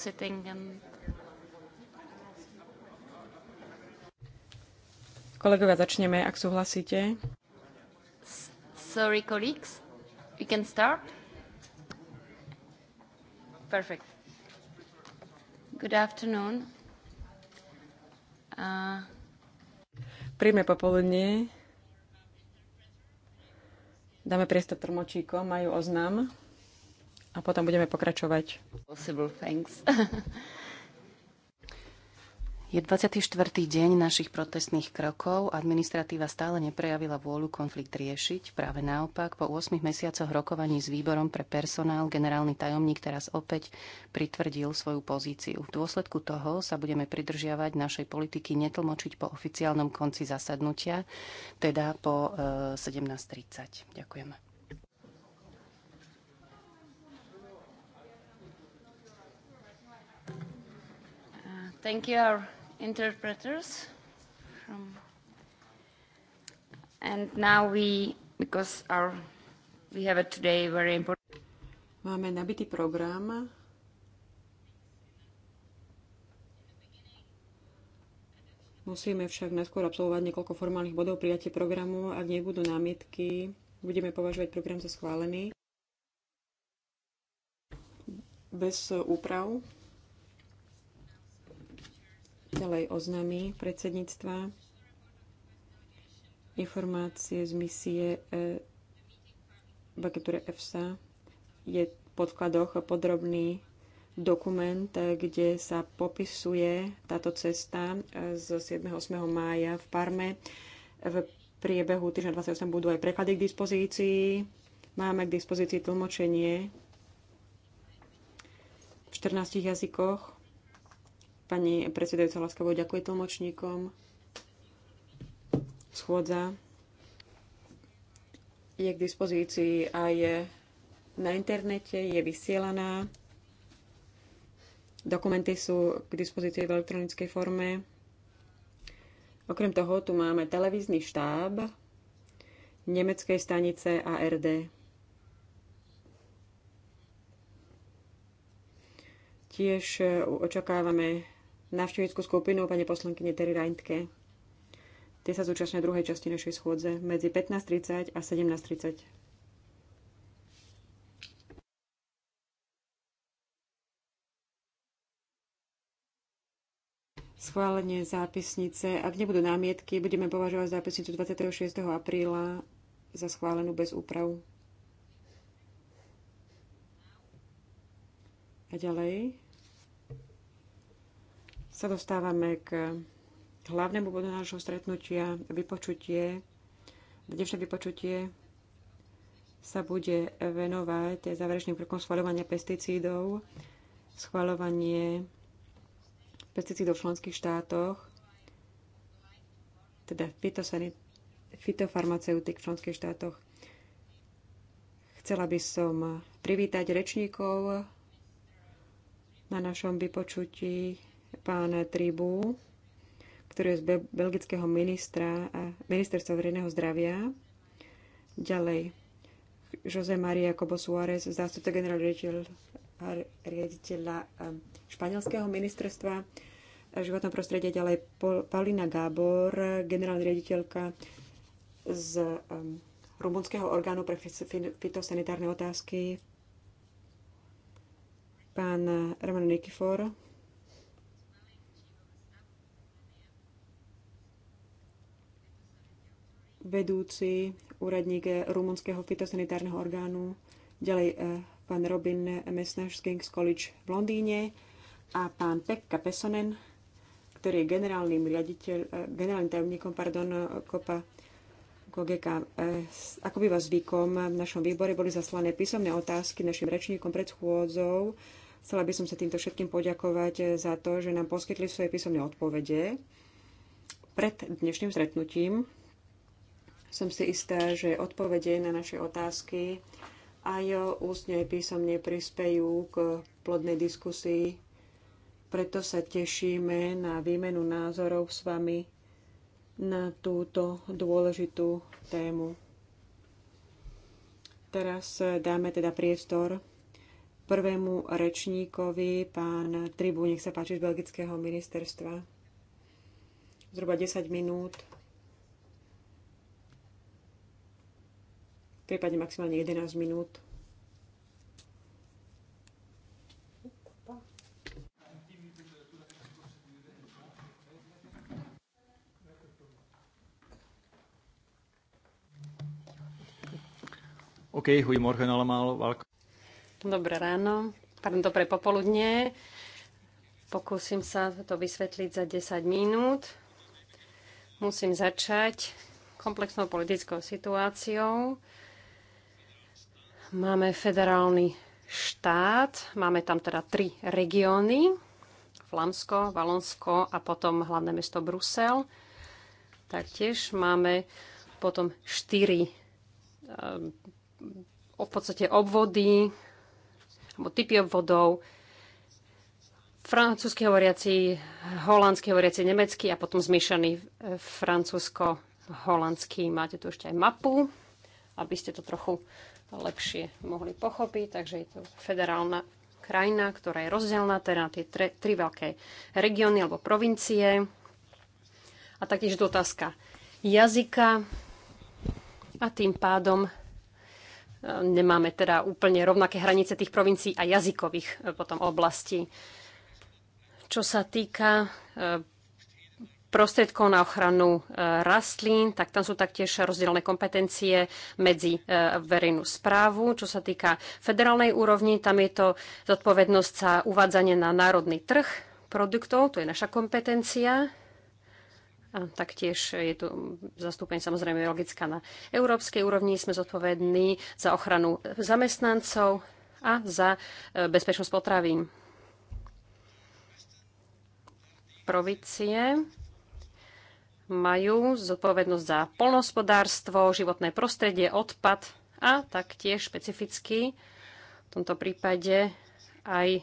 sitting and Kolegovia, začneme, ak súhlasíte. Sorry, colleagues. We can start. Perfect. Good afternoon. Uh... Príjme popoludne. Dáme priestor tlmočíkom, majú oznam a potom budeme pokračovať. Je 24. deň našich protestných krokov. Administratíva stále neprejavila vôľu konflikt riešiť. Práve naopak, po 8 mesiacoch rokovaní s výborom pre personál generálny tajomník teraz opäť pritvrdil svoju pozíciu. V dôsledku toho sa budeme pridržiavať našej politiky netlmočiť po oficiálnom konci zasadnutia, teda po 17.30. Eh, Ďakujeme. Thank you, our interpreters. Um, And now we, because our, we have a today very important... Máme nabitý program. Musíme však najskôr absolvovať niekoľko formálnych bodov prijatie programu. Ak nebudú námietky, budeme považovať program za schválený. Bez úprav. Ďalej oznámy predsedníctva informácie z misie Bagatúre eh, agentúre EFSA je v podkladoch podrobný dokument, eh, kde sa popisuje táto cesta eh, z 7. 8. mája v Parme. V priebehu týždňa 28 budú aj preklady k dispozícii. Máme k dispozícii tlmočenie v 14 jazykoch. Pani predsedajúca láskavo ďakuje tlmočníkom. Schôdza je k dispozícii a je na internete, je vysielaná. Dokumenty sú k dispozícii v elektronickej forme. Okrem toho tu máme televízny štáb nemeckej stanice ARD. Tiež očakávame návštevnickú skupinu pani poslankyne Terry Reintke. Tie sa zúčastnia druhej časti našej schôdze medzi 15.30 a 17.30. Schválenie zápisnice. Ak nebudú námietky, budeme považovať zápisnicu 26. apríla za schválenú bez úprav. A ďalej sa dostávame k hlavnému bodu nášho stretnutia. Vypočutie, dnešné vypočutie sa bude venovať záverečným krokom schvaľovania pesticídov, schvaľovanie pesticídov v členských štátoch, teda fitofarmaceutik v členských štátoch. Chcela by som privítať rečníkov na našom vypočutí pán Tribu, ktorý je z belgického ministra, eh, ministerstva verejného zdravia. Ďalej, José Maria Cobo Suárez, zástupca generálneho riaditeľa eh, španielského ministerstva životného prostredia, ďalej Paulina Gábor, generálna riaditeľka z eh, rumunského orgánu pre fitosanitárne otázky, pán Roman Nikifor, vedúci úradník eh, rumunského fitosanitárneho orgánu, ďalej eh, pán Robin Messners King's College v Londýne a pán Pekka Pesonen, ktorý je generálnym, riaditeľ, eh, generálnym tajomníkom pardon, kopa KGK. Ako by vás zvykom, v našom výbore boli zaslané písomné otázky našim rečníkom pred schôdzou. Chcela by som sa týmto všetkým poďakovať za to, že nám poskytli svoje písomné odpovede pred dnešným stretnutím. Som si istá, že odpovede na naše otázky aj ústne aj písomne prispejú k plodnej diskusii. Preto sa tešíme na výmenu názorov s vami na túto dôležitú tému. Teraz dáme teda priestor prvému rečníkovi, pán Tribu, nech sa páči z Belgického ministerstva. Zhruba 10 minút prípadne maximálne 11 minút. OK, goedemorgen allemaal. Welkom. Dobré ráno, pardon, dobré popoludne. Pokúsim sa to vysvetliť za 10 minút. Musím začať komplexnou politickou situáciou, Máme federálny štát, máme tam teda tri regióny, Flamsko, Valonsko a potom hlavné mesto Brusel. Taktiež máme potom štyri eh, v podstate obvody, alebo typy obvodov, francúzsky hovoriaci, holandsky hovoriaci, nemecký a potom zmiešaný eh, francúzsko-holandský. Máte tu ešte aj mapu, aby ste to trochu lepšie mohli pochopiť. Takže je to federálna krajina, ktorá je rozdielna teda na tie tre, tri veľké regióny alebo provincie. A taktiež dotázka jazyka. A tým pádom e, nemáme teda úplne rovnaké hranice tých provincií a jazykových e, potom oblastí. Čo sa týka e, prostriedkov na ochranu e, rastlín, tak tam sú taktiež rozdielne kompetencie medzi e, verejnú správu. Čo sa týka federálnej úrovni, tam je to zodpovednosť za uvádzanie na národný trh produktov, to je naša kompetencia. A taktiež je tu zastúpenie samozrejme logická na európskej úrovni. Sme zodpovední za ochranu zamestnancov a za e, bezpečnosť potravín provície majú zodpovednosť za polnospodárstvo, životné prostredie, odpad a taktiež špecificky v tomto prípade aj e,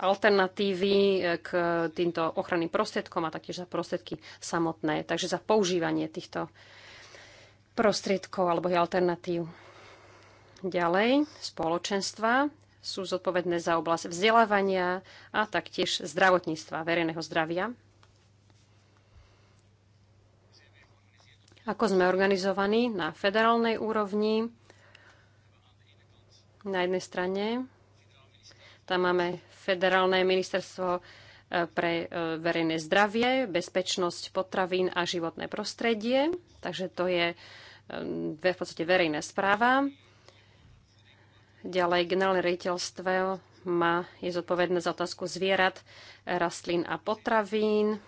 alternatívy e, k týmto ochranným prostriedkom a taktiež za prostriedky samotné, takže za používanie týchto prostriedkov alebo alternatív. Ďalej, spoločenstva sú zodpovedné za oblasť vzdelávania a taktiež zdravotníctva, verejného zdravia. ako sme organizovaní na federálnej úrovni. Na jednej strane tam máme federálne ministerstvo e, pre e, verejné zdravie, bezpečnosť potravín a životné prostredie. Takže to je e, v podstate verejná správa. Ďalej generálne rejiteľstvo má, je zodpovedné za otázku zvierat, rastlín a potravín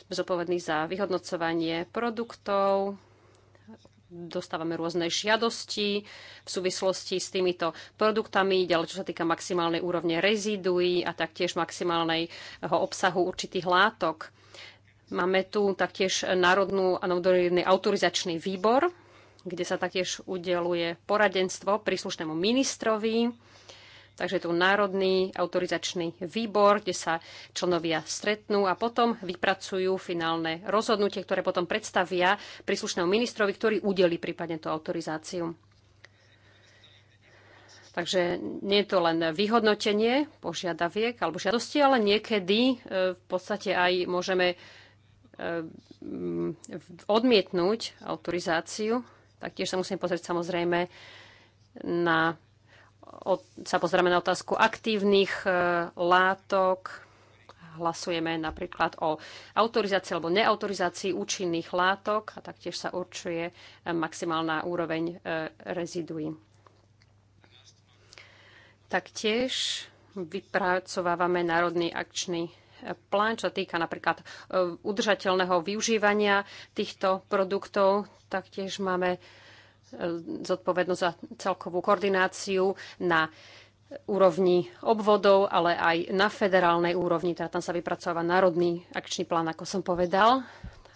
sme zodpovední za vyhodnocovanie produktov, dostávame rôzne žiadosti v súvislosti s týmito produktami, ďalej čo sa týka maximálnej úrovne reziduí a taktiež maximálneho obsahu určitých látok. Máme tu taktiež Národnú a národný autorizačný výbor, kde sa taktiež udeluje poradenstvo príslušnému ministrovi Takže je tu Národný autorizačný výbor, kde sa členovia stretnú a potom vypracujú finálne rozhodnutie, ktoré potom predstavia príslušnému ministrovi, ktorý udeli prípadne tú autorizáciu. Takže nie je to len vyhodnotenie požiadaviek alebo žiadosti, ale niekedy e, v podstate aj môžeme e, odmietnúť autorizáciu. Taktiež sa musíme pozrieť samozrejme na sa pozrieme na otázku aktívnych e, látok, hlasujeme napríklad o autorizácii alebo neautorizácii účinných látok a taktiež sa určuje e, maximálna úroveň e, reziduí. Taktiež vypracovávame národný akčný plán, čo týka napríklad udržateľného využívania týchto produktov. Taktiež máme zodpovednosť za celkovú koordináciu na úrovni obvodov, ale aj na federálnej úrovni. Teda tam sa vypracováva národný akčný plán, ako som povedal.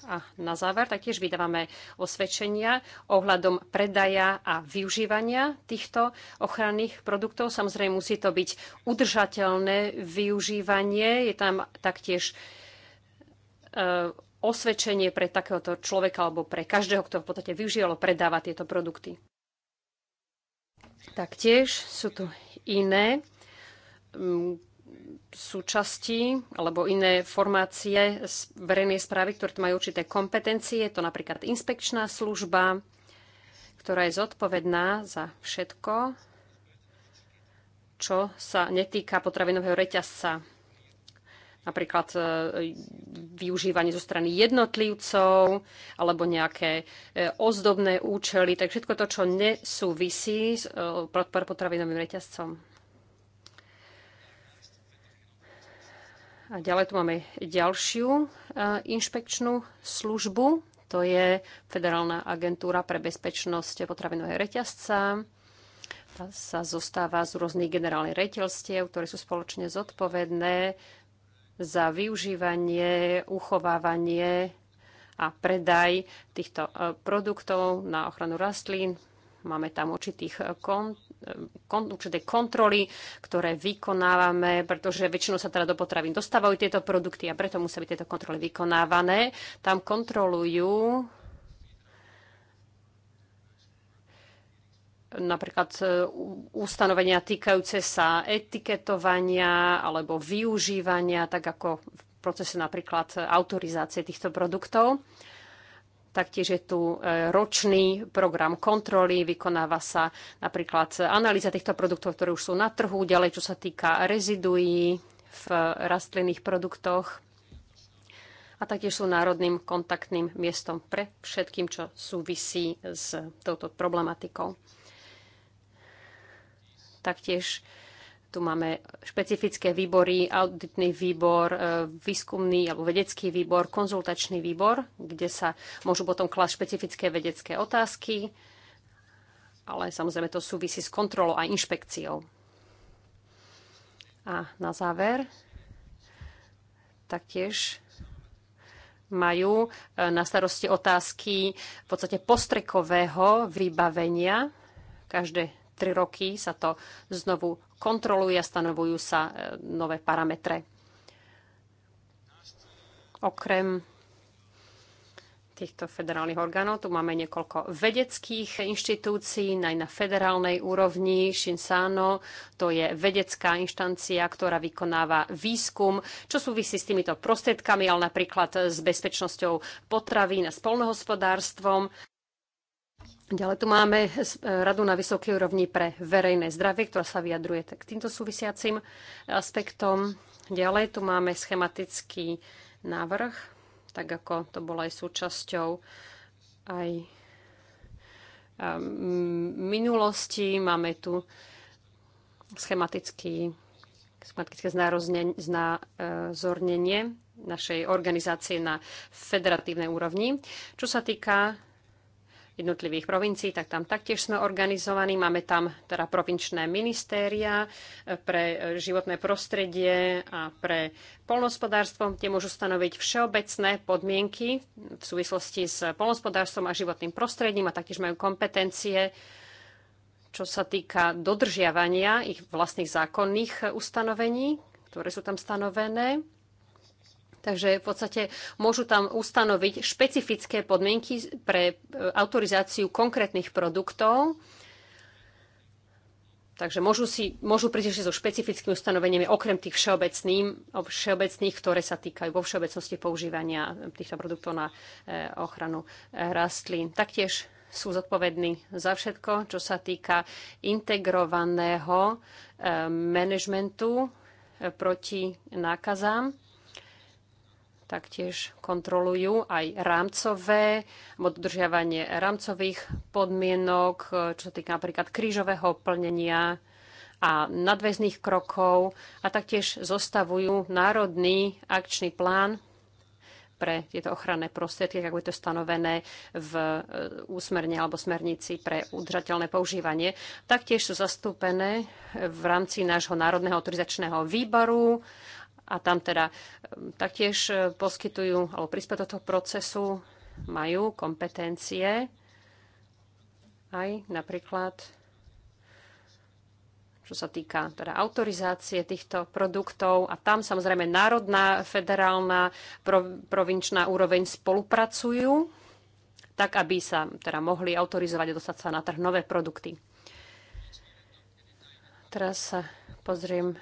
A na záver taktiež vydávame osvedčenia ohľadom predaja a využívania týchto ochranných produktov. Samozrejme, musí to byť udržateľné využívanie. Je tam taktiež e, osvedčenie pre takéhoto človeka alebo pre každého, kto v podstate využíva predáva tieto produkty. Taktiež sú tu iné mm, súčasti alebo iné formácie z verejnej správy, ktoré majú určité kompetencie. Je to napríklad inspekčná služba, ktorá je zodpovedná za všetko, čo sa netýka potravinového reťazca napríklad e, využívanie zo strany jednotlivcov alebo nejaké e, ozdobné účely, tak všetko to, čo nesúvisí s e, potravinovým reťazcom. A ďalej tu máme ďalšiu inšpekčnú službu. To je Federálna agentúra pre bezpečnosť potravinového reťazca. Tá sa zostáva z rôznych generálnych reťazstiev, ktoré sú spoločne zodpovedné za využívanie, uchovávanie a predaj týchto e, produktov na ochranu rastlín. Máme tam určitých e, kon, e, kon, určité kontroly, ktoré vykonávame, pretože väčšinou sa teda do potravín dostávajú tieto produkty a preto musia byť tieto kontroly vykonávané. Tam kontrolujú napríklad e, ustanovenia týkajúce sa etiketovania alebo využívania, tak ako v procese napríklad autorizácie týchto produktov. Taktiež je tu e, ročný program kontroly, vykonáva sa napríklad analýza týchto produktov, ktoré už sú na trhu, ďalej čo sa týka reziduí v rastlinných produktoch a taktiež sú národným kontaktným miestom pre všetkým, čo súvisí s touto problematikou. Taktiež tu máme špecifické výbory, auditný výbor, e, výskumný alebo vedecký výbor, konzultačný výbor, kde sa môžu potom klásť špecifické vedecké otázky, ale samozrejme to súvisí s kontrolou a inšpekciou. A na záver taktiež majú e, na starosti otázky v podstate postrekového vybavenia. Každé tri roky sa to znovu kontroluje a stanovujú sa e, nové parametre. Okrem týchto federálnych orgánov. Tu máme niekoľko vedeckých inštitúcií, aj na federálnej úrovni. Shinsano, to je vedecká inštancia, ktorá vykonáva výskum, čo súvisí s týmito prostriedkami, ale napríklad s bezpečnosťou potravín a spolnohospodárstvom. Ďalej tu máme e, Radu na vysokej úrovni pre verejné zdravie, ktorá sa vyjadruje k týmto súvisiacim aspektom. Ďalej tu máme schematický návrh, tak ako to bolo aj súčasťou aj ehm, minulosti. Máme tu schematický, schematické znázornenie e, našej organizácie na federatívnej úrovni. Čo sa týka jednotlivých provincií, tak tam taktiež sme organizovaní. Máme tam teda provinčné ministéria e, pre e, životné prostredie a pre polnospodárstvo, kde môžu stanoviť všeobecné podmienky v súvislosti s polnospodárstvom a životným prostredím a taktiež majú kompetencie čo sa týka dodržiavania ich vlastných zákonných ustanovení, ktoré sú tam stanovené. Takže v podstate môžu tam ustanoviť špecifické podmienky pre e, autorizáciu konkrétnych produktov. Takže môžu, si, môžu prísť so špecifickými ustanoveniami, okrem tých všeobecných, všeobecných, ktoré sa týkajú vo všeobecnosti používania týchto produktov na e, ochranu e, rastlín. Taktiež sú zodpovední za všetko, čo sa týka integrovaného manažmentu proti nákazám taktiež kontrolujú aj rámcové, dodržiavanie rámcových podmienok, e, čo sa týka napríklad krížového plnenia a nadväzných krokov a taktiež zostavujú národný akčný plán pre tieto ochranné prostriedky, ako je to stanovené v e, úsmerne alebo smernici pre udržateľné používanie. Taktiež sú zastúpené v rámci nášho Národného autorizačného výboru a tam teda e, taktiež e, poskytujú alebo prispieť do toho procesu, majú kompetencie aj napríklad čo sa týka teda autorizácie týchto produktov. A tam samozrejme národná, federálna, provinčná úroveň spolupracujú, tak aby sa teda mohli autorizovať a dostať sa na trh nové produkty. Teraz sa pozriem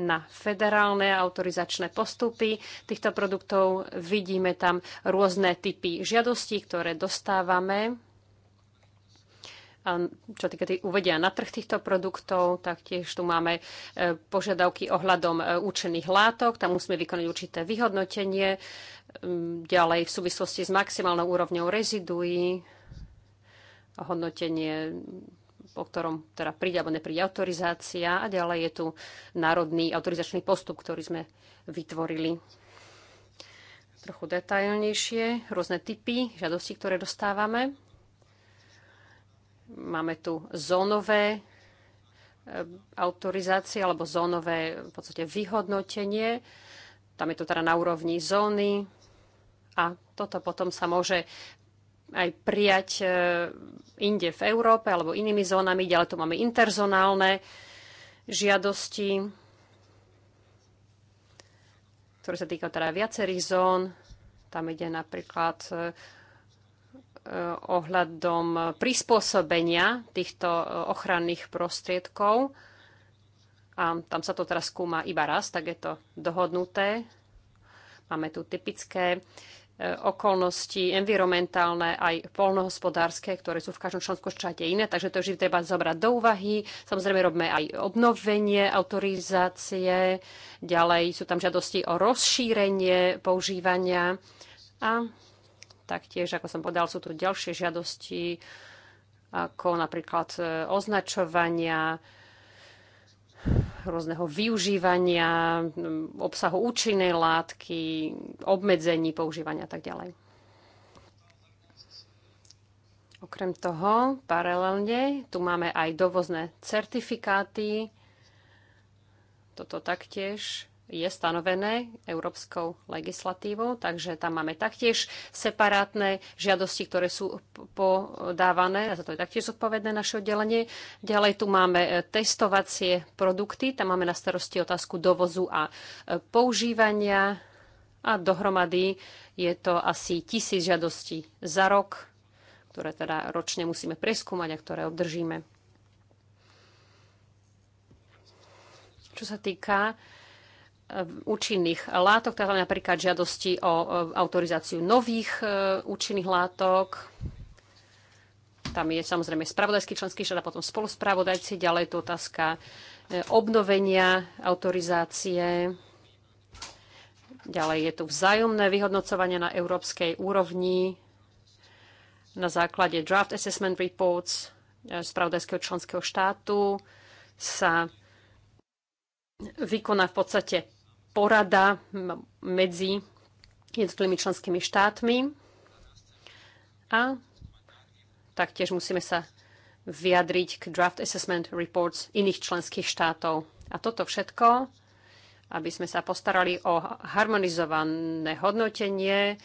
na federálne autorizačné postupy týchto produktov. Vidíme tam rôzne typy žiadostí, ktoré dostávame. A čo týka tých uvedia na trh týchto produktov, tak tiež tu máme e, požiadavky ohľadom účinných e, látok, tam musíme vykonať určité vyhodnotenie, e, ďalej v súvislosti s maximálnou úrovňou rezidují hodnotenie o ktorom teda príde alebo nepríde autorizácia a ďalej je tu národný autorizačný postup, ktorý sme vytvorili trochu detailnejšie, rôzne typy žiadosti, ktoré dostávame. Máme tu zónové e, autorizácie alebo zónové v podstate vyhodnotenie. Tam je to teda na úrovni zóny a toto potom sa môže aj prijať e, inde v Európe alebo inými zónami. Ďalej tu máme interzonálne žiadosti, ktoré sa týkajú teda viacerých zón. Tam ide napríklad e, ohľadom prispôsobenia týchto e, ochranných prostriedkov. A tam sa to teraz skúma iba raz, tak je to dohodnuté. Máme tu typické E, okolnosti environmentálne aj polnohospodárske, ktoré sú v každom členskom štáte iné, takže to vždy treba zobrať do úvahy. Samozrejme robíme aj obnovenie autorizácie, ďalej sú tam žiadosti o rozšírenie používania a taktiež, ako som povedal, sú tu ďalšie žiadosti ako napríklad e, označovania, rôzneho využívania, obsahu účinnej látky, obmedzení používania a tak ďalej. Okrem toho, paralelne, tu máme aj dovozné certifikáty. Toto taktiež je stanovené európskou legislatívou, takže tam máme taktiež separátne žiadosti, ktoré sú podávané, a za to je taktiež zodpovedné naše oddelenie. Ďalej tu máme e, testovacie produkty, tam máme na starosti otázku dovozu a e, používania a dohromady je to asi tisíc žiadostí za rok, ktoré teda ročne musíme preskúmať a ktoré obdržíme. Čo sa týka účinných látok, teda napríklad žiadosti o e, autorizáciu nových e, účinných látok. Tam je samozrejme spravodajský členský štát a potom spoluspravodajci. Ďalej je tu otázka e, obnovenia autorizácie. Ďalej je tu vzájomné vyhodnocovanie na európskej úrovni na základe Draft Assessment Reports spravodajského členského štátu sa vykoná v podstate porada medzi jednotlivými členskými štátmi a taktiež musíme sa vyjadriť k draft assessment reports iných členských štátov. A toto všetko, aby sme sa postarali o harmonizované hodnotenie,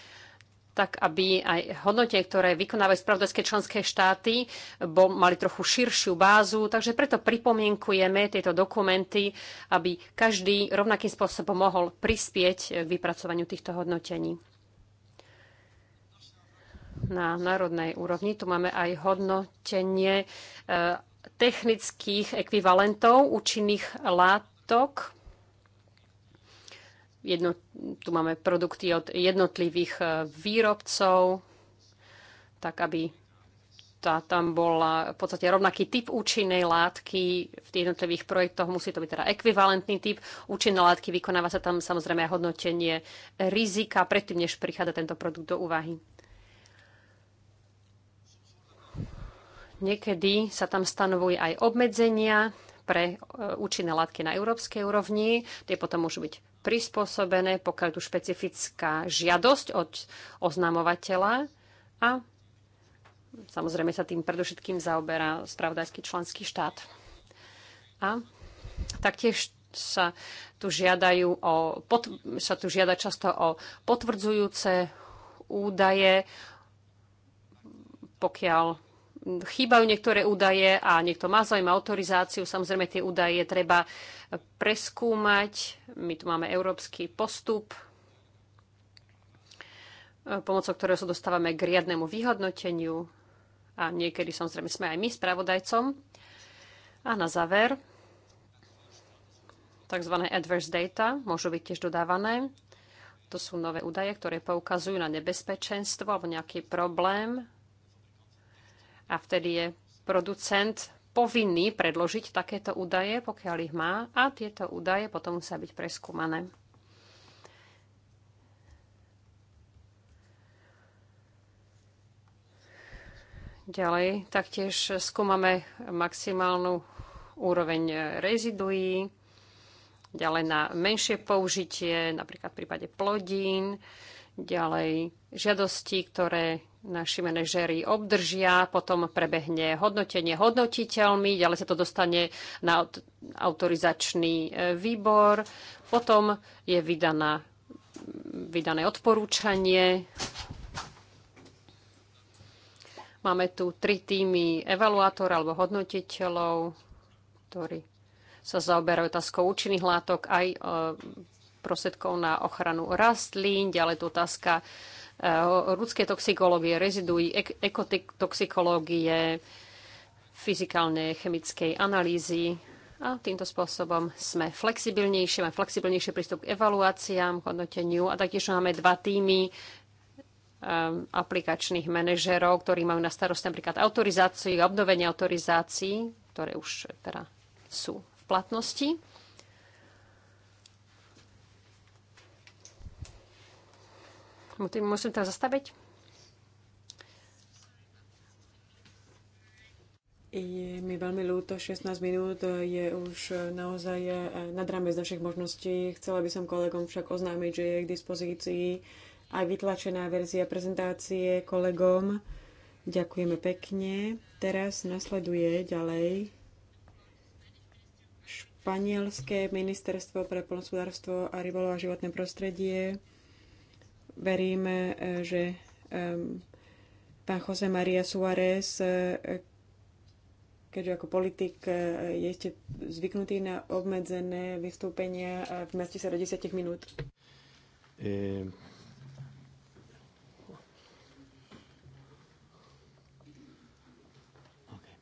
tak aby aj hodnotie, ktoré vykonávajú spravodajské členské štáty, bo mali trochu širšiu bázu. Takže preto pripomienkujeme tieto dokumenty, aby každý rovnakým spôsobom mohol prispieť k vypracovaniu týchto hodnotení. Na národnej úrovni tu máme aj hodnotenie eh, technických ekvivalentov účinných látok Jedno, tu máme produkty od jednotlivých e, výrobcov, tak aby tá, tam bola v podstate rovnaký typ účinnej látky. V tých jednotlivých projektoch musí to byť teda ekvivalentný typ účinnej látky. Vykonáva sa tam samozrejme hodnotenie rizika predtým, než prichádza tento produkt do úvahy. Niekedy sa tam stanovujú aj obmedzenia pre e, účinné látky na európskej úrovni. Tie potom môžu byť prispôsobené, pokiaľ tu špecifická žiadosť od oznamovateľa a samozrejme sa tým predovšetkým zaoberá spravodajský členský štát. A taktiež sa tu, žiadajú o, pot, sa tu žiada často o potvrdzujúce údaje, pokiaľ chýbajú niektoré údaje a niekto má zaujímavú autorizáciu. Samozrejme, tie údaje treba preskúmať. My tu máme európsky postup, pomocou ktorého sa dostávame k riadnemu vyhodnoteniu a niekedy samozrejme sme aj my spravodajcom. A na záver, tzv. adverse data môžu byť tiež dodávané. To sú nové údaje, ktoré poukazujú na nebezpečenstvo alebo nejaký problém a vtedy je producent povinný predložiť takéto údaje, pokiaľ ich má, a tieto údaje potom musia byť preskúmané. Ďalej taktiež skúmame maximálnu úroveň reziduí, ďalej na menšie použitie, napríklad v prípade plodín, ďalej žiadosti, ktoré naši manažéri obdržia, potom prebehne hodnotenie hodnotiteľmi, ďalej sa to dostane na autorizačný e, výbor, potom je vydaná, vydané odporúčanie. Máme tu tri týmy evaluátor alebo hodnotiteľov, ktorí sa zaoberajú otázkou účinných látok aj e, prostriedkov na ochranu rastlín, ďalej tu otázka eh, ľudské toxikológie, reziduí, ekotoxikológie, fyzikálne chemickej analýzy. A týmto spôsobom sme flexibilnejšie, máme flexibilnejší prístup k evaluáciám, k hodnoteniu a taktiež máme dva týmy um, aplikačných manažerov, ktorí majú na starost napríklad autorizáciu, obnovenie autorizácií, ktoré už teda sú v platnosti. Musím tam zastaviť? Je mi veľmi ľúto, 16 minút je už naozaj eh, nad rámec našich možností. Chcela by som kolegom však oznámiť, že je k dispozícii aj vytlačená verzia prezentácie kolegom. Ďakujeme pekne. Teraz nasleduje ďalej Španielské ministerstvo pre polnospodárstvo a rybolov a životné prostredie veríme, e, že pán Jose Maria Suárez, e, keďže ako politik e, je ste zvyknutý na obmedzené vystúpenia a vmestí sa do 10 minút. E... Okay.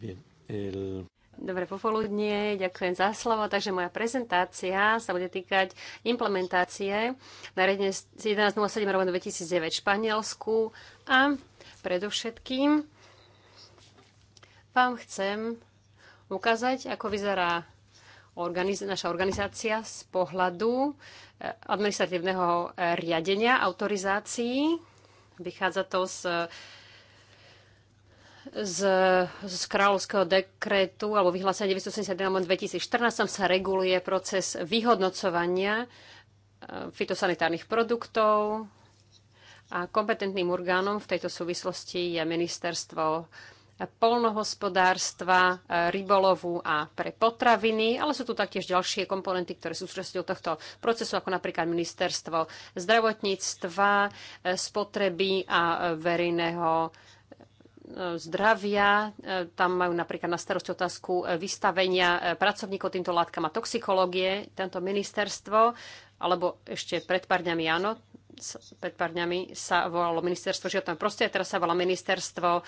Bien. El... Dobre popoludnie, ďakujem za slovo. Takže moja prezentácia sa bude týkať implementácie nariadenia 1107 2009 v Španielsku a predovšetkým vám chcem ukázať, ako vyzerá organiz- naša organizácia z pohľadu eh, administratívneho eh, riadenia autorizácií. Vychádza to z z, z kráľovského dekretu alebo vyhlásenia 971 2014 tam sa reguluje proces vyhodnocovania e, fitosanitárnych produktov a kompetentným orgánom v tejto súvislosti je ministerstvo polnohospodárstva, e, rybolovu a pre potraviny, ale sú tu taktiež ďalšie komponenty, ktoré sú súčasťou tohto procesu, ako napríklad ministerstvo zdravotníctva, e, spotreby a verejného zdravia. E, tam majú napríklad na starosti otázku e, vystavenia e, pracovníkov týmto látkam a toxikológie, tento ministerstvo, alebo ešte pred pár dňami, áno, pred pár dňami sa volalo ministerstvo životného prostredia, teraz sa volá ministerstvo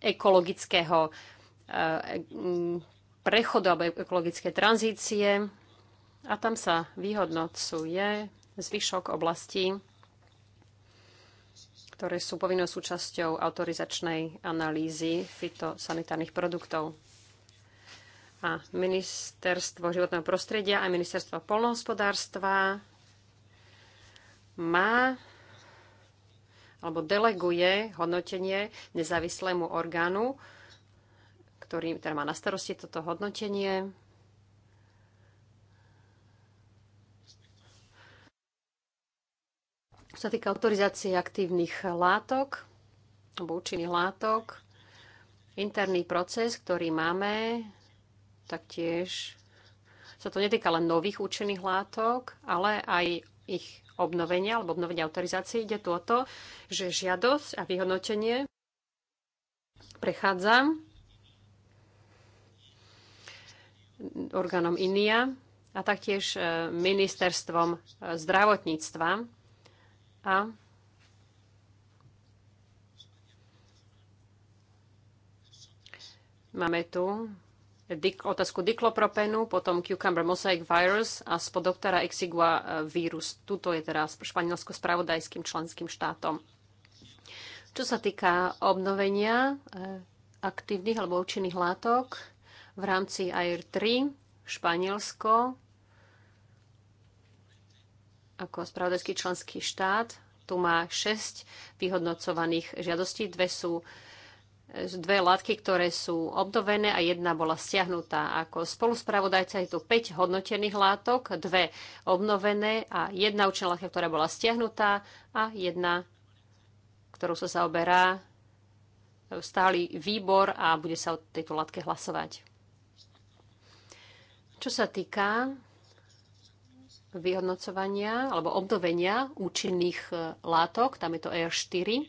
ekologického prechodu alebo ekologické tranzície. A tam sa vyhodnocuje zvyšok oblasti ktoré sú povinnou súčasťou autorizačnej analýzy fitosanitárnych produktov. A ministerstvo životného prostredia a ministerstvo polnohospodárstva má alebo deleguje hodnotenie nezávislému orgánu, ktorý teda má na starosti toto hodnotenie. sa týka autorizácie aktívnych látok, alebo účinných látok, interný proces, ktorý máme, taktiež sa to netýka len nových účinných látok, ale aj ich obnovenia alebo obnovenia autorizácie. Ide tu o to, že žiadosť a vyhodnotenie prechádza orgánom INIA a taktiež e, ministerstvom e, zdravotníctva. A máme tu otázku diklopropenu, potom cucumber mosaic virus a spodoktora exigua e, vírus. Tuto je teraz Španielsko spravodajským členským štátom. Čo sa týka obnovenia e, aktívnych alebo účinných látok v rámci AIR 3, Španielsko ako spravodajský členský štát. Tu má 6 vyhodnocovaných žiadostí. Dve sú dve látky, ktoré sú obdovené a jedna bola stiahnutá. Ako spoluspravodajca je tu 5 hodnotených látok, dve obnovené a jedna účinná látka, ktorá bola stiahnutá a jedna, ktorú sa zaoberá stály výbor a bude sa o tejto látke hlasovať. Čo sa týka vyhodnocovania alebo obnovenia účinných e, látok, tam je to e r 4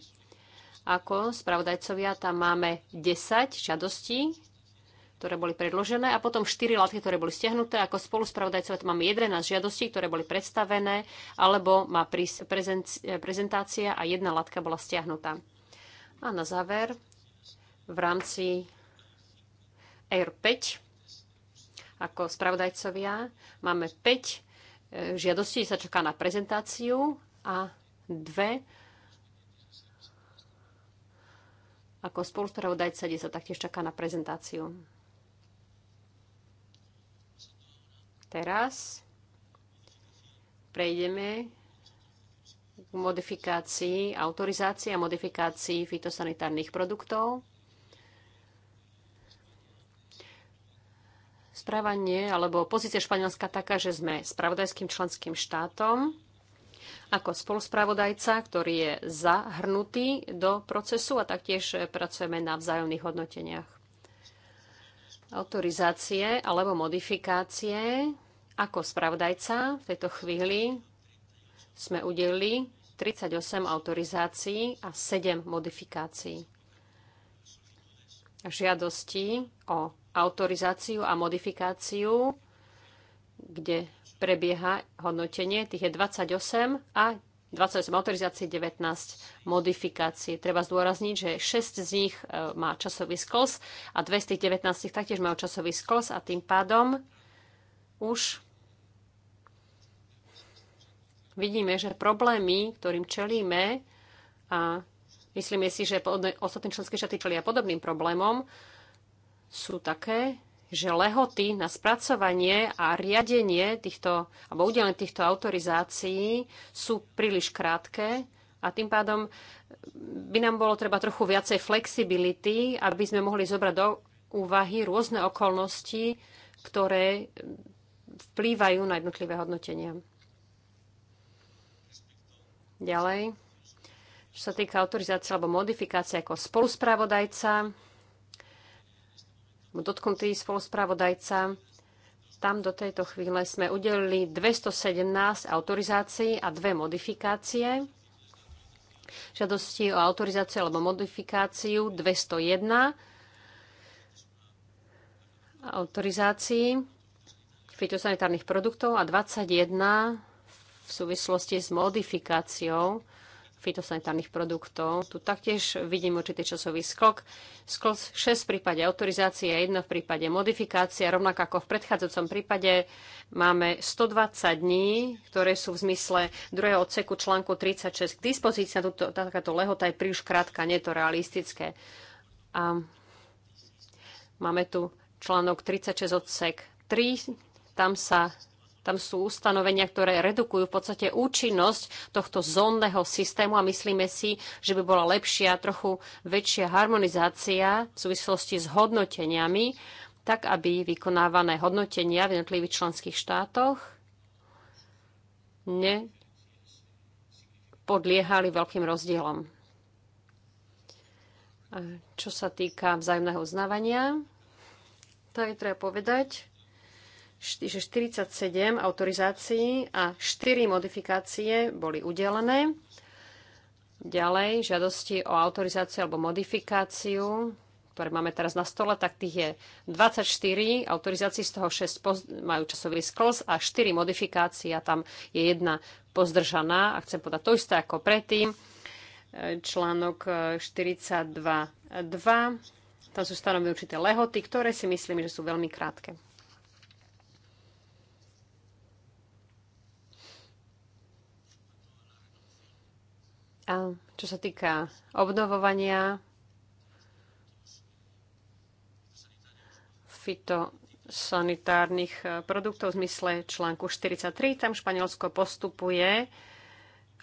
Ako spravodajcovia tam máme 10 žiadostí, ktoré boli predložené a potom 4 látky, ktoré boli stiahnuté. Ako spoluspravodajcovia tam máme 11 žiadostí, ktoré boli predstavené alebo má e, prezentácia a jedna látka bola stiahnutá. A na záver v rámci r 5 ako spravodajcovia máme 5 žiadosti sa čaká na prezentáciu a dve ako spolustravodajca, kde sa taktiež čaká na prezentáciu. Teraz prejdeme k modifikácii, autorizácii a modifikácii fitosanitárnych produktov. správanie alebo pozícia Španielska taká, že sme spravodajským členským štátom ako spoluspravodajca, ktorý je zahrnutý do procesu a taktiež pracujeme na vzájomných hodnoteniach. Autorizácie alebo modifikácie ako spravodajca v tejto chvíli sme udelili 38 autorizácií a 7 modifikácií. Žiadosti o autorizáciu a modifikáciu, kde prebieha hodnotenie. Tých je 28 a 28 autorizácií, 19 modifikácií. Treba zdôrazniť, že 6 z nich e, má časový skls a 2 z tých 19 taktiež majú časový skls a tým pádom už vidíme, že problémy, ktorým čelíme a myslíme si, že ostatní členské štáty čelia podobným problémom, sú také, že lehoty na spracovanie a riadenie týchto, alebo udelenie týchto autorizácií sú príliš krátke a tým pádom by nám bolo treba trochu viacej flexibility, aby sme mohli zobrať do úvahy rôzne okolnosti, ktoré vplývajú na jednotlivé hodnotenia. Ďalej, čo sa týka autorizácie alebo modifikácie ako spoluspravodajca, dotknutý spoluspravodajca. Tam do tejto chvíle sme udelili 217 autorizácií a dve modifikácie. Žiadosti o autorizáciu alebo modifikáciu 201 autorizácií fitosanitárnych produktov a 21 v súvislosti s modifikáciou fitosanitárnych produktov. Tu taktiež vidím určitý časový skok. Skok 6 v prípade autorizácie a 1 v prípade modifikácie. Rovnako ako v predchádzajúcom prípade máme 120 dní, ktoré sú v zmysle druhého odseku článku 36 k dispozícii. Tuto, takáto lehota je príliš krátka, nie je to realistické. A máme tu článok 36 odsek 3. Tam sa tam sú ustanovenia, ktoré redukujú v podstate účinnosť tohto zónneho systému a myslíme si, že by bola lepšia, trochu väčšia harmonizácia v súvislosti s hodnoteniami, tak aby vykonávané hodnotenia v jednotlivých členských štátoch nepodliehali veľkým rozdielom. čo sa týka vzájomného uznávania, to je treba povedať, že 47 autorizácií a 4 modifikácie boli udelené. Ďalej, žiadosti o autorizáciu alebo modifikáciu, ktoré máme teraz na stole, tak tých je 24 autorizácií, z toho 6 majú časový sklz a 4 modifikácie a tam je jedna pozdržaná. A chcem podať to isté ako predtým. E, článok 42.2. E, tam sú stanovené určité lehoty, ktoré si myslím, že sú veľmi krátke. A čo sa týka obnovovania fitosanitárnych produktov v zmysle článku 43, tam Španielsko postupuje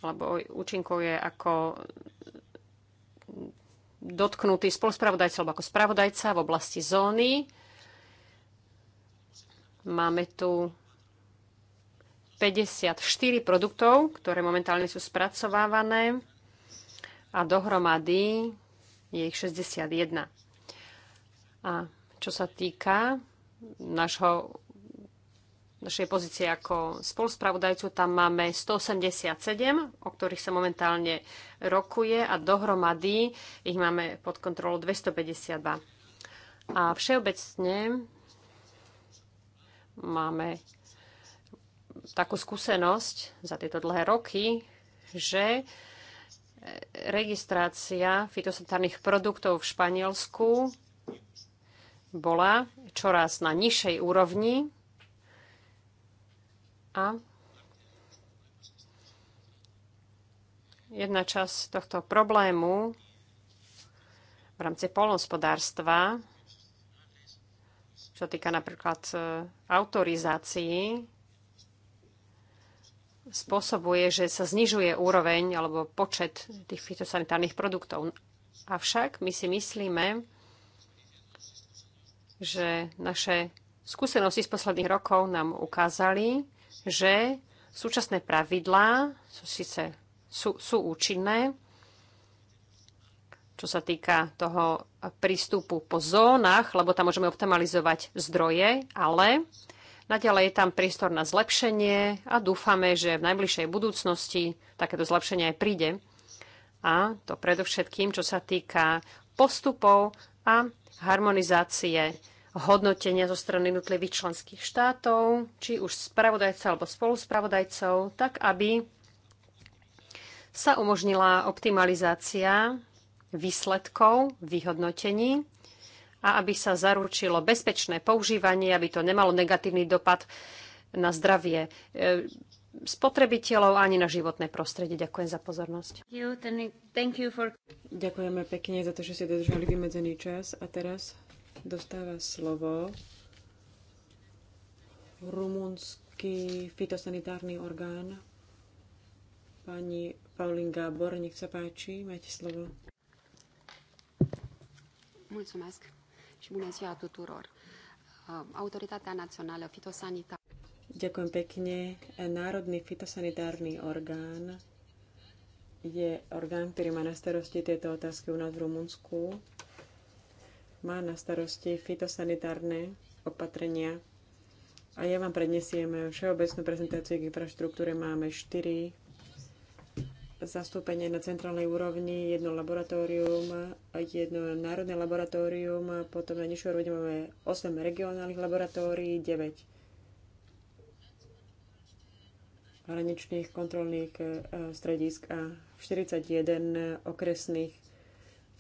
alebo účinkuje ako dotknutý spoluspravodajca alebo ako spravodajca v oblasti zóny. Máme tu 54 produktov, ktoré momentálne sú spracovávané a dohromady je ich 61. A čo sa týka našho, našej pozície ako spoluspravodajcu, tam máme 187, o ktorých sa momentálne rokuje a dohromady ich máme pod kontrolou 252. A všeobecne máme takú skúsenosť za tieto dlhé roky, že registrácia fitosanitárnych produktov v Španielsku bola čoraz na nižšej úrovni a jedna časť tohto problému v rámci polnospodárstva, čo týka napríklad e, autorizácií spôsobuje, že sa znižuje úroveň alebo počet tých fitosanitárnych produktov. Avšak my si myslíme, že naše skúsenosti z posledných rokov nám ukázali, že súčasné pravidlá sú síce sú, sú účinné, čo sa týka toho prístupu po zónach, lebo tam môžeme optimalizovať zdroje, ale Naďalej je tam priestor na zlepšenie a dúfame, že v najbližšej budúcnosti takéto zlepšenie aj príde. A to predovšetkým, čo sa týka postupov a harmonizácie hodnotenia zo strany nutlivých členských štátov, či už spravodajca alebo spoluspravodajcov, tak aby sa umožnila optimalizácia výsledkov vyhodnotení a aby sa zaručilo bezpečné používanie, aby to nemalo negatívny dopad na zdravie e, spotrebiteľov ani na životné prostredie. Ďakujem za pozornosť. Ďakujeme pekne za to, že ste dodržali vymedzený čas. A teraz dostáva slovo rumúnsky fitosanitárny orgán. Pani Paulín Gábor, nech sa páči, máte slovo. Mulțumesc și bună ziua tuturor. Uh, Autoritatea Națională Fitosanitară. Ďakujem pekne. Národný fitosanitárny orgán je orgán, ktorý má na starosti tieto otázky u nás v Rumunsku. Má na starosti fitosanitárne opatrenia. A ja vám prednesiem všeobecnú prezentáciu k infraštruktúre. Máme štyri zastúpenie na centrálnej úrovni, jedno laboratórium, jedno národné laboratórium, potom na nižšej úrovni máme 8 regionálnych laboratórií, 9 hraničných kontrolných e, stredisk a 41 okresných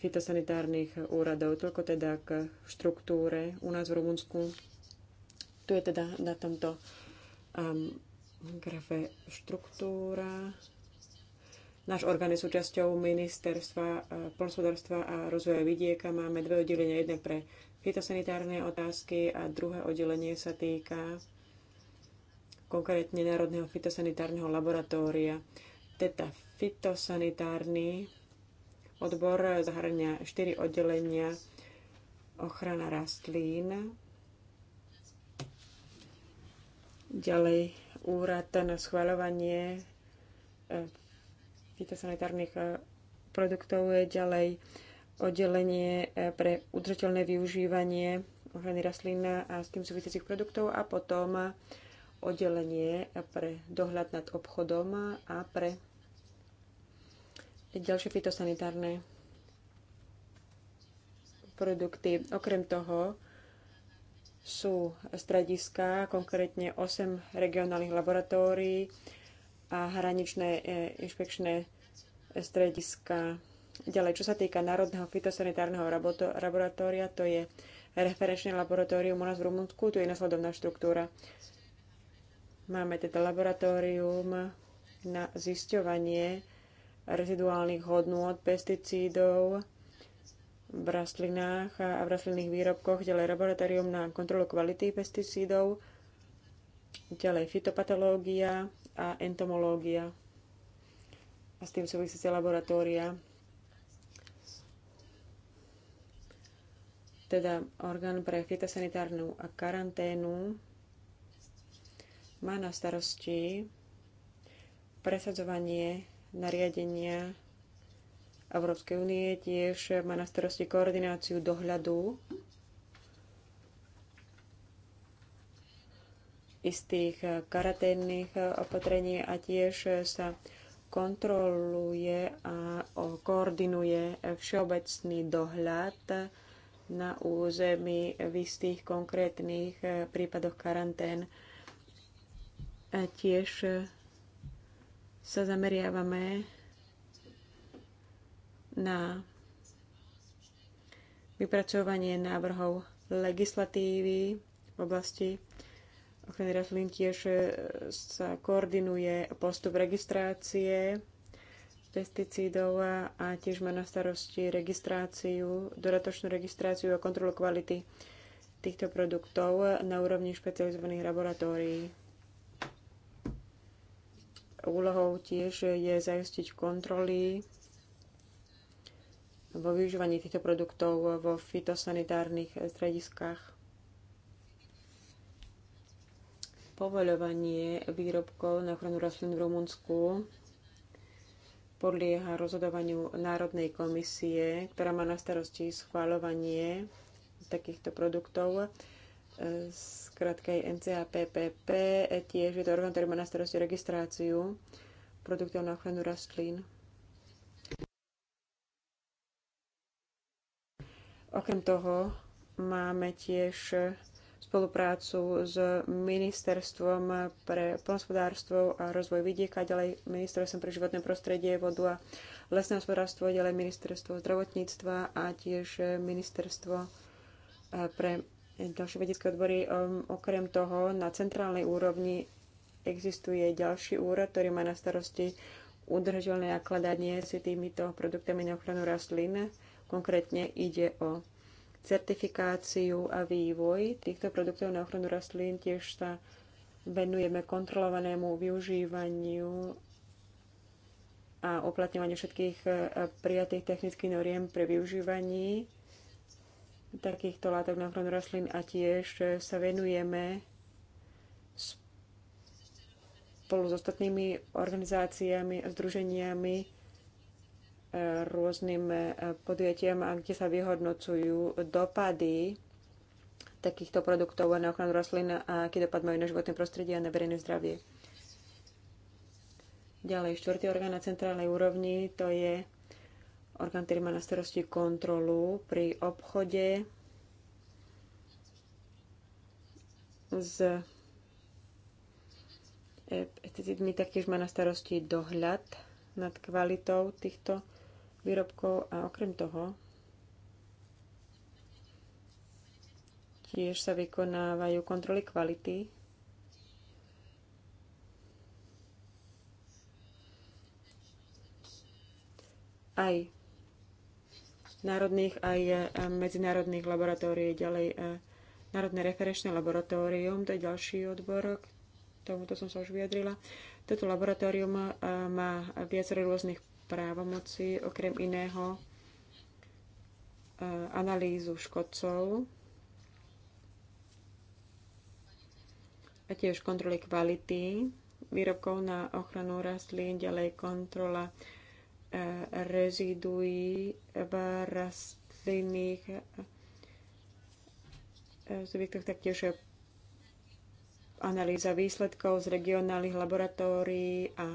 fitosanitárnych úradov. Toľko teda k štruktúre u nás v Rumunsku. Tu je teda na tomto um, grafe štruktúra Náš orgán je súčasťou ministerstva e, polnospodárstva a rozvoja vidieka. Máme dve oddelenia, jedné pre fitosanitárne otázky a druhé oddelenie sa týka konkrétne Národného fitosanitárneho laboratória. Teta fitosanitárny odbor zahrania štyri oddelenia ochrana rastlín, ďalej úrad na schvaľovanie e, fitosanitárnych e, produktov je ďalej oddelenie e, pre udržateľné využívanie ochrany rastlín a s tým súvisiacich produktov a potom oddelenie e, pre dohľad nad obchodom a pre ďalšie fitosanitárne produkty. Okrem toho sú strediska, konkrétne 8 regionálnych laboratórií, a hraničné e, inšpekčné strediska. Ďalej, čo sa týka Národného fitosanitárneho laboratória, to je referenčné laboratórium u nás v Rumunsku, tu je nasledovná štruktúra. Máme teda laboratórium na zisťovanie reziduálnych hodnôt pesticídov v rastlinách a v rastlinných výrobkoch, ďalej laboratórium na kontrolu kvality pesticídov, ďalej fitopatológia, a entomológia a s tým súvisíce laboratória. Teda orgán pre fitosanitárnu a karanténu má na starosti presadzovanie nariadenia Európskej únie, tiež má na starosti koordináciu dohľadu istých eh, karanténnych eh, opatrení a tiež eh, sa kontroluje a koordinuje všeobecný dohľad na území v istých konkrétnych prípadoch karantén. A tiež sa zameriavame na vypracovanie návrhov legislatívy v oblasti Okrem rastlín tiež e, sa koordinuje postup registrácie pesticídov a tiež má na starosti registráciu, dodatočnú registráciu a kontrolu kvality týchto produktov na úrovni špecializovaných laboratórií. Úlohou tiež je zajistiť kontroly vo využívaní týchto produktov vo fitosanitárnych strediskách. Povoľovanie výrobkov na ochranu rastlín v Rumunsku podlieha rozhodovaniu Národnej komisie, ktorá má na starosti schváľovanie takýchto produktov Zkrátka kratkej NCAPPP. Tiež je to orgán, ktorý má na starosti registráciu produktov na ochranu rastlín. Okrem toho máme tiež spoluprácu s Ministerstvom pre plnospodárstvo a rozvoj vidieka, ďalej Ministerstvom pre životné prostredie, vodu a lesné hospodárstvo, ďalej Ministerstvo zdravotníctva a tiež Ministerstvo eh, pre ďalšie vedecké odbory. Ehm, okrem toho, na centrálnej úrovni existuje ďalší úrad, ktorý má na starosti udržateľné nakladanie s týmito produktami na ochranu rastlín. Konkrétne ide o certifikáciu a vývoj týchto produktov na ochranu rastlín. Tiež sa venujeme kontrolovanému využívaniu a uplatňovaniu všetkých e, prijatých technických noriem pre využívaní takýchto látok na ochranu rastlín a tiež e, sa venujeme spolu s ostatnými organizáciami a združeniami rôznym e, podujatiam, kde sa vyhodnocujú dopady takýchto produktov na ochranu rastlín a aký dopad majú na životné prostredie a na verejné zdravie. Ďalej, štvrtý orgán na centrálnej úrovni, to je orgán, ktorý má na starosti kontrolu pri obchode s e, pesticidmi, taktiež má na starosti dohľad nad kvalitou týchto výrobkov a okrem toho tiež sa vykonávajú kontroly kvality aj národných, aj e, medzinárodných laboratórií, ďalej e, Národné referenčné laboratórium, to je ďalší odbor, k tomuto som sa už vyjadrila. Toto laboratórium e, má viacero rôznych právomoci, okrem iného e, analýzu škodcov a tiež kontroly kvality výrobkov na ochranu rastlín, ďalej kontrola e, reziduí v rastlinných subjektoch, e, taktiež analýza výsledkov z regionálnych laboratórií a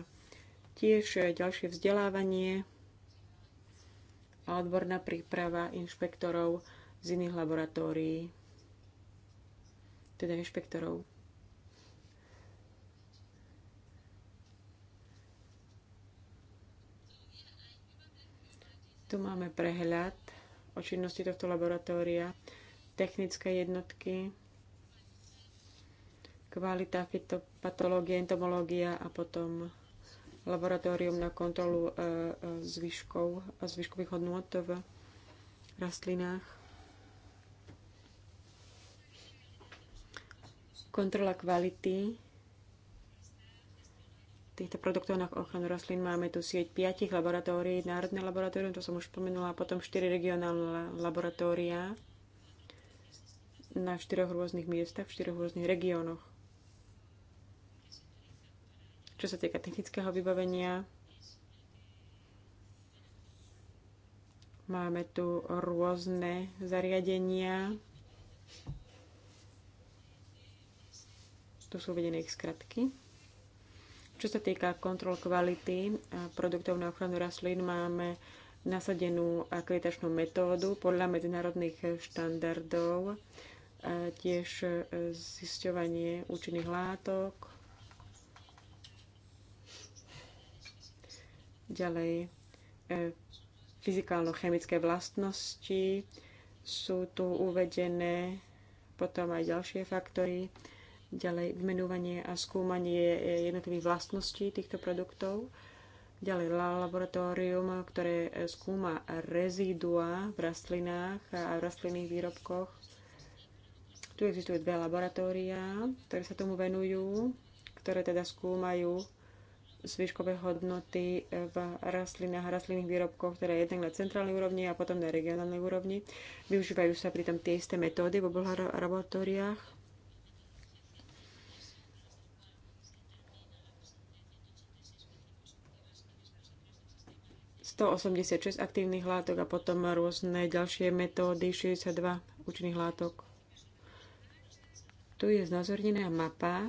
tiež ďalšie vzdelávanie a odborná príprava inšpektorov z iných laboratórií, teda inšpektorov. Tu máme prehľad o činnosti tohto laboratória, technické jednotky, kvalita fitopatológia, entomológia a potom laboratórium na kontrolu e, e, zvyškov a zvyškových hodnot v rastlinách. Kontrola kvality týchto produktov na ochranu rastlín máme tu sieť piatich laboratórií, národné laboratórium, to som už spomenula, a potom štyri regionálne laboratória na štyroch rôznych miestach, v štyroch rôznych regiónoch čo sa týka technického vybavenia. Máme tu rôzne zariadenia. Tu sú uvedené ich skratky. Čo sa týka kontrol kvality produktov na ochranu rastlín, máme nasadenú akreditačnú metódu podľa medzinárodných štandardov, tiež zisťovanie účinných látok, Ďalej, e, fyzikálno-chemické vlastnosti sú tu uvedené, potom aj ďalšie faktory, ďalej vymenovanie a skúmanie e, jednotlivých vlastností týchto produktov, ďalej laboratórium, ktoré e, skúma rezidua v rastlinách a v rastlinných výrobkoch. Tu existujú dve laboratória, ktoré sa tomu venujú, ktoré teda skúmajú zvyškové hodnoty v rastlinách a rastlinných výrobkoch, je jednak na centrálnej úrovni a potom na regionálnej úrovni. Využívajú sa pritom tie isté metódy v oboch laboratóriách. ...186 aktívnych látok a potom rôzne ďalšie metódy, 62 účinných látok. Tu je znázornená mapa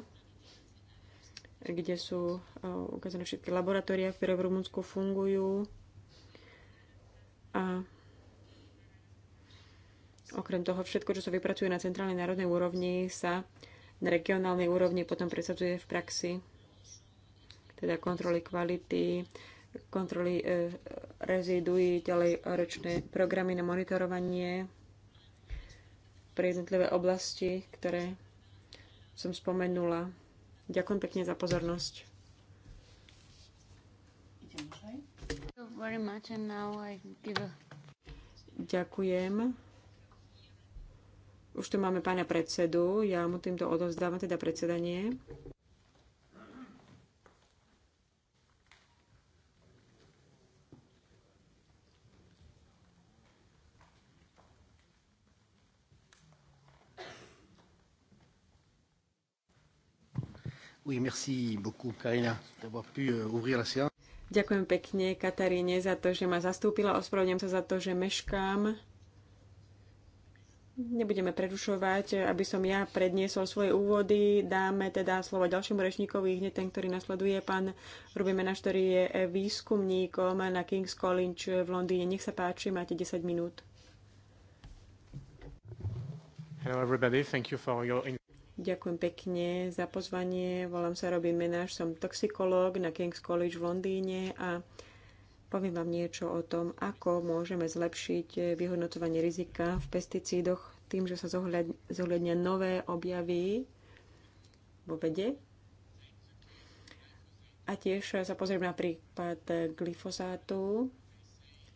kde sú e, ukázané všetky laboratória, ktoré v Rumunsku fungujú. A okrem toho všetko, čo sa vypracuje na centrálnej národnej úrovni, sa na regionálnej úrovni potom presadzuje v praxi. Teda kontroly kvality, kontroly e, reziduí, ďalej ročné programy na monitorovanie pre jednotlivé oblasti, ktoré som spomenula. Ďakujem pekne za pozornosť. Ďakujem. Už tu máme pána predsedu. Ja mu týmto odovzdávam teda predsedanie. Oui, merci beaucoup, Karina, d'avoir pu euh, ouvrir la séance. Ďakujem pekne Kataríne za to, že ma zastúpila. Ospravedlňujem sa za to, že meškám. Nebudeme prerušovať, aby som ja predniesol svoje úvody. Dáme teda slovo ďalšiemu rečníkovi, hneď ten, ktorý nasleduje, pán Rubimenaš, ktorý je výskumníkom na King's College v Londýne. Nech sa páči, máte 10 minút. Hello everybody, thank you for your... Ďakujem pekne za pozvanie. Volám sa Robin Menáš, som toxikológ na King's College v Londýne a poviem vám niečo o tom, ako môžeme zlepšiť vyhodnocovanie rizika v pesticídoch tým, že sa zohľadnia nové objavy vo vede. A tiež sa pozriem na prípad glyfosátu,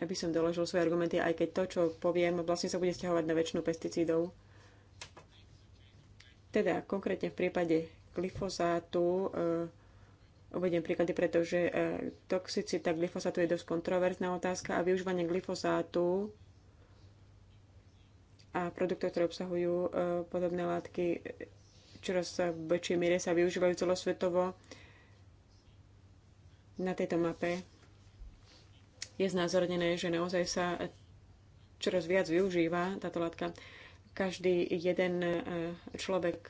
aby som doložil svoje argumenty, aj keď to, čo poviem, vlastne sa bude stiahovať na väčšinu pesticídov teda konkrétne v prípade glyfosátu e, uvediem príklady, pretože e, toxicita glyfosátu je dosť kontroverzná otázka a využívanie glyfosátu a produktov, ktoré obsahujú e, podobné látky, čoraz väčšej miere sa využívajú celosvetovo na tejto mape. Je znázornené, že naozaj sa čoraz viac využíva táto látka. Každý jeden e, človek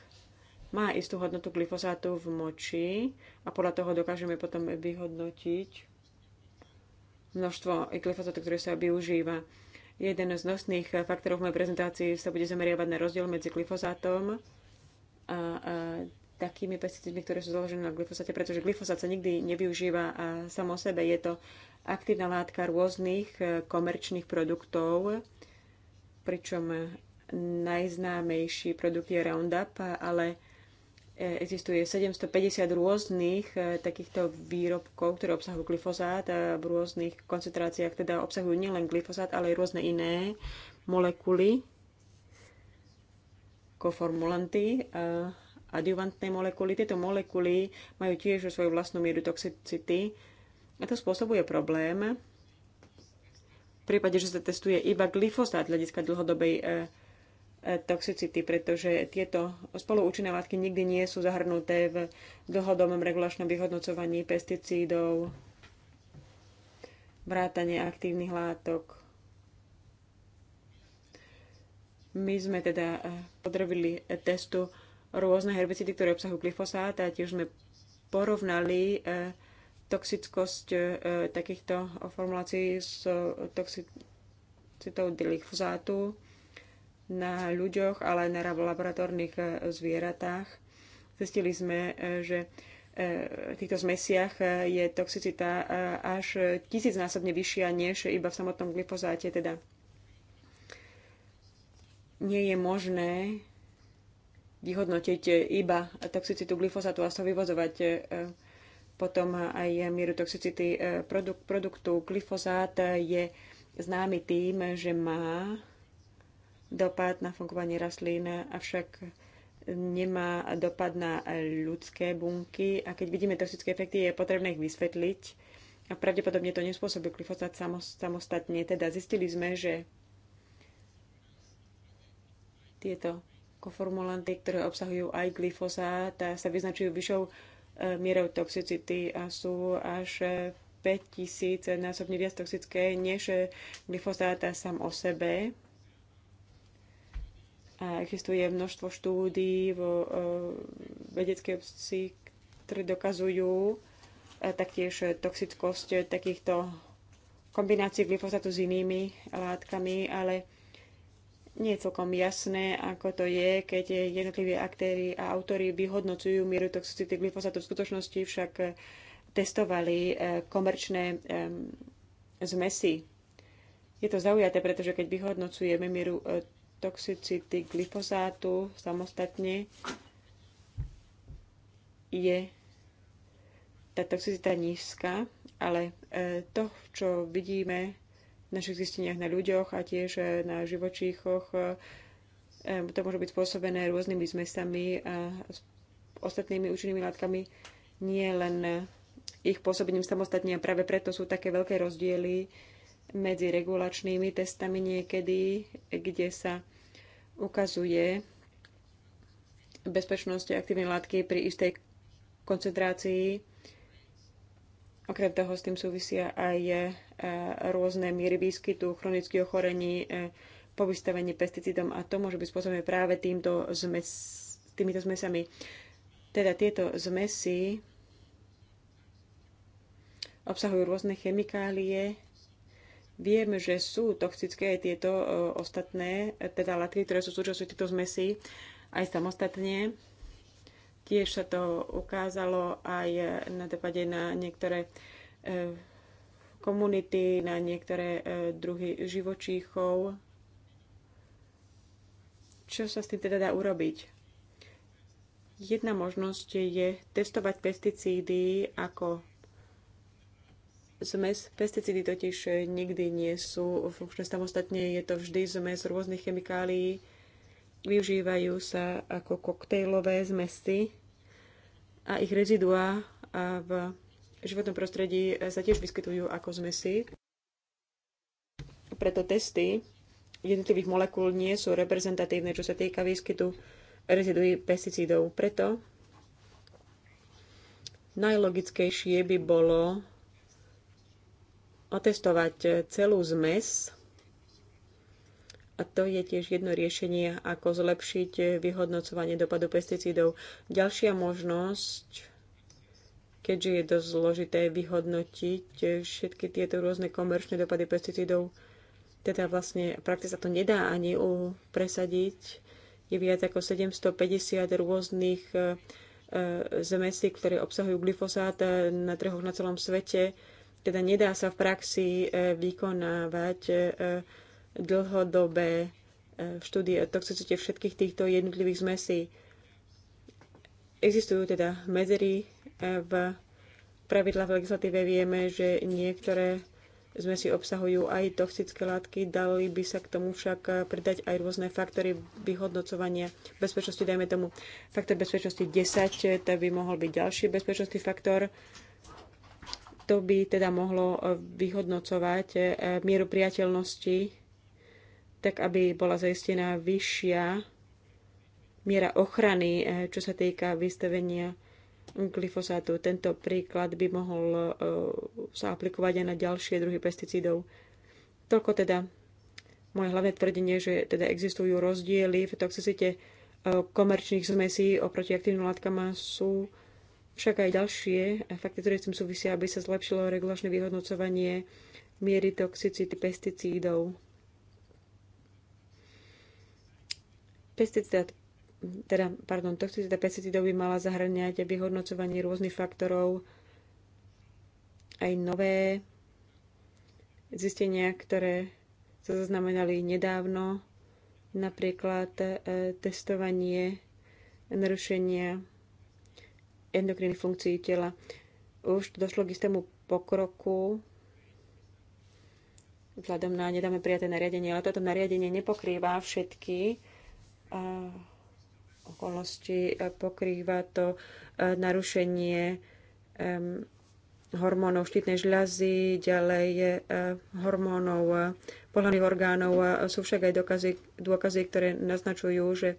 má istú hodnotu glyfosátu v moči a podľa toho dokážeme potom vyhodnotiť množstvo glyfosátu, ktoré sa využíva. Jeden z nosných faktorov v mojej prezentácii sa bude zameriavať na rozdiel medzi glyfosátom a, a takými pesticídmi, ktoré sú založené na glyfosáte, pretože glyfosát sa nikdy nevyužíva a samo o sebe. Je to aktívna látka rôznych e, komerčných produktov, pričom najznámejší produkt je Roundup, ale e, existuje 750 rôznych e, takýchto výrobkov, ktoré obsahujú glyfozát a v rôznych koncentráciách, teda obsahujú nielen glyfozát, ale aj rôzne iné molekuly, koformulanty, e, adjuvantné molekuly. Tieto molekuly majú tiež svoju vlastnú mieru toxicity a to spôsobuje problém v prípade, že sa testuje iba glyfozát hľadiska dlhodobej toxicity, pretože tieto spoluúčinné látky nikdy nie sú zahrnuté v dlhodobom regulačnom vyhodnocovaní pesticídov, vrátanie aktívnych látok. My sme teda eh, podrobili testu rôzne herbicídy, ktoré obsahujú glyfosát a tiež sme porovnali eh, toxickosť eh, takýchto formulácií s toxicitou glyfosátu na ľuďoch, ale aj na laboratórnych eh, zvieratách. Zistili sme, eh, že eh, v týchto zmesiach je toxicita až tisícnásobne vyššia než iba v samotnom glyfozáte. Teda nie je možné vyhodnotiť iba toxicitu glyfozátu a z toho vyvozovať potom aj mieru toxicity produktu. Glyfozát je známy tým, že má dopad na fungovanie rastlín, avšak nemá dopad na ľudské bunky a keď vidíme toxické efekty, je potrebné ich vysvetliť a pravdepodobne to nespôsobil glyfosát samostatne. Teda zistili sme, že tieto koformulanty, ktoré obsahujú aj glyfosát, sa vyznačujú vyššou e, mierou toxicity a sú až 5000 násobne viac toxické než glyfosát sám o sebe. A existuje množstvo štúdí vo e, vedeckej obci, ktoré dokazujú e, taktiež toxickosť takýchto kombinácií glyfosátu s inými látkami, ale nie je celkom jasné, ako to je, keď jednotliví aktéry a autory vyhodnocujú mieru toxicity glyfosátu. V skutočnosti však e, testovali komerčné zmesy. Je to zaujaté, pretože keď vyhodnocujeme mieru toxicity glyfosátu samostatne je tá toxicita nízka, ale e, to, čo vidíme v našich zisteniach na ľuďoch a tiež e, na živočíchoch, e, to môže byť spôsobené rôznymi zmesami a ostatnými účinnými látkami, nie len ich pôsobením samostatne a práve preto sú také veľké rozdiely medzi regulačnými testami niekedy, kde sa ukazuje bezpečnosť aktívnej látky pri istej koncentrácii. Okrem toho s tým súvisia aj e, rôzne miery výskytu chronických ochorení e, po vystavení pesticidom a to môže byť spôsobené práve týmto zmes, týmito zmesami. Teda tieto zmesy obsahujú rôzne chemikálie, Viem, že sú toxické aj tieto e, ostatné, e, teda látky, ktoré sú súčasťou tieto zmesí, aj samostatne. Tiež sa to ukázalo aj na dopade na niektoré e, komunity, na niektoré druhy živočíchov. Čo sa s tým teda dá urobiť? Jedna možnosť je testovať pesticídy ako zmes. Pesticídy totiž nikdy nie sú funkčné samostatne, je to vždy zmes rôznych chemikálií. Využívajú sa ako koktejlové zmesy a ich reziduá v životnom prostredí sa tiež vyskytujú ako zmesy. Preto testy jednotlivých molekúl nie sú reprezentatívne, čo sa týka výskytu reziduí pesticídov. Preto najlogickejšie by bolo otestovať eh, celú zmes a to je tiež jedno riešenie, ako zlepšiť eh, vyhodnocovanie dopadu pesticídov. Ďalšia možnosť, keďže je dosť zložité vyhodnotiť eh, všetky tieto rôzne komerčné dopady pesticídov, teda vlastne prakticky sa to nedá ani presadiť, je viac ako 750 rôznych zmesí, ktoré obsahujú glyfosát na trhoch na celom svete teda nedá sa v praxi e, vykonávať e, dlhodobé e, štúdie o toxicite všetkých týchto jednotlivých zmesí. Existujú teda medzery v pravidlách v legislatíve. Vieme, že niektoré zmesi obsahujú aj toxické látky. Dali by sa k tomu však pridať aj rôzne faktory vyhodnocovania bezpečnosti. Dajme tomu faktor bezpečnosti 10, to by mohol byť ďalší bezpečnostný faktor. To by teda mohlo e, vyhodnocovať e, mieru priateľnosti, tak aby bola zaistená vyššia miera ochrany, e, čo sa týka vystavenia glyfosátu. Tento príklad by mohol sa aplikovať aj na ďalšie druhy pesticídov. Toľko teda moje hlavné tvrdenie, že teda existujú rozdiely v toxicite komerčných zmesí oproti aktívnym látkama sú však aj ďalšie efekty, ktoré s tým súvisia, aby sa zlepšilo regulačné vyhodnocovanie miery toxicity pesticídov. Pesticida, teda, pardon, toxicita pesticídov by mala zahrňať vyhodnocovanie rôznych faktorov, aj nové zistenia, ktoré sa zaznamenali nedávno, napríklad e, testovanie narušenia endokrinných funkcií tela. Už došlo k istému pokroku vzhľadom na nedáme prijaté nariadenie, ale toto nariadenie nepokrýva všetky uh, okolnosti, pokrýva to uh, narušenie um, hormónov štítnej žľazy, ďalej je hormónov eh, pohľadných orgánov. Eh, sú však aj dokazy, dôkazy, ktoré naznačujú, že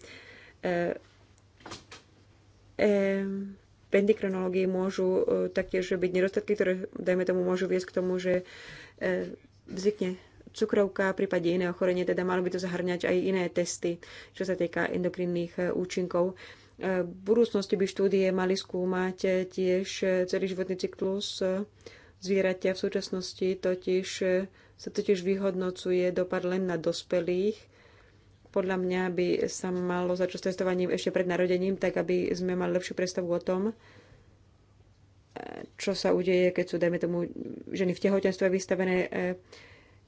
pendikronológii môžu e, taktiež byť nedostatky, ktoré, dajme tomu, môžu viesť k tomu, že e, vznikne cukrovka, prípade iné ochorenie, teda malo by to zahrňať aj iné testy, čo sa týka endokrinných e, účinkov. V budúcnosti by štúdie mali skúmať tiež celý životný cyklus zvieratia. V súčasnosti totiž sa totiž vyhodnocuje dopad len na dospelých, podľa mňa by sa malo začať s testovaním ešte pred narodením, tak aby sme mali lepšiu predstavu o tom, čo sa udeje, keď sú, dajme tomu, ženy v tehotenstve vystavené e,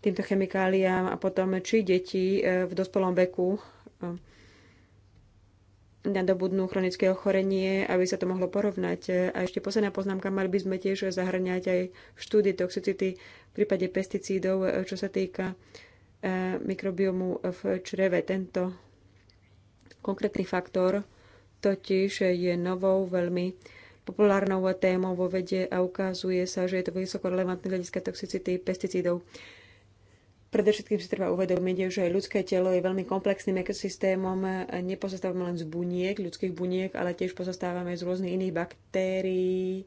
týmto chemikáliám a potom, či deti e, v dospelom veku e, nadobudnú chronické ochorenie, aby sa to mohlo porovnať. A ešte posledná poznámka, mali by sme tiež zahrňať aj štúdy toxicity v prípade pesticídov, čo sa týka E, mikrobiomu v čreve. Tento konkrétny faktor totiž je novou, veľmi populárnou témou vo vede a ukazuje sa, že je to vysoko relevantné hľadiska toxicity pesticídov. Predovšetkým si treba uvedomiť, že ľudské telo je veľmi komplexným ekosystémom. Nepozostávame len z buniek, ľudských buniek, ale tiež pozostávame z rôznych iných baktérií,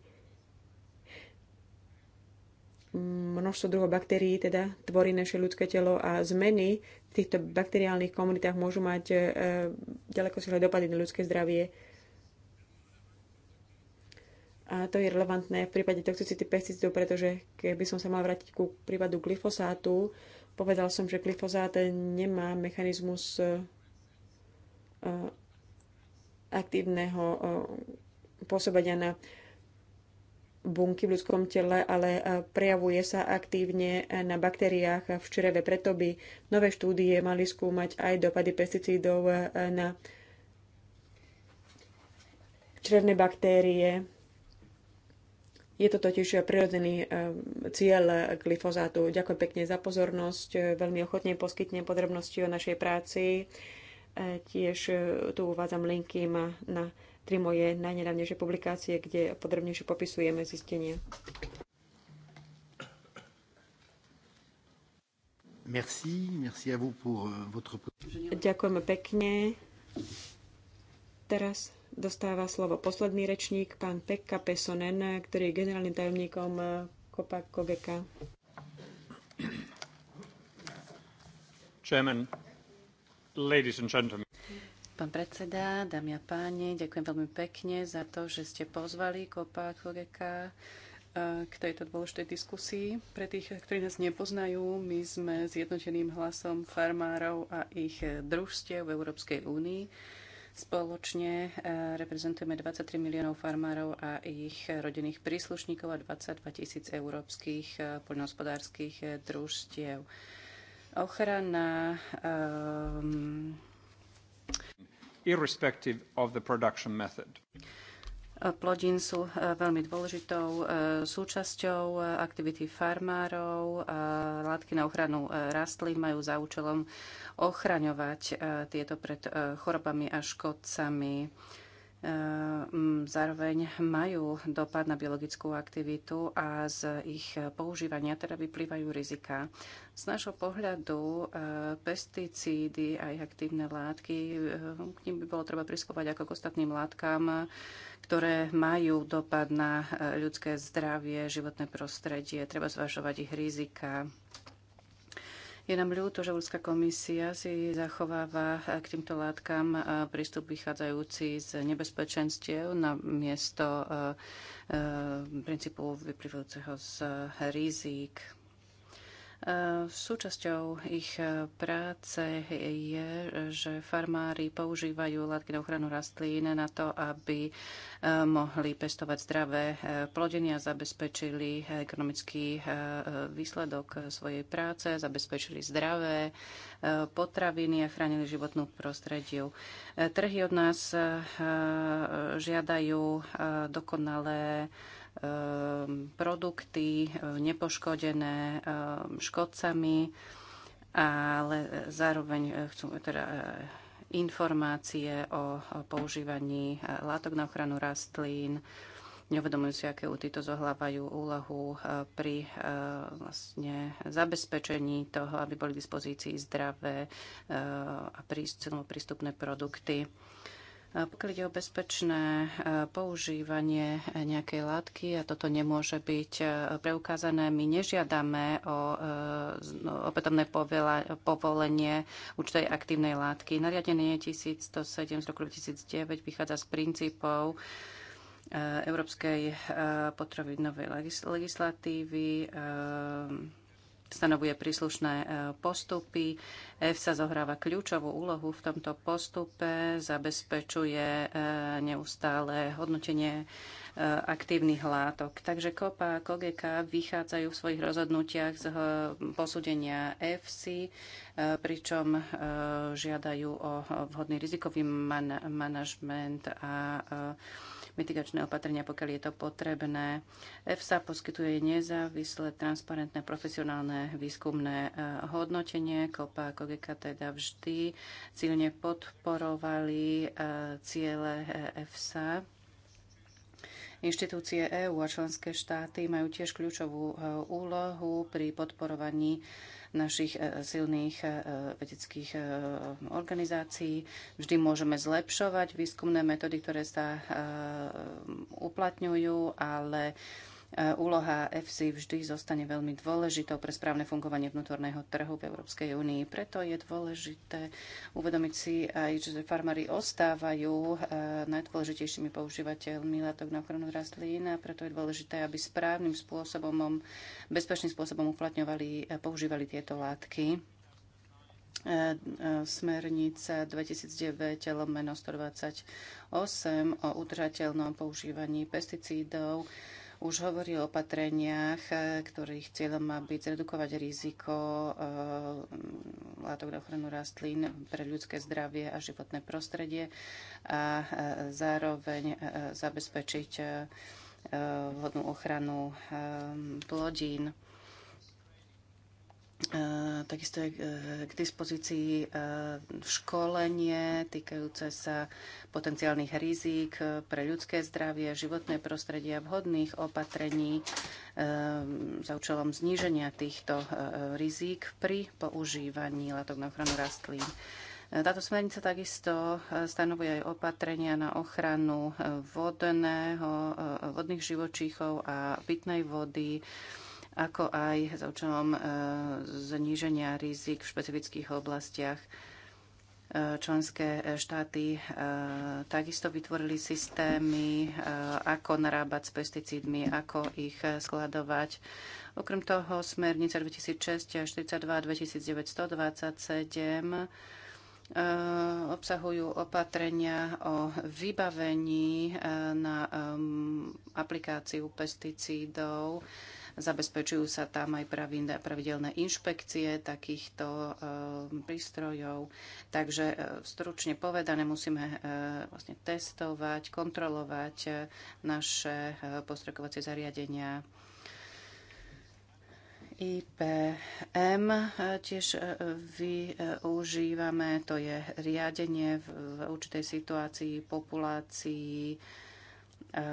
množstvo druhov baktérií teda tvorí naše ľudské telo a zmeny v týchto bakteriálnych komunitách môžu mať e, ďaleko si dopady na ľudské zdravie. A to je relevantné v prípade toxicity pesticídov, pretože keby som sa mal vrátiť ku prípadu glyfosátu, povedal som, že glyfosát nemá mechanizmus e, e, aktívneho e, pôsobenia na bunky v ľudskom tele, ale e, prejavuje sa aktívne na baktériách v čreve. Preto by nové štúdie mali skúmať aj dopady pesticídov e, na črevné baktérie. Je to totiž prirodzený e, cieľ glyfozátu. Ďakujem pekne za pozornosť. Veľmi ochotne poskytnem podrobnosti o našej práci. Tiež tu uvádzam linky na tri moje najnedávnejšie publikácie, kde podrobnejšie popisujeme zistenia. Merci, merci à vous pour euh, votre... Ďakujeme pekne. Teraz dostáva slovo posledný rečník, pán Pekka Pesonen, ktorý je generálnym tajomníkom eh, Kopa Kogeka. Chairman, ladies and gentlemen. Pán predseda, dámy a páni, ďakujem veľmi pekne za to, že ste pozvali Kopa Choreka eh, k tejto dôležitej diskusii. Pre tých, ktorí nás nepoznajú, my sme zjednoteným hlasom farmárov a ich družstiev v Európskej únii. Spoločne eh, reprezentujeme 23 miliónov farmárov a ich rodinných príslušníkov a 22 tisíc európskych eh, poľnohospodárskych družstiev. Ochrana um, irrespective of the production method. Plodín sú eh, veľmi dôležitou eh, súčasťou eh, aktivity farmárov. Látky na ochranu rastlín majú za účelom ochraňovať tieto pred chorobami a škodcami. Ehm, zároveň majú dopad na biologickú aktivitu a z ich používania teda vyplývajú rizika. Z nášho pohľadu ehm, pesticídy a ich aktívne látky, ehm, k nim by bolo treba priskovať ako k ostatným látkam, ktoré majú dopad na ľudské zdravie, životné prostredie, treba zvažovať ich rizika je nám ľúto, že Európska komisia si zachováva k týmto látkam e, prístup vychádzajúci z nebezpečenstiev na miesto e, e, princípu vyplývajúceho z rizík E, súčasťou ich e, práce je, že farmári používajú látky na ochranu rastlín na to, aby e, mohli pestovať zdravé plodiny a zabezpečili ekonomický výsledok svojej práce, zabezpečili zdravé potraviny a chránili životnú prostrediu. Trhy od nás žiadajú dokonalé Ehm, produkty ehm, nepoškodené ehm, škodcami, ale zároveň eh, chcú teda eh, informácie o používaní eh, látok na ochranu rastlín. Neuvedomujú si, aké to zohlávajú úlohu pri vlastne zabezpečení toho, aby boli k dispozícii zdravé a prístupné produkty. Pokiaľ ide o bezpečné e, používanie nejakej látky a toto nemôže byť e, preukázané, my nežiadame o e, opätovné povolenie určitej aktívnej látky. Nariadenie 1107 z roku 2009 vychádza z princípov európskej potravinovej legislatívy stanovuje príslušné e, postupy. EFSA zohráva kľúčovú úlohu v tomto postupe, zabezpečuje e, neustále hodnotenie e, aktívnych látok. Takže COPA a COGECA vychádzajú v svojich rozhodnutiach z posúdenia FC, pričom žiadajú o vhodný rizikový man- manažment a mitigačné opatrenia, pokiaľ je to potrebné. EFSA poskytuje nezávislé, transparentné, profesionálne výskumné eh, hodnotenie. COPA a COGECA teda vždy cílne podporovali eh, ciele eh, EFSA. Inštitúcie EÚ a členské štáty majú tiež kľúčovú úlohu pri podporovaní našich e, silných e, vedeckých e, organizácií. Vždy môžeme zlepšovať výskumné metódy, ktoré sa uplatňujú, ale E, úloha FC vždy zostane veľmi dôležitou pre správne fungovanie vnútorného trhu v Európskej únii. Preto je dôležité uvedomiť si aj, že farmári ostávajú e, najdôležitejšími používateľmi látok na ochranu rastlín a preto je dôležité, aby správnym spôsobom, bezpečným spôsobom uplatňovali, používali tieto látky e, smernica 2009 lomeno 128 o udržateľnom používaní pesticídov už hovorí o opatreniach, e, ktorých cieľom má byť zredukovať riziko e, látok na ochranu rastlín pre ľudské zdravie a životné prostredie a e, zároveň zabezpečiť vhodnú ochranu plodín. Eh, takisto je eh, k dispozícii eh, školenie týkajúce sa potenciálnych rizík pre ľudské zdravie, životné prostredie a vhodných opatrení za účelom zníženia týchto rizík pri používaní látok na ochranu rastlín. Táto smernica takisto stanovuje aj opatrenia na ochranu vodného, vodných živočíchov a pitnej vody, ako aj s účelom e, zníženia rizik v špecifických oblastiach. E, členské e, štáty takisto vytvorili systémy, ako narábať s pesticídmi, ako ich skladovať. Okrem toho smernica 2006 42 2927 obsahujú opatrenia o vybavení na aplikáciu pesticídov Zabezpečujú sa tam aj pravidelné inšpekcie takýchto eh, prístrojov. Takže eh, stručne povedané musíme eh, vlastne testovať, kontrolovať naše postrekovacie zariadenia IPM tiež využívame, to je riadenie v určitej situácii populácií Eh,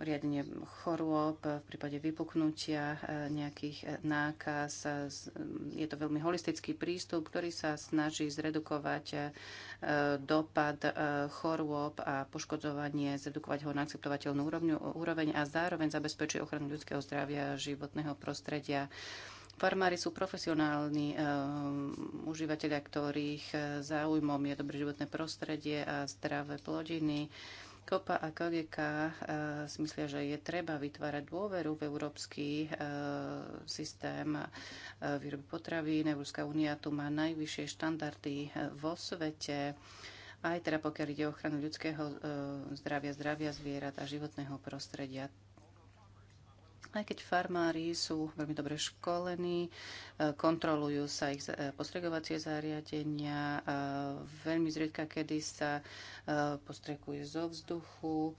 riadenie chorôb, v prípade vypuknutia eh, nejakých eh, nákaz. Je to veľmi holistický prístup, ktorý sa snaží zredukovať dopad chorôb a poškodzovanie, zredukovať ho na akceptovateľnú úroveň a zároveň zabezpečuje ochranu ľudského zdravia a životného prostredia. Farmári sú profesionálni um, užívateľia, ktorých záujmom je dobré životné prostredie a zdravé plodiny. Um, Kopa a KGK eh, si myslia, že je treba vytvárať dôveru v európsky eh, systém eh, výroby potravín. Európska únia tu má najvyššie štandardy vo svete aj teda pokiaľ ide o ochranu ľudského zdravia, zdravia zvierat a životného prostredia aj keď farmári sú veľmi dobre školení, e, kontrolujú sa ich e, postregovacie zariadenia, e, veľmi zriedka kedy sa postrekuje zo vzduchu.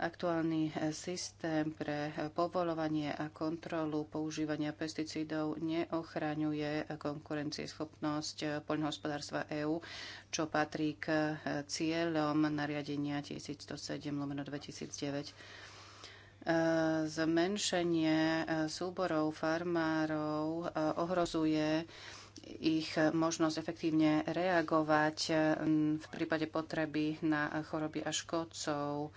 Aktuálny systém pre povolovanie a kontrolu používania pesticídov neochraňuje konkurencieschopnosť poľnohospodárstva EÚ, čo patrí k cieľom nariadenia 1107 2009 Eh, zmenšenie eh, súborov farmárov eh, ohrozuje ich možnosť efektívne reagovať v prípade potreby na choroby a škodcov.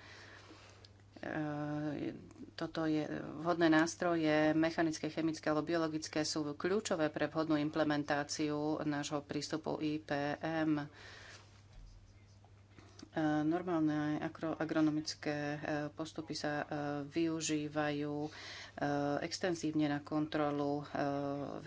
Toto je vhodné nástroje, mechanické, chemické alebo biologické sú kľúčové pre vhodnú implementáciu nášho prístupu IPM E, normálne agronomické e, postupy sa e, využívajú extenzívne na kontrolu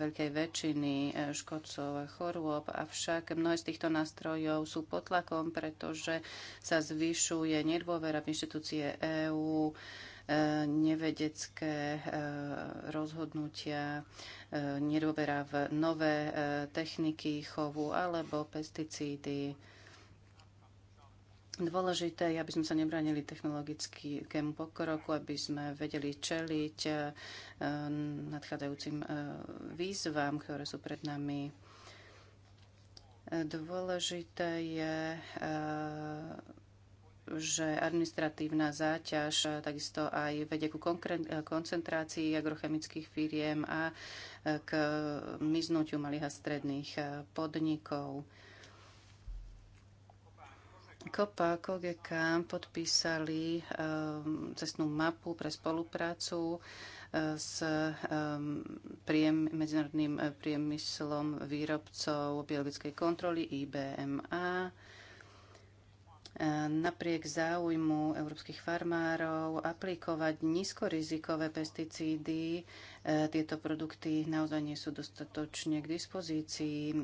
veľkej väčšiny škodcov a chorôb, avšak mnohé z týchto nástrojov sú pod tlakom, pretože sa zvyšuje nedôvera v inštitúcie EÚ, nevedecké rozhodnutia, nedôvera v nové techniky chovu alebo pesticídy dôležité je, aby sme sa nebranili technologickému pokroku, aby sme vedeli čeliť eh, nadchádzajúcim eh, výzvam, ktoré sú pred nami. Dôležité je, eh, že administratívna záťaž takisto aj vedie ku koncentrácii agrochemických firiem a k miznutiu malých a stredných podnikov. COPA a KOGK podpísali ehm, cestnú mapu pre spoluprácu eh, s ehm, priem, medzinárodným eh, priemyslom výrobcov biologickej kontroly IBMA E, napriek záujmu európskych farmárov aplikovať nízkorizikové pesticídy. E, tieto produkty naozaj nie sú dostatočne k dispozícii. E,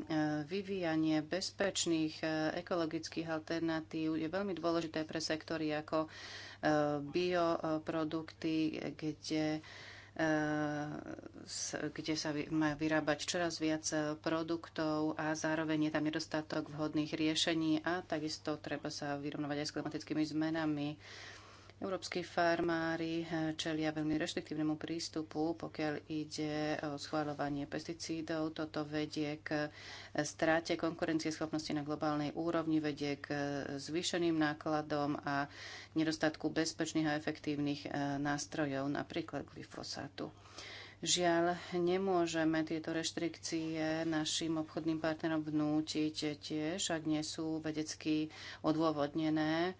vyvíjanie bezpečných ekologických alternatív je veľmi dôležité pre sektory ako bioprodukty, kde kde sa má vyrábať čoraz viac eh, produktov a zároveň je tam nedostatok vhodných riešení a takisto treba sa vyrovnovať aj s klimatickými zmenami. Európsky farmári eh, čelia veľmi reštriktívnemu prístupu, pokiaľ ide o schváľovanie pesticídov. Toto vedie k eh, strate konkurencieschopnosti na globálnej úrovni, vedie k eh, zvýšeným nákladom a nedostatku bezpečných a efektívnych nástrojov, napríklad glyfosátu. Žiaľ, nemôžeme tieto reštrikcie našim obchodným partnerom vnútiť tiež, ak nie sú vedecky odôvodnené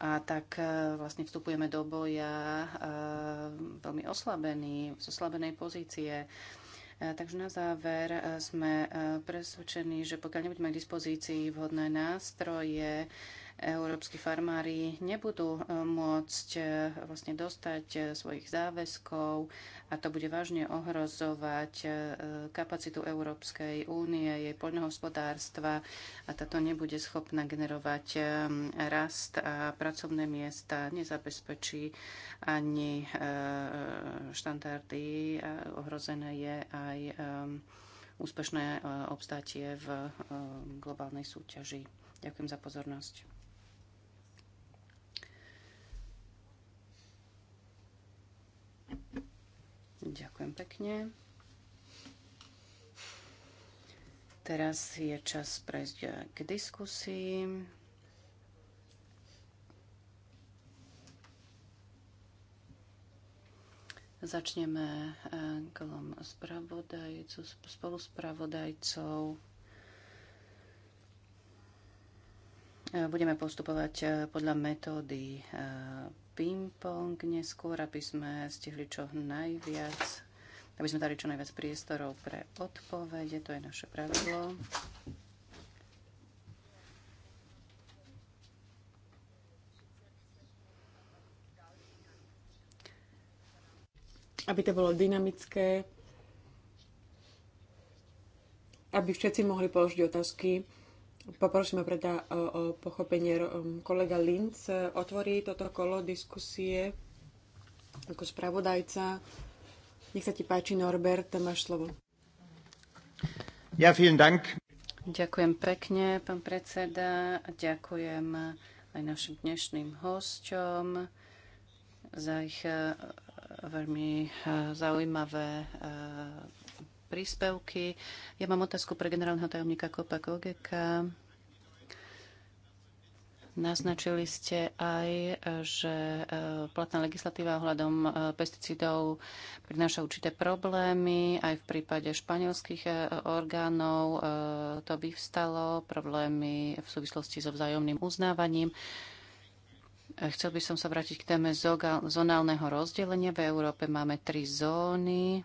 a tak e, vlastne vstupujeme do boja e, veľmi oslabení, z oslabenej pozície. E, takže na záver sme presvedčení, že pokiaľ nebudeme k dispozícii vhodné nástroje, európsky farmári nebudú môcť vlastne dostať svojich záväzkov a to bude vážne ohrozovať e, kapacitu Európskej únie, jej poľnohospodárstva a táto nebude schopná generovať e, rast a pracovné miesta, nezabezpečí ani e, štandardy a ohrozené je aj úspešné obstátie v globálnej súťaži. Ďakujem za pozornosť. Ďakujem pekne. Teraz je čas prejsť k diskusii. Začneme eh, kolom spravodajcov, eh, Budeme postupovať eh, podľa metódy ping-pong neskôr, aby sme stihli čo najviac, aby sme dali čo najviac priestorov pre odpovede. To je naše pravidlo. aby to bolo dynamické, aby všetci mohli položiť otázky. Poprosíme preda o, e, o pochopenie. E, kolega Linz e, otvorí toto kolo diskusie ako spravodajca. Nech sa ti páči, Norbert, máš slovo. Ja, vielen Dank. Ďakujem pekne, pán predseda. Ďakujem aj našim dnešným hosťom za ich veľmi zaujímavé príspevky. Ja mám otázku pre generálneho tajomníka Kopa Kogeka. Naznačili ste aj, že e, platná legislatíva ohľadom e, pesticídov prináša určité problémy. Aj v prípade španielských e, orgánov to by vstalo, problémy v súvislosti so vzájomným uznávaním. Chcel by som sa vrátiť k téme zonálneho rozdelenia. V Európe máme tri zóny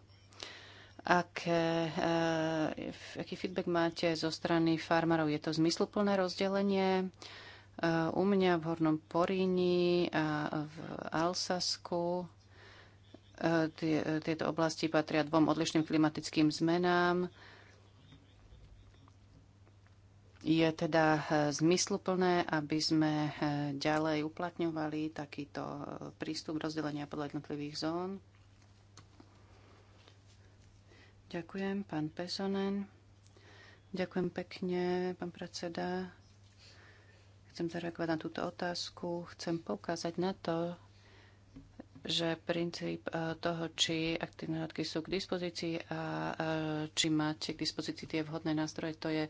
Aké, eh, aký feedback máte zo strany farmárov? Je to zmysluplné rozdelenie? Eh, u mňa v Hornom Poríni a v Alsasku eh, tieto oblasti patria dvom odlišným klimatickým zmenám. Je teda zmysluplné, aby sme ďalej uplatňovali takýto prístup rozdelenia podľa jednotlivých zón. Ďakujem, pán Pesonen. Ďakujem pekne, pán predseda. Chcem zareagovať na túto otázku. Chcem poukázať na to, že princíp eh, toho, či aktívne látky sú k dispozícii a eh, či máte k dispozícii tie vhodné nástroje, to je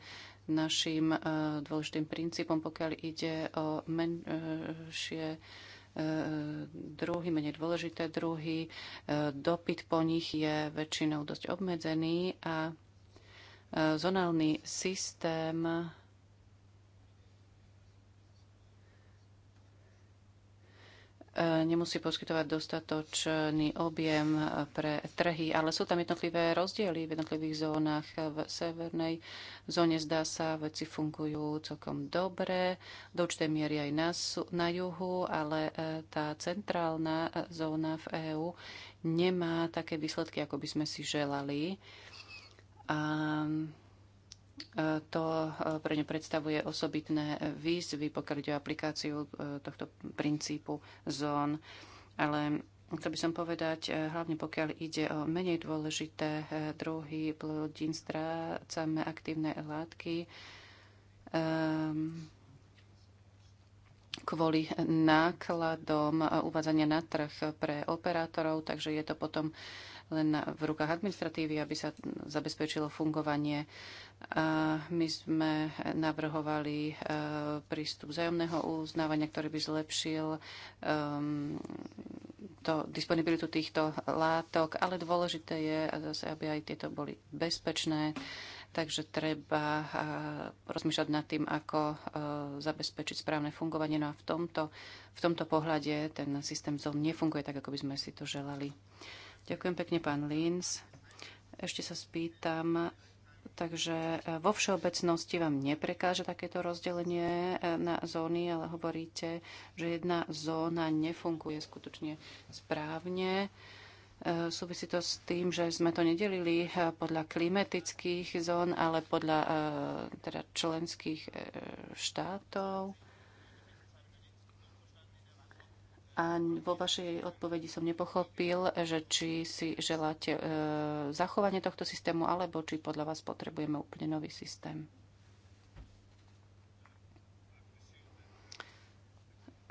našim eh, dôležitým princípom, pokiaľ ide o menšie Eh, druhy, menej dôležité druhy. Eh, dopyt po nich je väčšinou dosť obmedzený a eh, zonálny systém nemusí poskytovať dostatočný objem pre trhy, ale sú tam jednotlivé rozdiely v jednotlivých zónach. V severnej zóne zdá sa, veci fungujú celkom dobre, do určitej miery aj na, na juhu, ale e, tá centrálna e, zóna v EÚ nemá také výsledky, ako by sme si želali. A to e, pre ňu predstavuje osobitné výzvy, pokiaľ ide o aplikáciu e, tohto princípu zón. Ale chcel by som povedať, e, hlavne pokiaľ ide o menej dôležité druhy plodín, strácame aktívne látky ehm, kvôli nákladom uvádzania na trh pre operátorov, takže je to potom len v rukách administratívy, aby sa zabezpečilo fungovanie. My sme navrhovali e, prístup vzájomného uznávania, ktorý by zlepšil ehm, to, disponibilitu týchto látok, ale dôležité je zase, aby aj tieto boli bezpečné. Takže treba e, rozmýšľať nad tým, ako e, zabezpečiť správne fungovanie. No a v tomto, v tomto pohľade ten systém ZOM nefunguje tak, ako by sme si to želali. Ďakujem pekne, pán Lins. Ešte sa spýtam, takže eh, vo všeobecnosti vám neprekáže takéto rozdelenie eh, na zóny, ale hovoríte, že jedna zóna nefunguje skutočne správne. Eh, súvisí to s tým, že sme to nedelili podľa klimatických zón, ale podľa teda členských štátov. A vo vašej odpovedi som nepochopil, že či si želáte e, zachovanie tohto systému, alebo či podľa vás potrebujeme úplne nový systém.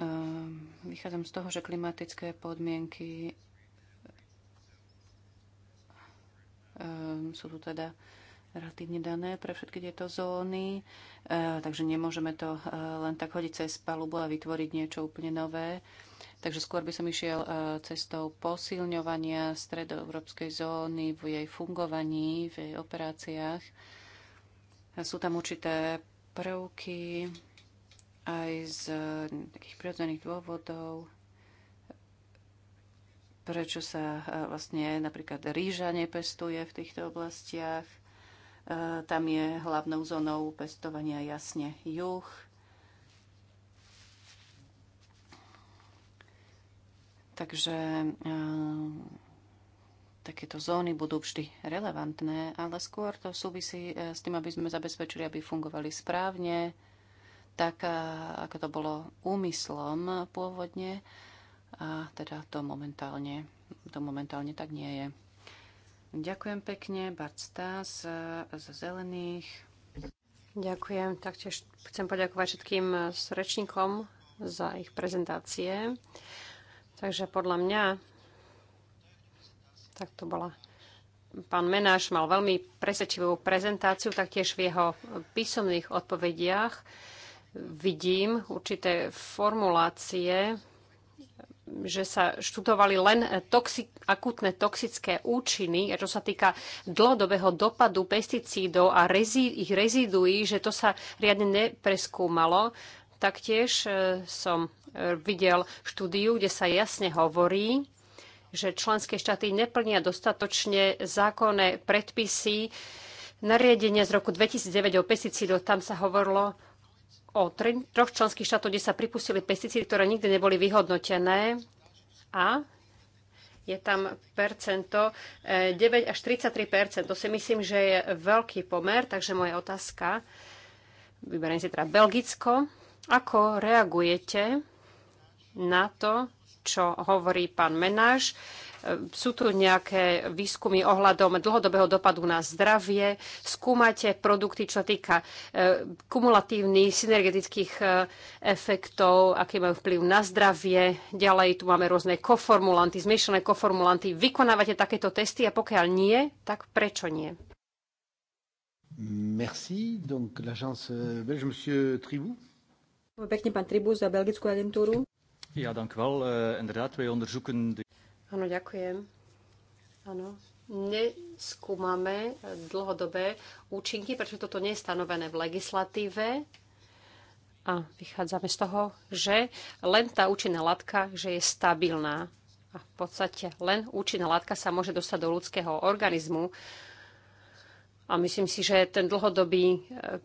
E, vychádzam z toho, že klimatické podmienky e, sú tu teda relatívne dané pre všetky tieto zóny, e, takže nemôžeme to e, len tak hodiť cez palubu a vytvoriť niečo úplne nové. E, Takže skôr by som išiel e, cestou posilňovania stredoeurópskej zóny v jej fungovaní, v jej operáciách. Sú tam určité prvky aj z takých prirodzených dôvodov, prečo sa e, vlastne napríklad rýža nepestuje v týchto oblastiach. E, tam je hlavnou zónou pestovania jasne juh, Takže eh, takéto zóny budú vždy relevantné, ale skôr to súvisí eh, s tým, aby sme zabezpečili, aby fungovali správne, tak eh, ako to bolo úmyslom pôvodne. A teda to momentálne, to momentálne tak nie je. Ďakujem pekne, Bart Stas z Zelených. Ďakujem. Taktiež chcem poďakovať všetkým srečníkom za ich prezentácie. Takže podľa mňa, tak to bola pán Menáš mal veľmi presvedčivú prezentáciu, taktiež v jeho písomných odpovediach vidím určité formulácie, že sa študovali len toxi- akutné toxické účiny, a čo sa týka dlhodobého dopadu pesticídov a rezi- ich reziduí, že to sa riadne nepreskúmalo. Taktiež e, som e, videl štúdiu, kde sa jasne hovorí, že členské štáty neplnia dostatočne zákonné predpisy nariadenia z roku 2009 o pesticídoch. Tam sa hovorilo o troch členských štátov, kde sa pripustili pesticídy, ktoré nikdy neboli vyhodnotené. A je tam percento 9 e, až 33 To si myslím, že je veľký pomer, takže moja otázka, vyberiem si teda Belgicko, ako reagujete na to, čo hovorí pán Menáš? E, sú tu nejaké výskumy ohľadom dlhodobého dopadu na zdravie? Skúmate produkty, čo týka e, kumulatívnych synergetických e, efektov, aký majú vplyv na zdravie? Ďalej tu máme rôzne koformulanty, zmiešané koformulanty. Vykonávate takéto testy a pokiaľ nie, tak prečo nie? Merci. Donc l'agence belge, monsieur Tribou. Pekne pán Tribus za Belgickú agentúru. Ja, dank wel. Eh, inderdaad, wij onderzoeken... Áno, ďakujem. Áno. Neskúmame dlhodobé účinky, pretože toto nie je stanovené v legislatíve. A vychádzame z toho, že len tá účinná látka, že je stabilná. A v podstate len účinná látka sa môže dostať do ľudského organizmu. A myslím si, že ten dlhodobý eh,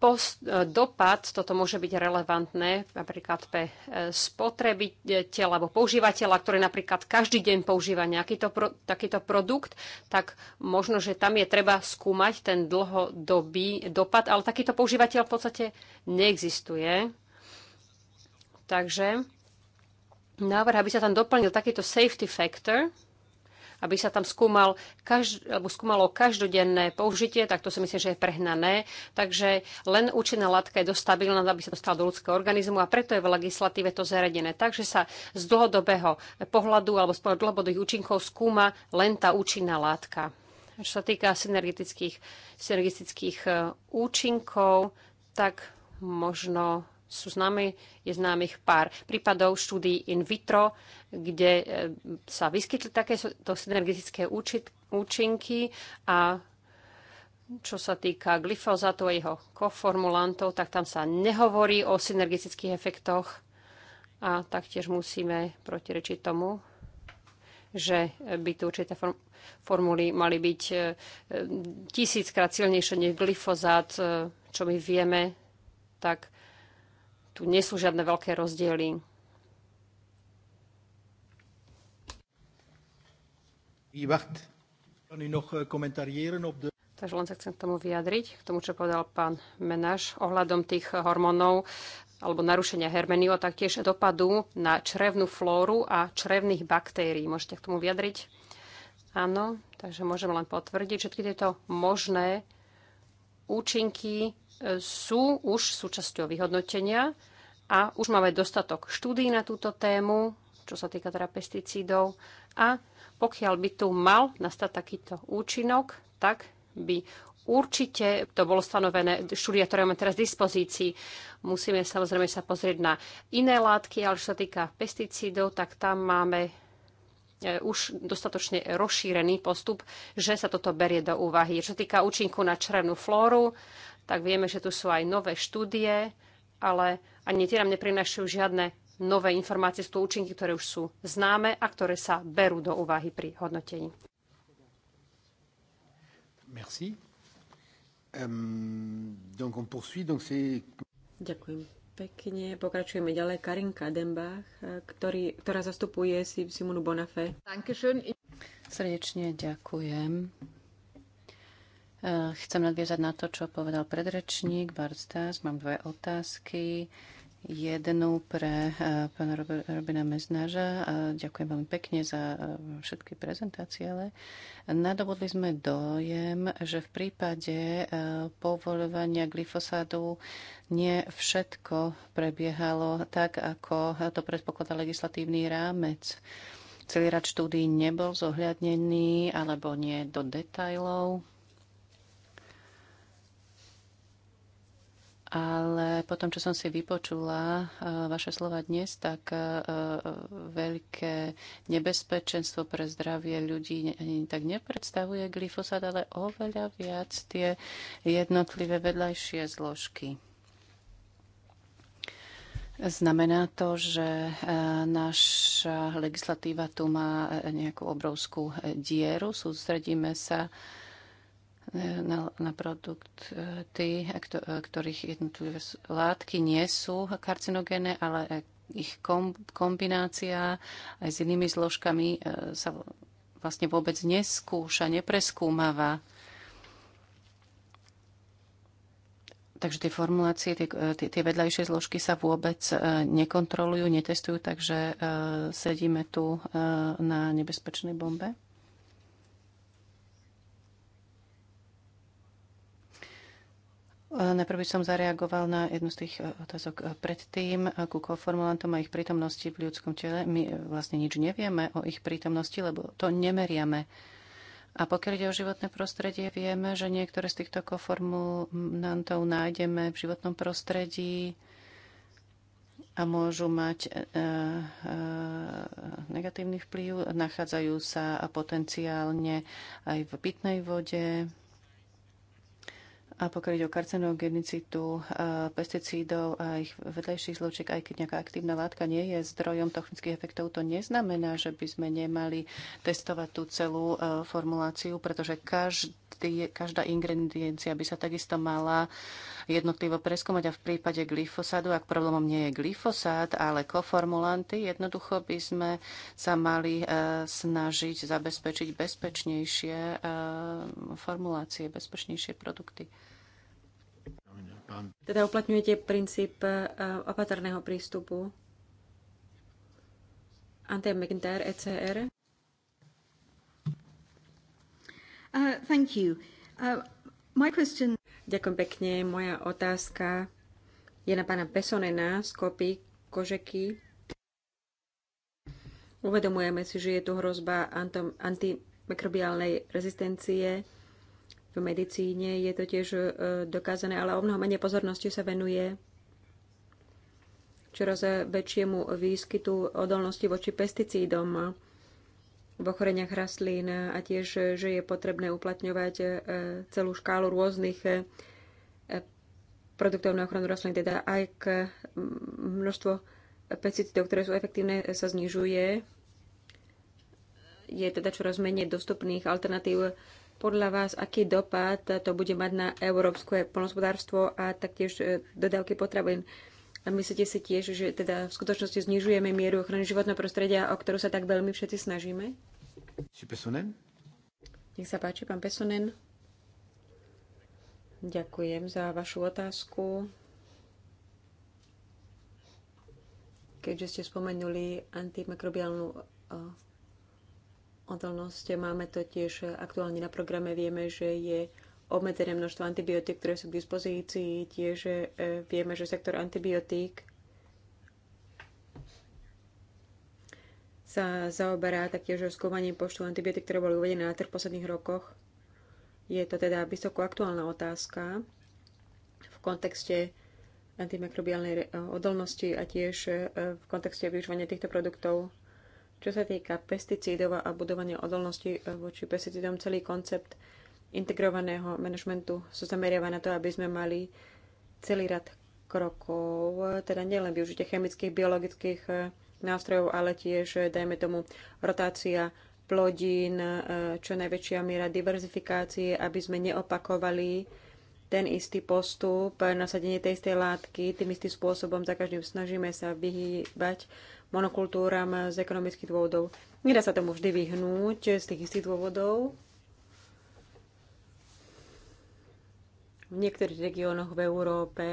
post, dopad, toto môže byť relevantné napríklad pre e, spotrebiteľa alebo používateľa, ktorý napríklad každý deň používa nejaký to, takýto produkt, tak možno, že tam je treba skúmať ten dlhodobý dopad, ale takýto používateľ v podstate neexistuje. Takže návrh, aby sa tam doplnil takýto safety factor, aby sa tam skúmal každ- alebo skúmalo každodenné použitie, tak to si myslím, že je prehnané. Takže len účinná látka je dostabilná, aby sa dostala do ľudského organizmu a preto je v legislatíve to zaradené. Takže sa z dlhodobého pohľadu alebo z dlhodobých účinkov skúma len tá účinná látka. Čo sa týka synergetických, synergetických e, účinkov, tak možno sú známe, je známych pár prípadov štúdí in vitro, kde e, sa vyskytli takéto synergetické účinky a čo sa týka glyfozátu a jeho koformulantov, tak tam sa nehovorí o synergetických efektoch a taktiež musíme protirečiť tomu, že by tu určité form- formuly mali byť e, e, tisíckrát silnejšie než glyfozát, čo my vieme, tak tu nie sú žiadne veľké rozdiely. Eh, takže len sa chcem k tomu vyjadriť, k tomu, čo povedal pán Menáš ohľadom tých hormónov alebo narušenia hermeniu a taktiež dopadu na črevnú flóru a črevných baktérií. Môžete k tomu vyjadriť? Áno, takže môžem len potvrdiť všetky tieto možné účinky sú už súčasťou vyhodnotenia a už máme dostatok štúdí na túto tému, čo sa týka teda pesticídov. A pokiaľ by tu mal nastať takýto účinok, tak by určite to bolo stanovené, štúdia, ktoré máme teraz v dispozícii, musíme samozrejme sa pozrieť na iné látky, ale čo sa týka pesticídov, tak tam máme e, už dostatočne rozšírený postup, že sa toto berie do úvahy. Čo sa týka účinku na črevnú flóru, tak vieme, že tu sú aj nové štúdie, ale ani tie nám neprinašajú žiadne nové informácie, sú to účinky, ktoré už sú známe a ktoré sa berú do úvahy pri hodnotení. Merci. Um, donc on poursuit, donc c'est... Ďakujem pekne. Pokračujeme ďalej. Karinka Dembach, ktorý, ktorá zastupuje Simonu Bonafé. Srdečne ďakujem. Eh, chcem nadviazať na to, čo povedal predrečník Bart Mám dve otázky. Jednu pre eh, pána Robina Meznáža. Eh, ďakujem veľmi pekne za všetky prezentácie, ale nadobudli sme dojem, že v prípade povolovania glyfosádu nie všetko prebiehalo tak, ako to predpokladá legislatívny rámec. Celý rad štúdí nebol zohľadnený alebo nie do detajlov ale potom, čo som si vypočula e, vaše slova dnes, tak e, e, veľké nebezpečenstvo pre zdravie ľudí tak nepredstavuje glyfosát, ale oveľa viac tie jednotlivé vedľajšie zložky. Znamená to, že naša legislatíva tu má nejakú obrovskú dieru. Sústredíme sa na, na produkty, e, e, ktorých jednotlivé látky nie sú karcinogéne, ale e, ich kombinácia aj s inými zložkami sa vlastne vôbec neskúša, nepreskúmava. Takže tie formulácie, tie, tie vedľajšie zložky sa vôbec nekontrolujú, netestujú, takže sedíme tu na nebezpečnej bombe. Najprv by som zareagoval na jednu z tých eh, otázok eh, predtým, eh, ku koformulantom a ich prítomnosti v ľudskom tele. My vlastne nič nevieme o ich prítomnosti, lebo to nemeriame. A pokiaľ ide o životné prostredie, vieme, že niektoré z týchto koformulantov nájdeme v životnom prostredí a môžu mať e, e, negatívny vplyv. Nachádzajú sa potenciálne aj v pitnej vode, a pokiaľ ide o karcinogenicitu e, pesticídov a ich vedlejších zločiek, aj keď nejaká aktívna látka nie je zdrojom toxických efektov, to neznamená, že by sme nemali testovať tú celú e, formuláciu, pretože každý, každá ingrediencia by sa takisto mala jednotlivo preskúmať a v prípade glyfosádu, ak problémom nie je glyfosát, ale koformulanty, jednoducho by sme sa mali e, snažiť zabezpečiť bezpečnejšie formulácie, bezpečnejšie produkty. Teda uplatňujete princíp e, opatrného prístupu. Ante McIntyre, ECR. Uh, thank you. Uh, my question... Ďakujem pekne. Moja otázka je na pána Pesonena z kopy Kožeky. Uvedomujeme si, že je tu hrozba antimikrobiálnej rezistencie v medicíne je to tiež e, dokázané, ale o mnoho menej pozornosti sa venuje čoraz väčšiemu výskytu odolnosti voči pesticídom v ochoreniach rastlín a tiež, že je potrebné uplatňovať e, celú škálu rôznych e, produktov na ochranu rastlín, teda aj k množstvo pesticídov, ktoré sú efektívne, sa znižuje. Je teda čoraz menej dostupných alternatív podľa vás, aký dopad to bude mať na európske polnospodárstvo a taktiež e, dodávky potravín? A myslíte si tiež, že teda v skutočnosti znižujeme mieru ochrany životného prostredia, o ktorú sa tak veľmi všetci snažíme? Pesonen. Nech sa páči, pán Pesonen. Ďakujem za vašu otázku. Keďže ste spomenuli antimikrobiálnu e, odolnosť. Máme to tiež aktuálne na programe. Vieme, že je obmedzené množstvo antibiotík, ktoré sú k dispozícii. Tiež e, vieme, že sektor antibiotík sa zaoberá taktiež skúmaním počtu antibiotík, ktoré boli uvedené na trh v posledných rokoch. Je to teda vysoko aktuálna otázka v kontexte antimikrobiálnej odolnosti a tiež e, v kontexte využívania týchto produktov čo sa týka pesticídov a budovania odolnosti eh, voči pesticídom, celý koncept integrovaného manažmentu sa zameriava na to, aby sme mali celý rad krokov, teda nielen využitie chemických, biologických eh, nástrojov, ale tiež, eh, dajme tomu, rotácia plodín, čo najväčšia miera diverzifikácie, aby sme neopakovali ten istý postup, nasadenie tej istej látky, tým istým spôsobom za každým snažíme sa vyhýbať monokultúram z ekonomických dôvodov. Nedá sa tomu vždy vyhnúť z tých istých dôvodov. V niektorých regiónoch v Európe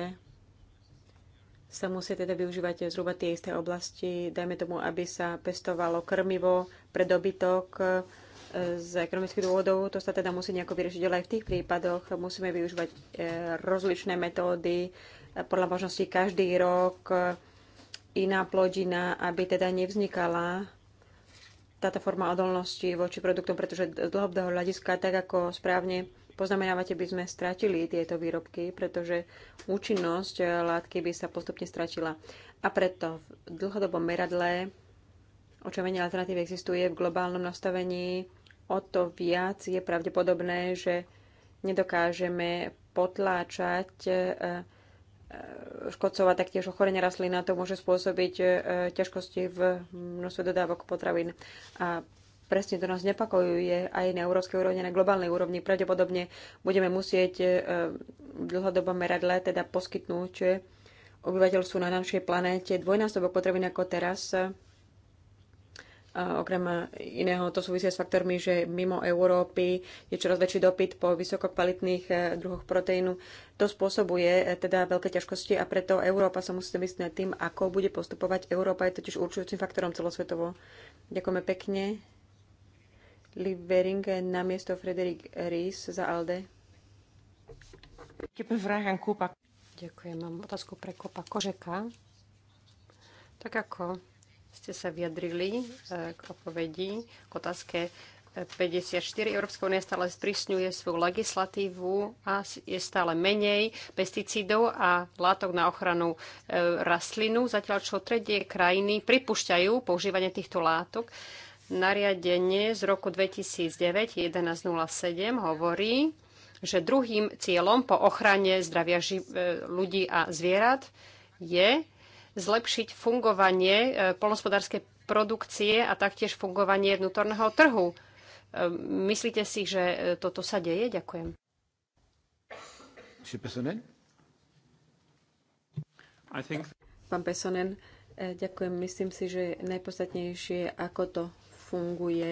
sa musia teda využívať zhruba tie isté oblasti, dajme tomu, aby sa pestovalo krmivo pre dobytok e, z ekonomických dôvodov. To sa teda musí nejako vyriešiť, ale aj v tých prípadoch musíme využívať e, rozličné metódy, e, podľa možností každý rok iná plodina, aby teda nevznikala táto forma odolnosti voči produktom, pretože z dlhodobého hľadiska, tak ako správne poznamenávate, by sme stratili tieto výrobky, pretože účinnosť látky by sa postupne stratila. A preto v dlhodobom meradle menej alternatív existuje v globálnom nastavení, o to viac je pravdepodobné, že nedokážeme potláčať eh, E, škodcov a taktiež ochorenie rastlín a to môže spôsobiť e, ťažkosti v množstve dodávok potravín. A presne to nás nepakojuje aj na európskej úrovni, na globálnej úrovni. Pravdepodobne budeme musieť v e, dlhodobom meradle teda poskytnúť obyvateľstvu na našej planéte dvojnásobok potravín ako teraz okrem iného to súvisia s faktormi, že mimo Európy je čoraz väčší dopyt po vysokokvalitných e, druhoch proteínu. To spôsobuje e, teda veľké ťažkosti a preto Európa sa musí myslieť nad tým, ako bude postupovať. Európa je totiž určujúcim faktorom celosvetovo. Ďakujeme pekne. Livering na miesto Frederik Ries za ALDE. Ďakujem. Mám otázku pre Kopa Kožeka. Tak ako ste sa vyjadrili e, k odpovedi, k otázke 54. E, Európska únia stále sprísňuje svoju legislatívu a je stále menej pesticídov a látok na ochranu e, rastlinu, zatiaľ čo tretie krajiny pripúšťajú používanie týchto látok. Nariadenie z roku 2009-1107 hovorí, že druhým cieľom po ochrane zdravia ľudí a zvierat je zlepšiť fungovanie e, polnospodárskej produkcie a taktiež fungovanie vnútorného trhu. E, myslíte si, že e, toto sa deje? Ďakujem. Pán Pesonen, ďakujem. Myslím si, že najpodstatnejšie, ako to funguje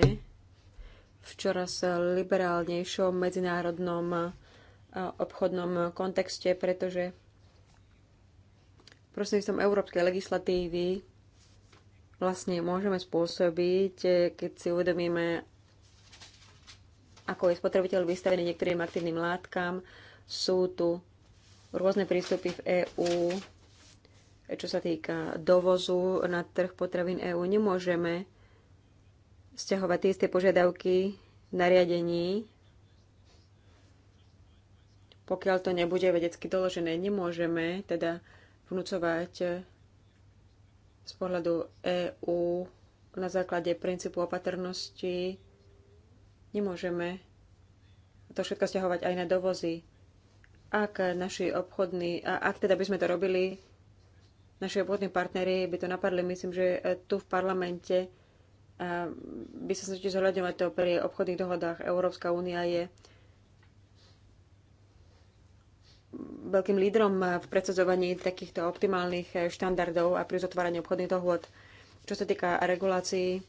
v čoraz liberálnejšom medzinárodnom obchodnom kontexte, pretože Prostredníctvom európskej legislatívy vlastne môžeme spôsobiť, eh, keď si uvedomíme, ako je spotrebiteľ vystavený niektorým aktívnym látkam, sú tu rôzne prístupy v EÚ, eh, čo sa týka dovozu na trh potravín EÚ. Nemôžeme stiahovať tie isté požiadavky na nariadení, pokiaľ to nebude vedecky doložené. Nemôžeme teda vnúcovať z pohľadu EÚ na základe princípu opatrnosti. Nemôžeme to všetko stiahovať aj na dovozy. Ak naši obchodní, a ak teda by sme to robili, naši obchodní partnery by to napadli, myslím, že tu v parlamente by sa snažili zohľadňovať to pri obchodných dohodách. Európska únia je veľkým lídrom v predsadzovaní takýchto optimálnych eh, štandardov a pri zotváraní obchodných dohôd. Čo sa týka regulácií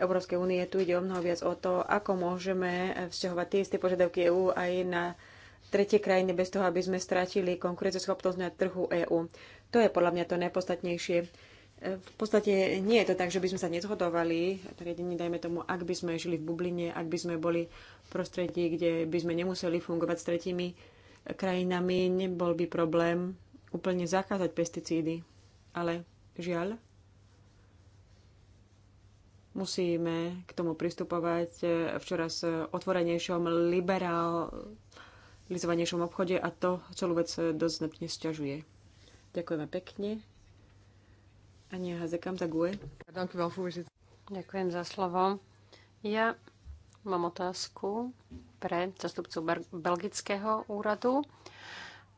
Európskej únie, tu ide o mnoho viac o to, ako môžeme eh, vzťahovať tie isté požiadavky EÚ aj na tretie krajiny bez toho, aby sme stratili schopnosť na trhu EÚ. To je podľa mňa to najpodstatnejšie. Eh, v podstate nie je to tak, že by sme sa nezhodovali, riadení, dajme tomu, ak by sme žili v bubline, ak by sme boli v prostredí, kde by sme nemuseli fungovať s tretími krajinami, nebol by problém úplne zakázať pesticídy. Ale žiaľ, musíme k tomu pristupovať v čoraz otvorenejšom, liberalizovanejšom obchode a to celú vec dosť značne sťažuje. Ďakujeme pekne. Ania Hazekam za GUE. Ďakujem za slovo. Ja mám otázku pre zastupcu belgického úradu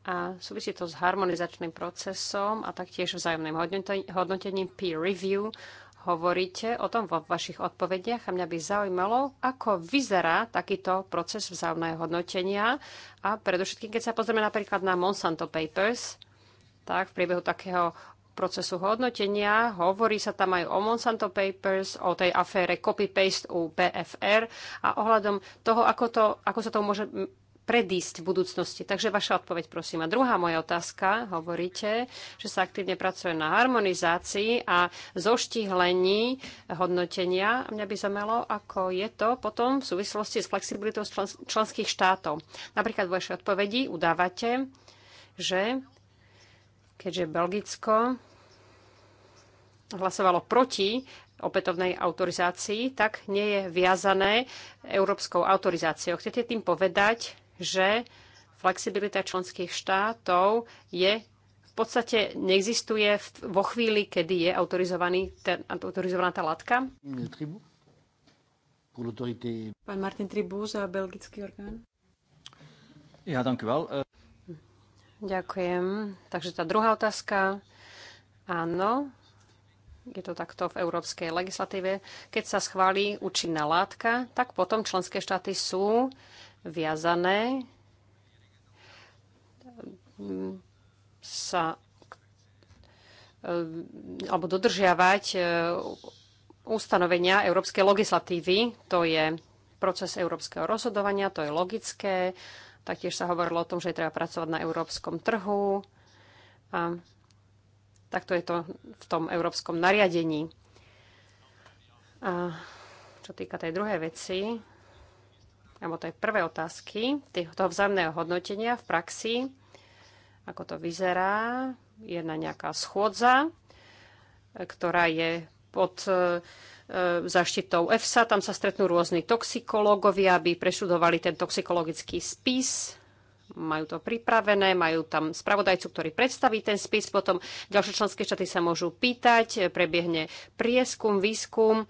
a súvisí to s harmonizačným procesom a taktiež vzájomným hodnotením peer review. Hovoríte o tom vo vašich odpovediach a mňa by zaujímalo, ako vyzerá takýto proces vzájomného hodnotenia a predovšetkým, keď sa pozrieme napríklad na Monsanto Papers, tak v priebehu takého procesu hodnotenia. Hovorí sa tam aj o Monsanto Papers, o tej afére copy-paste u BFR a ohľadom toho, ako, to, ako sa to môže predísť v budúcnosti. Takže vaša odpoveď, prosím. A druhá moja otázka, hovoríte, že sa aktívne pracuje na harmonizácii a zoštihlení hodnotenia. Mňa by zamelo, ako je to potom v súvislosti s flexibilitou členských štátov. Napríklad vo vašej odpovedi udávate, že keďže Belgicko hlasovalo proti opätovnej autorizácii, tak nie je viazané európskou autorizáciou. Chcete tým povedať, že flexibilita členských štátov je v podstate neexistuje vo chvíli, kedy je autorizovaný ten, autorizovaná tá látka? Pán Martin Tribu za belgický orgán. Ja, dank u wel. Eh, Ďakujem. Takže tá druhá otázka. Áno, je to takto v európskej legislatíve. Keď sa schválí účinná látka, tak potom členské štáty sú viazané mm, sa e, alebo dodržiavať e, ustanovenia európskej legislatívy. To je proces európskeho rozhodovania, to je logické. Taktiež sa hovorilo o tom, že je treba pracovať na európskom trhu. A takto je to v tom európskom nariadení. A čo týka tej druhej veci, alebo tej prvé otázky, toho vzájomného hodnotenia v praxi, ako to vyzerá, je na nejaká schôdza, ktorá je pod E, zaštitou EFSA. Tam sa stretnú rôzni toxikológovia, aby presudovali ten toxikologický spis. Majú to pripravené, majú tam spravodajcu, ktorý predstaví ten spis. Potom ďalšie členské štáty sa môžu pýtať, e, prebiehne prieskum, výskum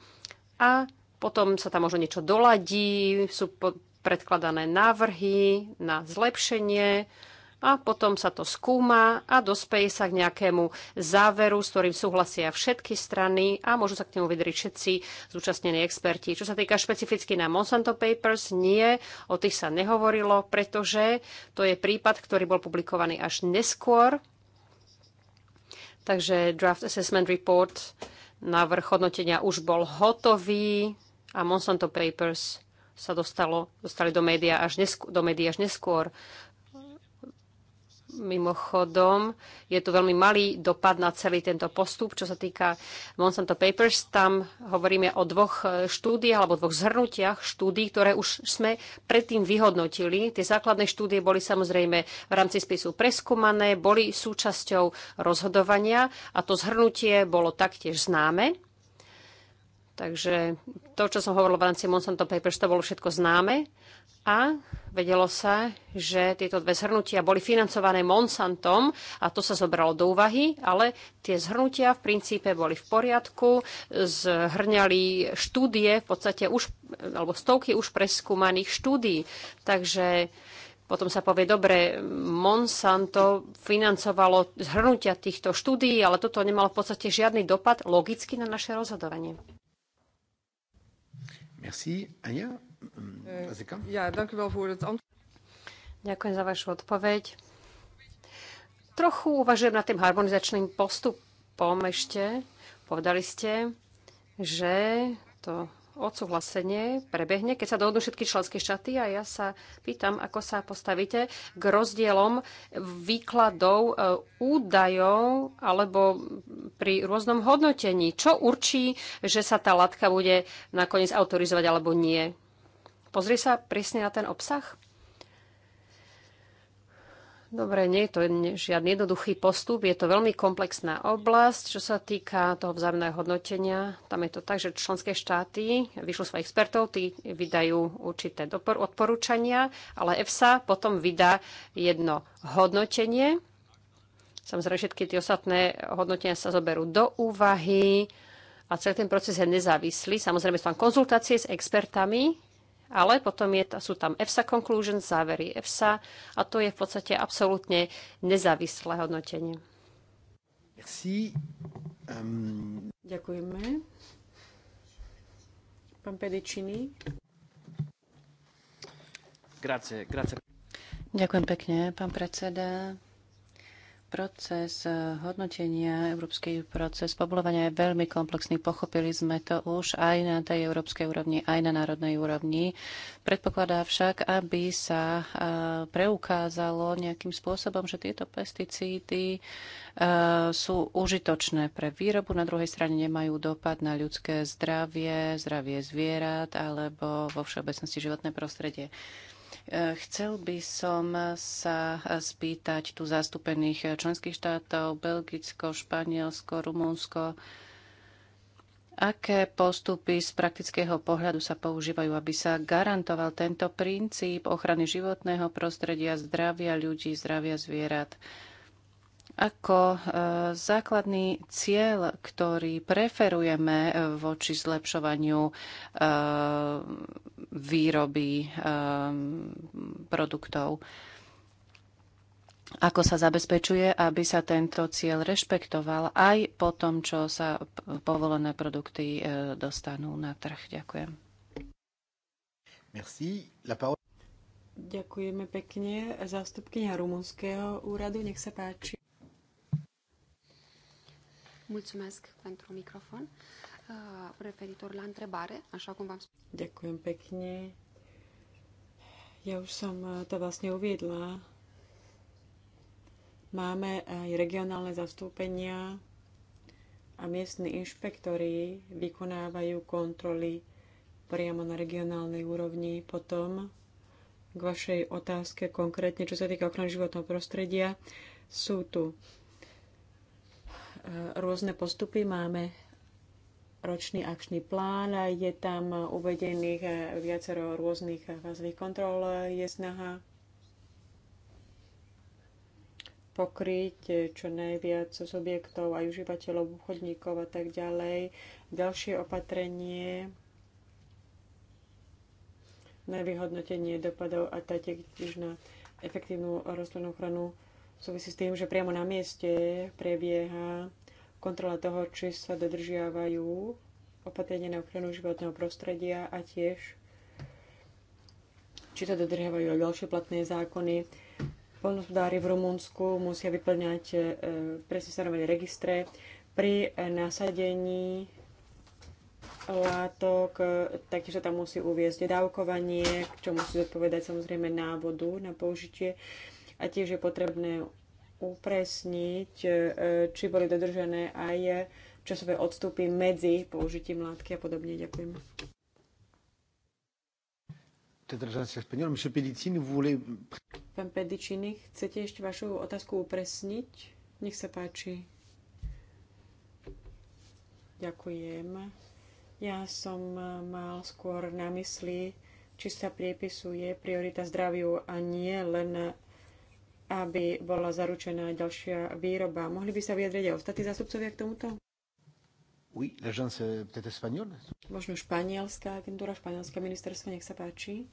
a potom sa tam možno niečo doladí, sú predkladané návrhy na zlepšenie a potom sa to skúma a dospeje sa k nejakému záveru, s ktorým súhlasia všetky strany a môžu sa k nemu vydriť všetci zúčastnení experti. Čo sa týka špecificky na Monsanto Papers, nie, o tých sa nehovorilo, pretože to je prípad, ktorý bol publikovaný až neskôr. Takže Draft Assessment Report, vrch hodnotenia už bol hotový a Monsanto Papers sa dostalo, dostali do média až až neskôr. Mimochodom, je tu veľmi malý dopad na celý tento postup, čo sa týka Monsanto Papers. Tam hovoríme o dvoch štúdiách alebo dvoch zhrnutiach štúdí, ktoré už sme predtým vyhodnotili. Tie základné štúdie boli samozrejme v rámci spisu preskúmané, boli súčasťou rozhodovania a to zhrnutie bolo taktiež známe. Takže to, čo som hovorila v rámci Monsanto Papers, to bolo všetko známe a vedelo sa, že tieto dve zhrnutia boli financované Monsantom a to sa zobralo do úvahy, ale tie zhrnutia v princípe boli v poriadku, zhrňali štúdie, v podstate už, alebo stovky už preskúmaných štúdií. Takže potom sa povie, dobre, Monsanto financovalo zhrnutia týchto štúdií, ale toto nemalo v podstate žiadny dopad logicky na naše rozhodovanie. Merci. Anja? Eh, ja, voor het antwoord. Ďakujem za vašu odpoveď. Trochu uvažujem nad tým harmonizačným postupom ešte. Povedali ste, že to odsúhlasenie prebehne, keď sa dohodnú všetky členské štáty a ja sa pýtam, ako sa postavíte k rozdielom výkladov e, údajov alebo pri rôznom hodnotení. Čo určí, že sa tá látka bude nakoniec autorizovať alebo nie? Pozri sa presne na ten obsah. Dobre, nie je to žiadny jednoduchý postup, je to veľmi komplexná oblasť. Čo sa týka toho vzájomného hodnotenia, tam je to tak, že členské štáty vyšlo svojich expertov, tí vydajú určité odporúčania, ale EFSA potom vydá jedno hodnotenie. Samozrejme, všetky tie ostatné hodnotenia sa zoberú do úvahy a celý ten proces je nezávislý. Samozrejme, sú tam konzultácie s expertami, ale potom je, sú tam EFSA conclusions, závery EFSA a to je v podstate absolútne nezávislé hodnotenie. Merci. Um... Ďakujeme. Pán Pedicini. Grazie, grazie. Ďakujem pekne, pán predseda proces eh, hodnotenia, európsky proces povolovania je veľmi komplexný. Pochopili sme to už aj na tej európskej úrovni, aj na národnej úrovni. Predpokladá však, aby sa eh, preukázalo nejakým spôsobom, že tieto pesticídy eh, sú užitočné pre výrobu, na druhej strane nemajú dopad na ľudské zdravie, zdravie zvierat alebo vo všeobecnosti životné prostredie. E, chcel by som sa spýtať tu zastúpených členských štátov Belgicko, Španielsko, Rumunsko. Aké postupy z praktického pohľadu sa používajú, aby sa garantoval tento princíp ochrany životného prostredia, zdravia ľudí, zdravia zvierat? ako e, základný cieľ, ktorý preferujeme e, voči zlepšovaniu e, výroby produktov. Ako sa zabezpečuje, aby sa tento cieľ rešpektoval aj po tom, čo sa povolené produkty dostanú na trh. Ďakujem. Merci. La parole... Ďakujeme pekne. Zástupkynia Rumunského úradu, nech sa páči. Mulțumesc pentru microfon. Uh, referitor la întrebare, așa cum v-am spus. Ďakujem pekne. Ja už som uh, to teda vlastne uviedla. Máme aj regionálne zastúpenia a miestni inšpektori vykonávajú kontroly priamo na regionálnej úrovni. Potom k vašej otázke konkrétne, čo sa týka ochrany životného prostredia, sú tu rôzne postupy. Máme ročný akčný plán, je tam uvedených eh, viacero rôznych eh, fázových kontrol, je snaha pokryť eh, čo najviac subjektov aj užívateľov, obchodníkov a tak ďalej. Ďalšie opatrenie na vyhodnotenie dopadov a tiež na efektívnu rostlinnú ochranu súvisí s tým, že priamo na mieste prebieha kontrola toho, či sa dodržiavajú opatrenia na ochranu životného prostredia a tiež či sa dodržiavajú aj ďalšie platné zákony. Polnospodári v Rumunsku musia vyplňať e, presne stanovené registre. Pri nasadení látok, e, taktiež sa tam musí uviezť dávkovanie, k čomu musí zodpovedať samozrejme návodu na použitie. A tiež je potrebné upresniť, e, či boli dodržené aj časové odstupy medzi použitím látky a podobne. Ďakujem. Pán Pedicini, chcete ešte vašu otázku upresniť? Nech sa páči. Ďakujem. Ja som mal skôr na mysli, či sa priepisuje priorita zdraviu a nie len aby bola zaručená ďalšia výroba. Mohli by sa vyjadriť aj ostatní zástupcovia k tomuto? Oui, l'agence peut-être espagnole. Možno španielská agentúra, španielské ministerstvo, nech sa páči.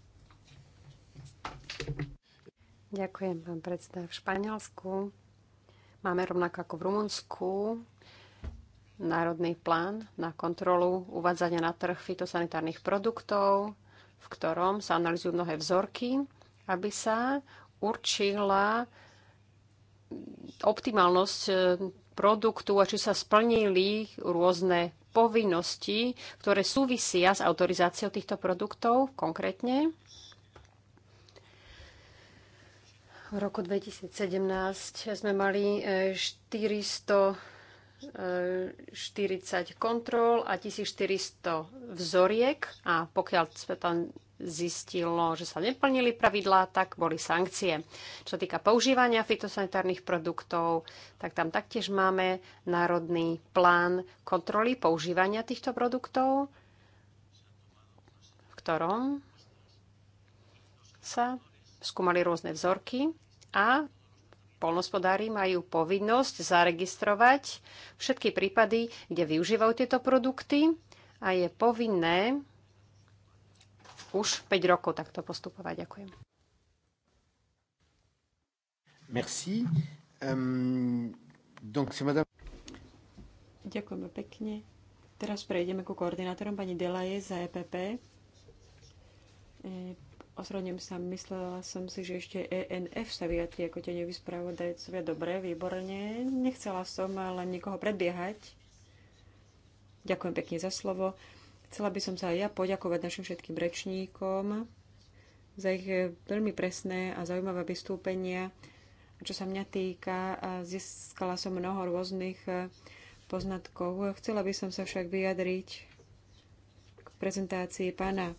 Ďakujem, pán predseda. V Španielsku máme rovnako ako v Rumunsku národný plán na kontrolu uvádzania na trh fitosanitárnych produktov, v ktorom sa analizujú mnohé vzorky, aby sa určila optimálnosť e, produktu a či sa splnili rôzne povinnosti, ktoré súvisia s autorizáciou týchto produktov konkrétne. V roku 2017 sme mali 440 e, e, kontrol a 1400 vzoriek a pokiaľ sme tam zistilo, že sa neplnili pravidlá, tak boli sankcie. Čo týka používania fitosanitárnych produktov, tak tam taktiež máme národný plán kontroly používania týchto produktov, v ktorom sa skúmali rôzne vzorky a polnospodári majú povinnosť zaregistrovať všetky prípady, kde využívajú tieto produkty a je povinné už 5 rokov takto postupovať. Ďakujem. Merci. Um, donc madame... Ďakujeme pekne. Teraz prejdeme ku koordinátorom pani Delaje za EPP. E, osrodnem sa, myslela som si, že ešte ENF sa vyjadrí ako tenevý nevyspravodajcovia. Dobre, výborne. Nechcela som ale nikoho predbiehať. Ďakujem pekne za slovo. Chcela by som sa aj ja poďakovať našim všetkým rečníkom za ich eh, veľmi presné a zaujímavé vystúpenia. Čo sa mňa týka, získala som mnoho rôznych eh, poznatkov. Chcela by som sa však vyjadriť k prezentácii pána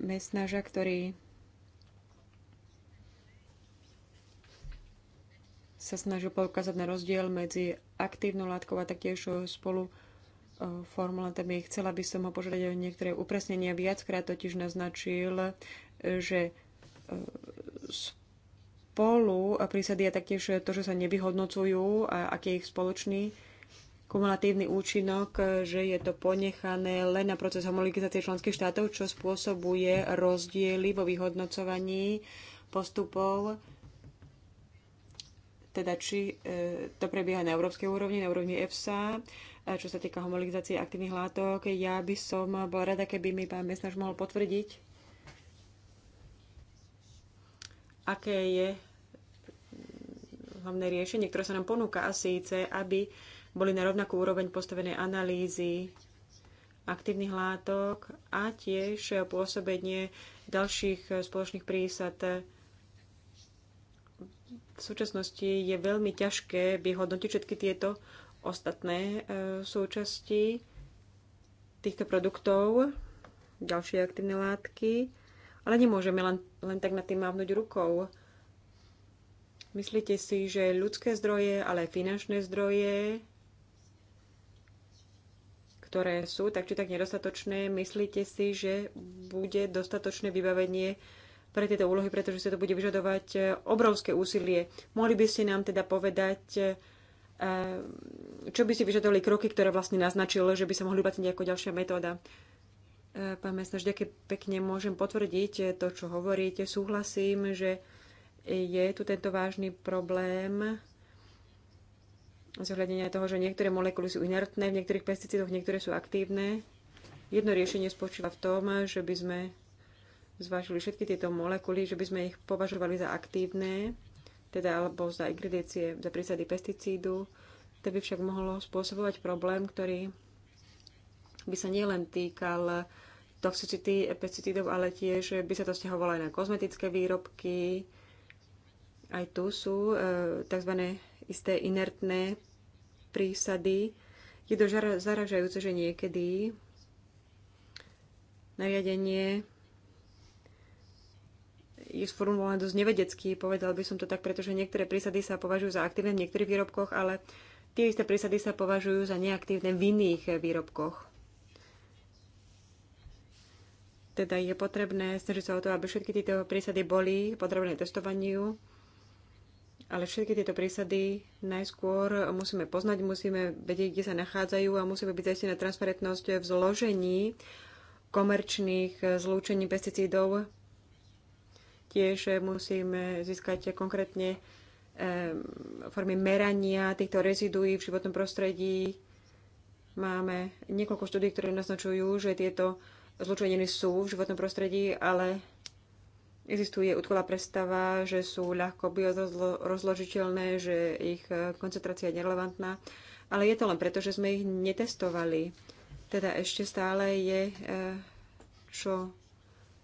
mesnaža, ktorý sa snažil poukázať na rozdiel medzi aktívnou látkou a taktiež spolu Eh, by Chcela by som ho požiadať o niektoré upresnenia. Viackrát totiž naznačil, eh, že eh, spolu prísady a taktiež to, že sa nevyhodnocujú a aký je ich spoločný kumulatívny účinok, že je to ponechané len na proces homologizácie členských štátov, čo spôsobuje rozdiely vo vyhodnocovaní postupov teda či e, to prebieha na európskej úrovni, na úrovni EFSA, čo sa týka homologizácie aktívnych látok. Ja by som bola rada, keby mi pán Mesnaž mohol potvrdiť, aké je hlavné riešenie, ktoré sa nám ponúka a síce, aby boli na rovnakú úroveň postavené analýzy aktívnych látok a tiež pôsobenie ďalších spoločných prísad v súčasnosti je veľmi ťažké vyhodnotiť všetky tieto ostatné e, súčasti týchto produktov, ďalšie aktívne látky, ale nemôžeme len, len tak nad tým mávnuť rukou. Myslíte si, že ľudské zdroje, ale aj finančné zdroje, ktoré sú tak či tak nedostatočné, myslíte si, že bude dostatočné vybavenie pre tieto úlohy, pretože sa to bude vyžadovať e, obrovské úsilie. Mohli by ste nám teda povedať, e, čo by ste vyžadovali kroky, ktoré vlastne naznačil, že by sa mohli uplatniť ako ďalšia metóda. E, pán Mestnáš, ďakujem pekne, môžem potvrdiť to, čo hovoríte. Súhlasím, že je tu tento vážny problém zohľadenia toho, že niektoré molekuly sú inertné, v niektorých pesticídoch niektoré sú aktívne. Jedno riešenie spočíva v tom, že by sme zvážili všetky tieto molekuly, že by sme ich považovali za aktívne, teda alebo za ingrediencie, za prísady pesticídu, to by však mohlo spôsobovať problém, ktorý by sa nielen týkal toxicity pesticídov, ale tiež by sa to stiahovalo aj na kozmetické výrobky. Aj tu sú e, eh, tzv. isté inertné prísady. Je to zaražajúce, že niekedy nariadenie je sformulované dosť nevedecky, povedal by som to tak, pretože niektoré prísady sa považujú za aktívne v niektorých výrobkoch, ale tie isté prísady sa považujú za neaktívne v iných výrobkoch. Teda je potrebné snažiť sa o to, aby všetky tieto prísady boli podrobné testovaniu, ale všetky tieto prísady najskôr musíme poznať, musíme vedieť, kde sa nachádzajú a musíme byť zaistené transparentnosť v zložení komerčných zlúčení pesticídov Tiež eh, musíme získať konkrétne formy merania týchto reziduí v životnom prostredí. Máme niekoľko štúdí, ktoré naznačujú, že tieto zlučeniny sú v životnom prostredí, ale existuje utkolá predstava, že sú ľahko biorozložiteľné, že ich eh, koncentrácia je nerelevantná, ale je to len preto, že sme ich netestovali. Teda ešte stále je eh, čo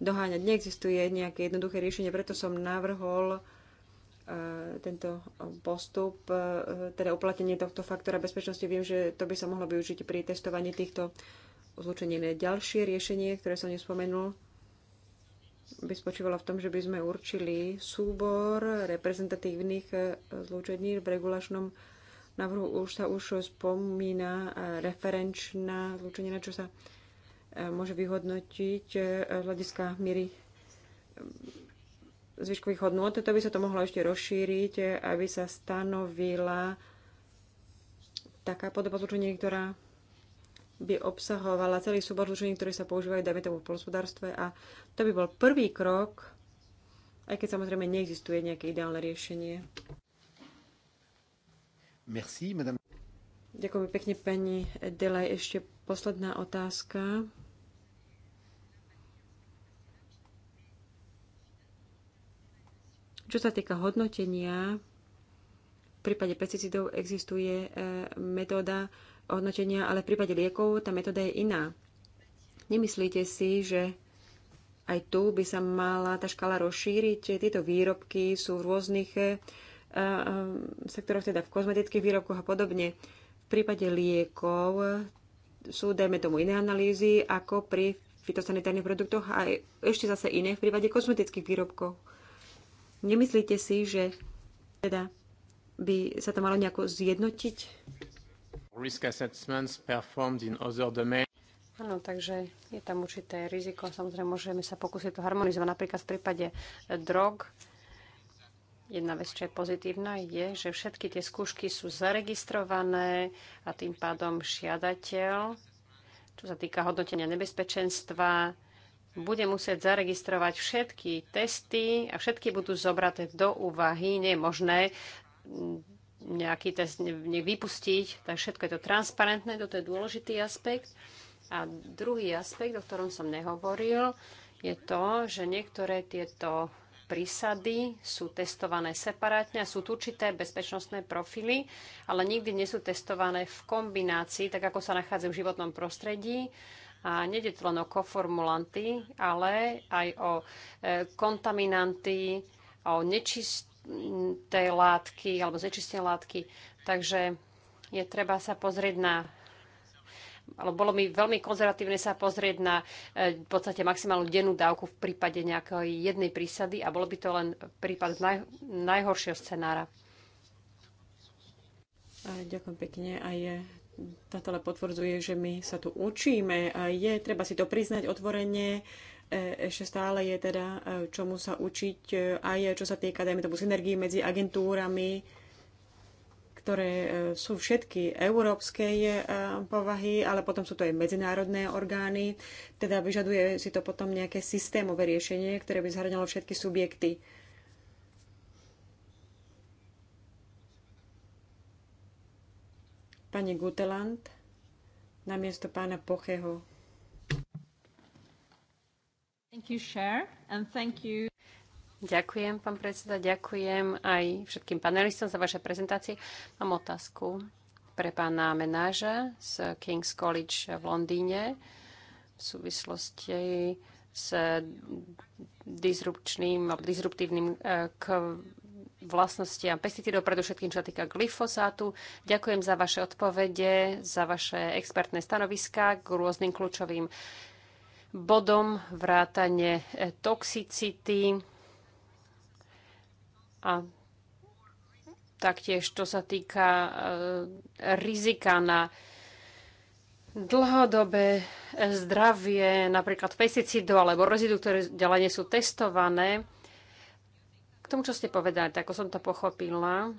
doháňať. Neexistuje nejaké jednoduché riešenie, preto som navrhol e, tento postup, e, teda uplatnenie tohto faktora bezpečnosti. Viem, že to by sa mohlo využiť pri testovaní týchto zlučenín. Ďalšie riešenie, ktoré som nespomenul, by spočívalo v tom, že by sme určili súbor reprezentatívnych e, zlúčení v regulačnom návrhu už sa už spomína referenčná zlúčenina, čo sa E, môže vyhodnotiť e, z hľadiska miery e, zvyškových hodnot, To by sa to mohlo ešte rozšíriť, aby sa stanovila taká podoba zlučeniny, ktorá by obsahovala celý súbor zlučení, ktoré sa používajú, dajme tomu, v polospodárstve. A to by bol prvý krok, aj keď samozrejme neexistuje nejaké ideálne riešenie. Merci, madame. Ďakujem pekne, pani Delaj. Ešte posledná otázka. Čo sa týka hodnotenia, v prípade pesticidov existuje e, metóda hodnotenia, ale v prípade liekov tá metóda je iná. Nemyslíte si, že aj tu by sa mala tá škala rozšíriť? Tieto výrobky sú v rôznych e, e, sektoroch, teda v kozmetických výrobkoch a podobne. V prípade liekov sú, dajme tomu, iné analýzy ako pri fitosanitárnych produktoch a ešte zase iné v prípade kozmetických výrobkov Nemyslíte si, že teda by sa to malo nejako zjednotiť? Risk assessments performed in other Áno, takže je tam určité riziko. Samozrejme, môžeme sa pokúsiť to harmonizovať. Napríklad v prípade drog, jedna vec, čo je pozitívna, je, že všetky tie skúšky sú zaregistrované a tým pádom žiadateľ, čo sa týka hodnotenia nebezpečenstva, bude musieť zaregistrovať všetky testy a všetky budú zobraté do úvahy. Nie je možné nejaký test vypustiť, tak všetko je to transparentné, toto je dôležitý aspekt. A druhý aspekt, o ktorom som nehovoril, je to, že niektoré tieto prísady sú testované separátne a sú tu určité bezpečnostné profily, ale nikdy nie sú testované v kombinácii, tak ako sa nachádzajú v životnom prostredí. A nede len o koformulanty, ale aj o e, kontaminanty, o nečisté látky alebo znečistené látky. Takže je treba sa pozrieť na ale bolo mi veľmi konzervatívne sa pozrieť na e, v podstate maximálnu dennú dávku v prípade nejakej jednej prísady a bolo by to len prípad z naj, najhoršieho scenára. Ďakujem pekne. Aj táto ale potvrdzuje, že my sa tu učíme. Je treba si to priznať otvorene, e, ešte stále je teda e, čomu sa učiť e, aj čo sa týka, dajme tomu, synergii medzi agentúrami, ktoré sú všetky európskej povahy, ale potom sú to aj medzinárodné orgány. Teda vyžaduje si to potom nejaké systémové riešenie, ktoré by zhrňalo všetky subjekty. pani Guteland na miesto pána Pocheho. Thank you, Cher, and thank you. Ďakujem, pán predseda, ďakujem aj všetkým panelistom za vaše prezentácie. Mám otázku pre pána menáža z King's College v Londýne v súvislosti s disrupčným alebo disruptívnym eh, vlastnostiam pesticídov, predovšetkým čo týka glyfosátu. Ďakujem za vaše odpovede, za vaše expertné stanoviská k rôznym kľúčovým bodom vrátane e, toxicity a taktiež čo sa týka e, rizika na dlhodobé e, zdravie, napríklad pesticidov alebo rezidu, ktoré ďalej nie sú testované tomu, čo ste povedali, tak ako som to pochopila,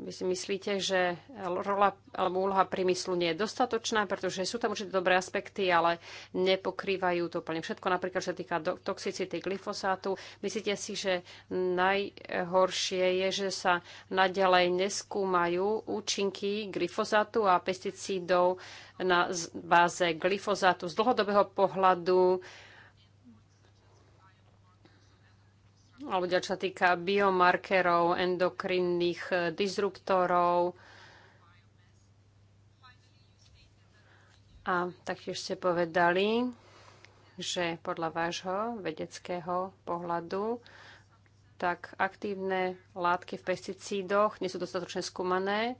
vy si myslíte, že rola alebo úloha prímyslu nie je dostatočná, pretože sú tam určite dobré aspekty, ale nepokrývajú to úplne všetko, napríklad čo sa týka toxicity glyfosátu. Myslíte si, že najhoršie je, že sa naďalej neskúmajú účinky glyfosátu a pesticídov na báze glyfosátu z dlhodobého pohľadu? alebo čo sa týka biomarkerov, endokrinných eh, disruptorov. A taktiež ste povedali, že podľa vášho vedeckého pohľadu tak aktívne látky v pesticídoch nie sú dostatočne skúmané,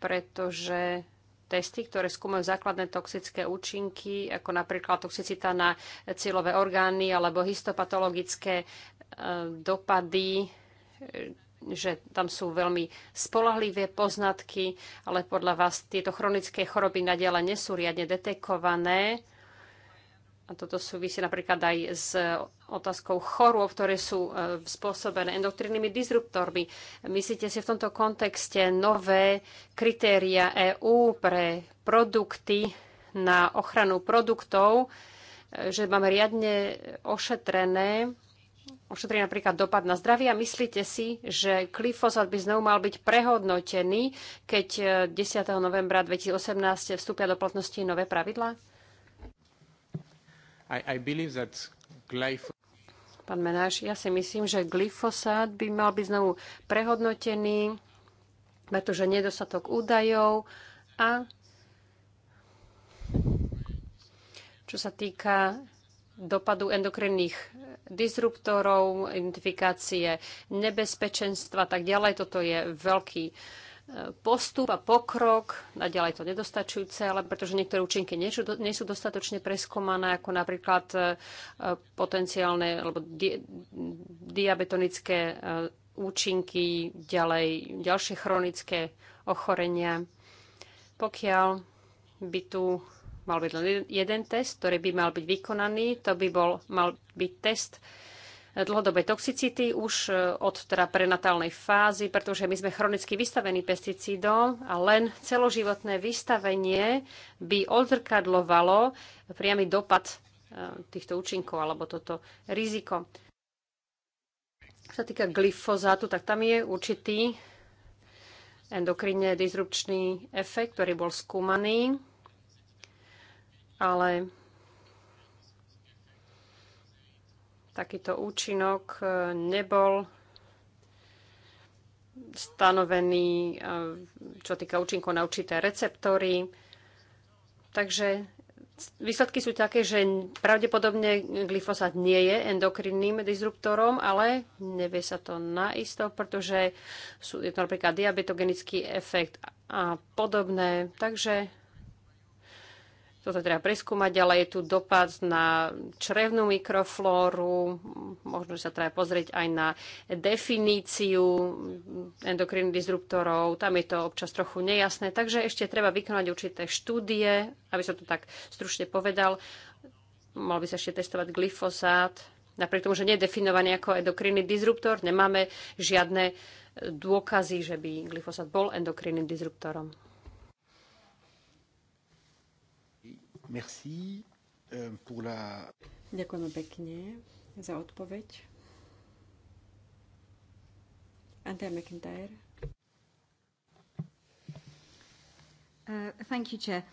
pretože testy, ktoré skúmajú základné toxické účinky, ako napríklad toxicita na cieľové orgány alebo histopatologické E, dopady, e, že tam sú veľmi spolahlivé poznatky, ale podľa vás tieto chronické choroby nadiaľ nie sú riadne detekované. A toto súvisí napríklad aj s otázkou chorôb, ktoré sú e, spôsobené endokrinnými disruptormi. Myslíte si v tomto kontexte nové kritéria EÚ pre produkty na ochranu produktov, že máme riadne ošetrené ošetrí napríklad dopad na zdravie a myslíte si, že glyfosát by znovu mal byť prehodnotený, keď 10. E, novembra 2018 vstúpia do platnosti nové pravidlá? I, I believe that glyfosát Pán Menáš, ja si myslím, že glyfosát by mal byť znovu prehodnotený, pretože nedostatok údajov a čo sa týka dopadu endokrinných eh, disruptorov, identifikácie nebezpečenstva a tak ďalej. Toto je veľký eh, postup a pokrok, a ďalej to nedostačujúce, ale pretože niektoré účinky nie sú, nie sú dostatočne preskomané, ako napríklad eh, potenciálne alebo di, diabetonické účinky, ďalej ďalšie chronické ochorenia. Pokiaľ by tu mal byť len jeden test, ktorý by mal byť vykonaný. To by bol, mal byť test eh, dlhodobej toxicity už eh, od teda prenatálnej fázy, pretože my sme chronicky vystavení pesticídom a len celoživotné vystavenie by odzrkadlovalo priamy dopad eh, týchto účinkov alebo toto riziko. Čo sa týka glyfozátu, tak tam je určitý endokrinne disrupčný efekt, ktorý bol skúmaný ale takýto účinok e, nebol stanovený, e, čo týka účinkov na určité receptory. Takže výsledky sú také, že pravdepodobne glyfosát nie je endokrinným disruptorom, ale nevie sa to naisto, pretože sú, je to napríklad diabetogenický efekt a podobné. Takže toto treba preskúmať, ale je tu dopad na črevnú mikroflóru, možno sa treba pozrieť aj na definíciu endokrinných disruptorov, tam je to občas trochu nejasné, takže ešte treba vykonať určité štúdie, aby som to tak stručne povedal, mal by sa ešte testovať glyfosát, napriek tomu, že nie je definovaný ako endokrinný disruptor, nemáme žiadne dôkazy, že by glyfosát bol endokrinným disruptorom. Merci euh, pour la... Ďakujeme pekne za odpoveď. Andrea McIntyre. Uh, thank you, Chair.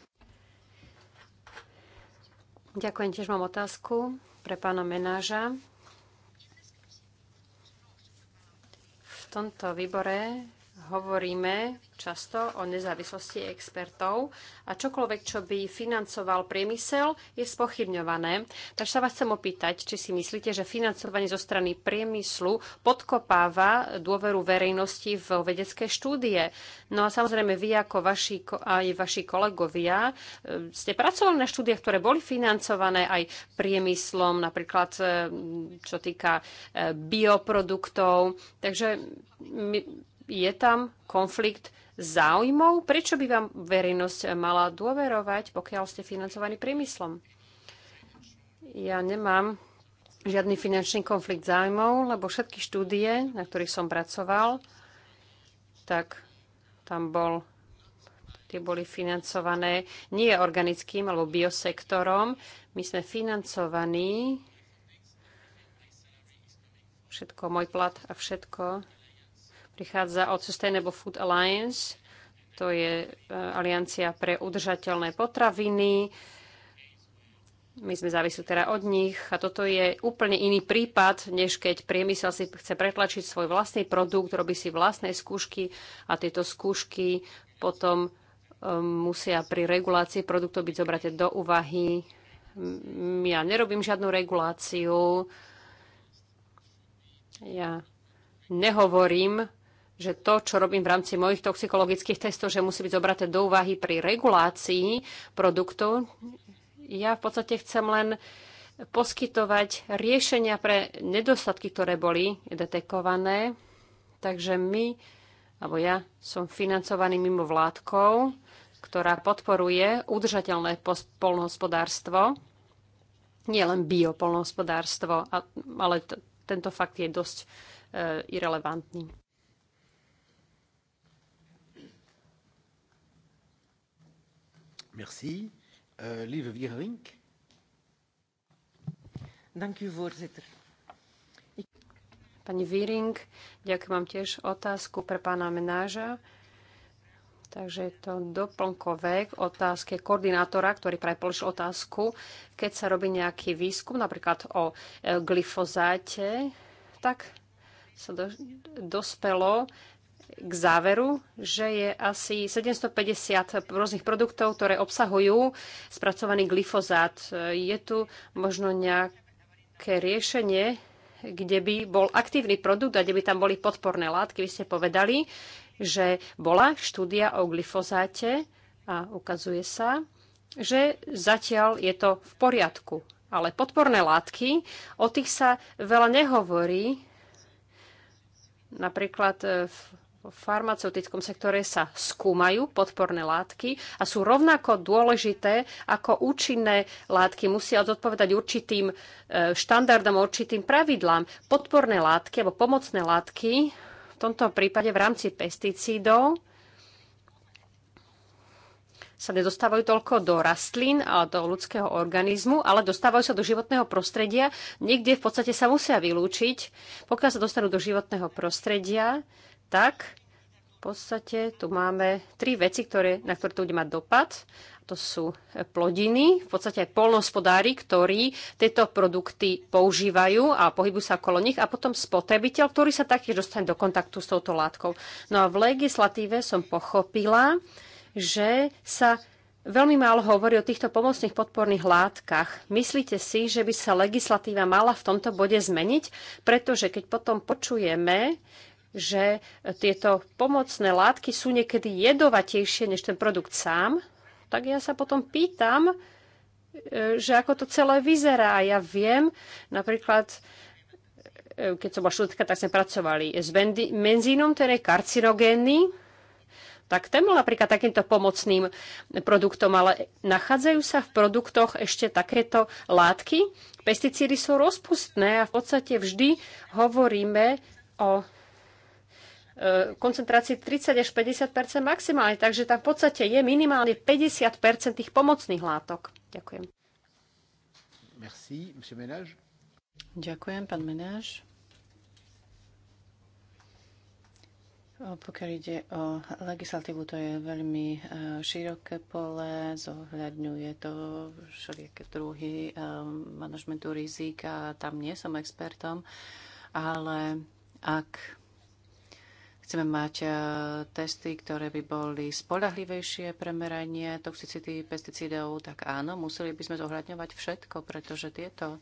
Ďakujem, tiež mám otázku pre pána menáža. V tomto výbore hovoríme často o nezávislosti expertov a čokoľvek, čo by financoval priemysel, je spochybňované. Takže sa vás chcem opýtať, či si myslíte, že financovanie zo strany priemyslu podkopáva dôveru verejnosti v vedecké štúdie. No a samozrejme vy ako vaši, aj vaši kolegovia e, ste pracovali na štúdiách, ktoré boli financované aj priemyslom, napríklad e, čo týka e, bioproduktov. Takže my, je tam konflikt záujmov? Prečo by vám verejnosť mala dôverovať, pokiaľ ste financovaní priemyslom? Ja nemám žiadny finančný konflikt záujmov, lebo všetky štúdie, na ktorých som pracoval, tak tam bol, tie boli financované nie organickým alebo biosektorom. My sme financovaní, všetko, môj plat a všetko prichádza od Sustainable Food Alliance, to je e, aliancia pre udržateľné potraviny. My sme závisli teda od nich a toto je úplne iný prípad, než keď priemysel si chce pretlačiť svoj vlastný produkt, robí si vlastné skúšky a tieto skúšky potom e, musia pri regulácii produktov byť zobraté do úvahy. Ja nerobím žiadnu reguláciu. Ja nehovorím že to, čo robím v rámci mojich toxikologických testov, že musí byť zobraté do úvahy pri regulácii produktu, Ja v podstate chcem len poskytovať riešenia pre nedostatky, ktoré boli detekované. Takže my, alebo ja som financovaný mimo vládkou, ktorá podporuje udržateľné polnohospodárstvo, nie len biopolnohospodárstvo, ale tento fakt je dosť e, irrelevantný. Merci. Uh, lieve Wierink. Dank u, voorzitter. Ik... Pani Wierink, Víring, ďakujem vám tiež otázku pre pana menaža. Takže je to doplnkové k otázke koordinátora, ktorý práve položil otázku. Keď sa robí nejaký výskum, napríklad o e, glyfozáte, tak sa do, dospelo k záveru, že je asi 750 rôznych produktov, ktoré obsahujú spracovaný glyfozát. Je tu možno nejaké riešenie, kde by bol aktívny produkt a kde by tam boli podporné látky. Vy ste povedali, že bola štúdia o glyfozáte a ukazuje sa, že zatiaľ je to v poriadku. Ale podporné látky, o tých sa veľa nehovorí, napríklad v v farmaceutickom sektore sa skúmajú podporné látky a sú rovnako dôležité ako účinné látky. Musia zodpovedať určitým e, štandardom, určitým pravidlám. Podporné látky alebo pomocné látky v tomto prípade v rámci pesticídov sa nedostávajú toľko do rastlín a do ľudského organizmu, ale dostávajú sa do životného prostredia. Niekde v podstate sa musia vylúčiť. Pokiaľ sa dostanú do životného prostredia, tak v podstate tu máme tri veci, ktoré, na ktoré to bude mať dopad. To sú e, plodiny, v podstate aj polnospodári, ktorí tieto produkty používajú a pohybujú sa okolo nich a potom spotrebiteľ, ktorý sa taktiež dostane do kontaktu s touto látkou. No a v legislatíve som pochopila, že sa Veľmi málo hovorí o týchto pomocných podporných látkach. Myslíte si, že by sa legislatíva mala v tomto bode zmeniť? Pretože keď potom počujeme, že tieto pomocné látky sú niekedy jedovatejšie než ten produkt sám, tak ja sa potom pýtam, e, že ako to celé vyzerá. A Ja viem, napríklad, e, keď som bola študentka, tak sme pracovali s benzínom, ktorý je karcinogénny, tak ten bol napríklad takýmto pomocným produktom, ale nachádzajú sa v produktoch ešte takéto látky. Pesticídy sú rozpustné a v podstate vždy hovoríme o E, koncentrácii 30 až 50 maximálne, takže tam v podstate je minimálne 50 tých pomocných látok. Ďakujem. Merci, monsieur Ménage. Ďakujem, pán Menáš. Pokiaľ ide o legislatívu, to je veľmi e, široké pole, zohľadňuje to všelijaké druhy e, manažmentu rizika, tam nie som expertom, ale ak Chceme mať e, testy, ktoré by boli spolahlivejšie pre meranie toxicity pesticídov, tak áno, museli by sme zohľadňovať všetko, pretože tieto e,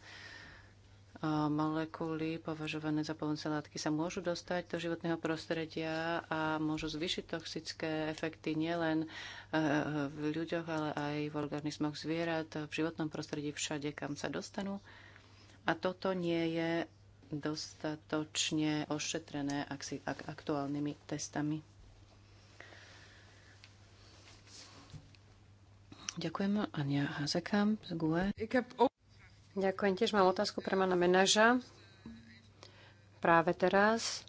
molekuly považované za pomocné látky sa môžu dostať do životného prostredia a môžu zvyšiť toxické efekty nielen e, v ľuďoch, ale aj v organizmoch zvierat, v životnom prostredí, všade, kam sa dostanú. A toto nie je dostatočne ošetrené aktuálnymi testami. Ďakujem, Ania Hazekam z GUE. Ďakujem, tiež mám otázku pre pána manaža práve teraz.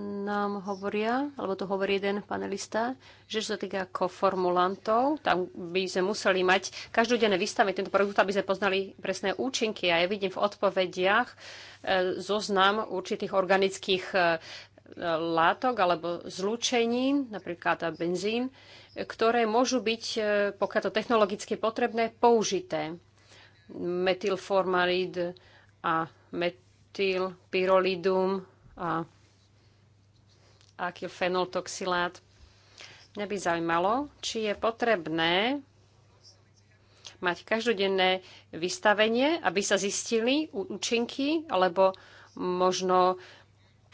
nám hovoria, alebo tu hovorí jeden panelista, že čo sa týka koformulantov, tam by sme museli mať každodenné vystaviť tento produkt, aby sme poznali presné účinky. A ja vidím v odpovediach e, zoznam určitých organických e, látok alebo zlúčení, napríklad benzín, ktoré môžu byť, e, pokiaľ to technologicky potrebné, použité. Metylformalid a metylpyrolidum a aký fenoltoxilát. Mňa by zaujímalo, či je potrebné mať každodenné vystavenie, aby sa zistili účinky, alebo možno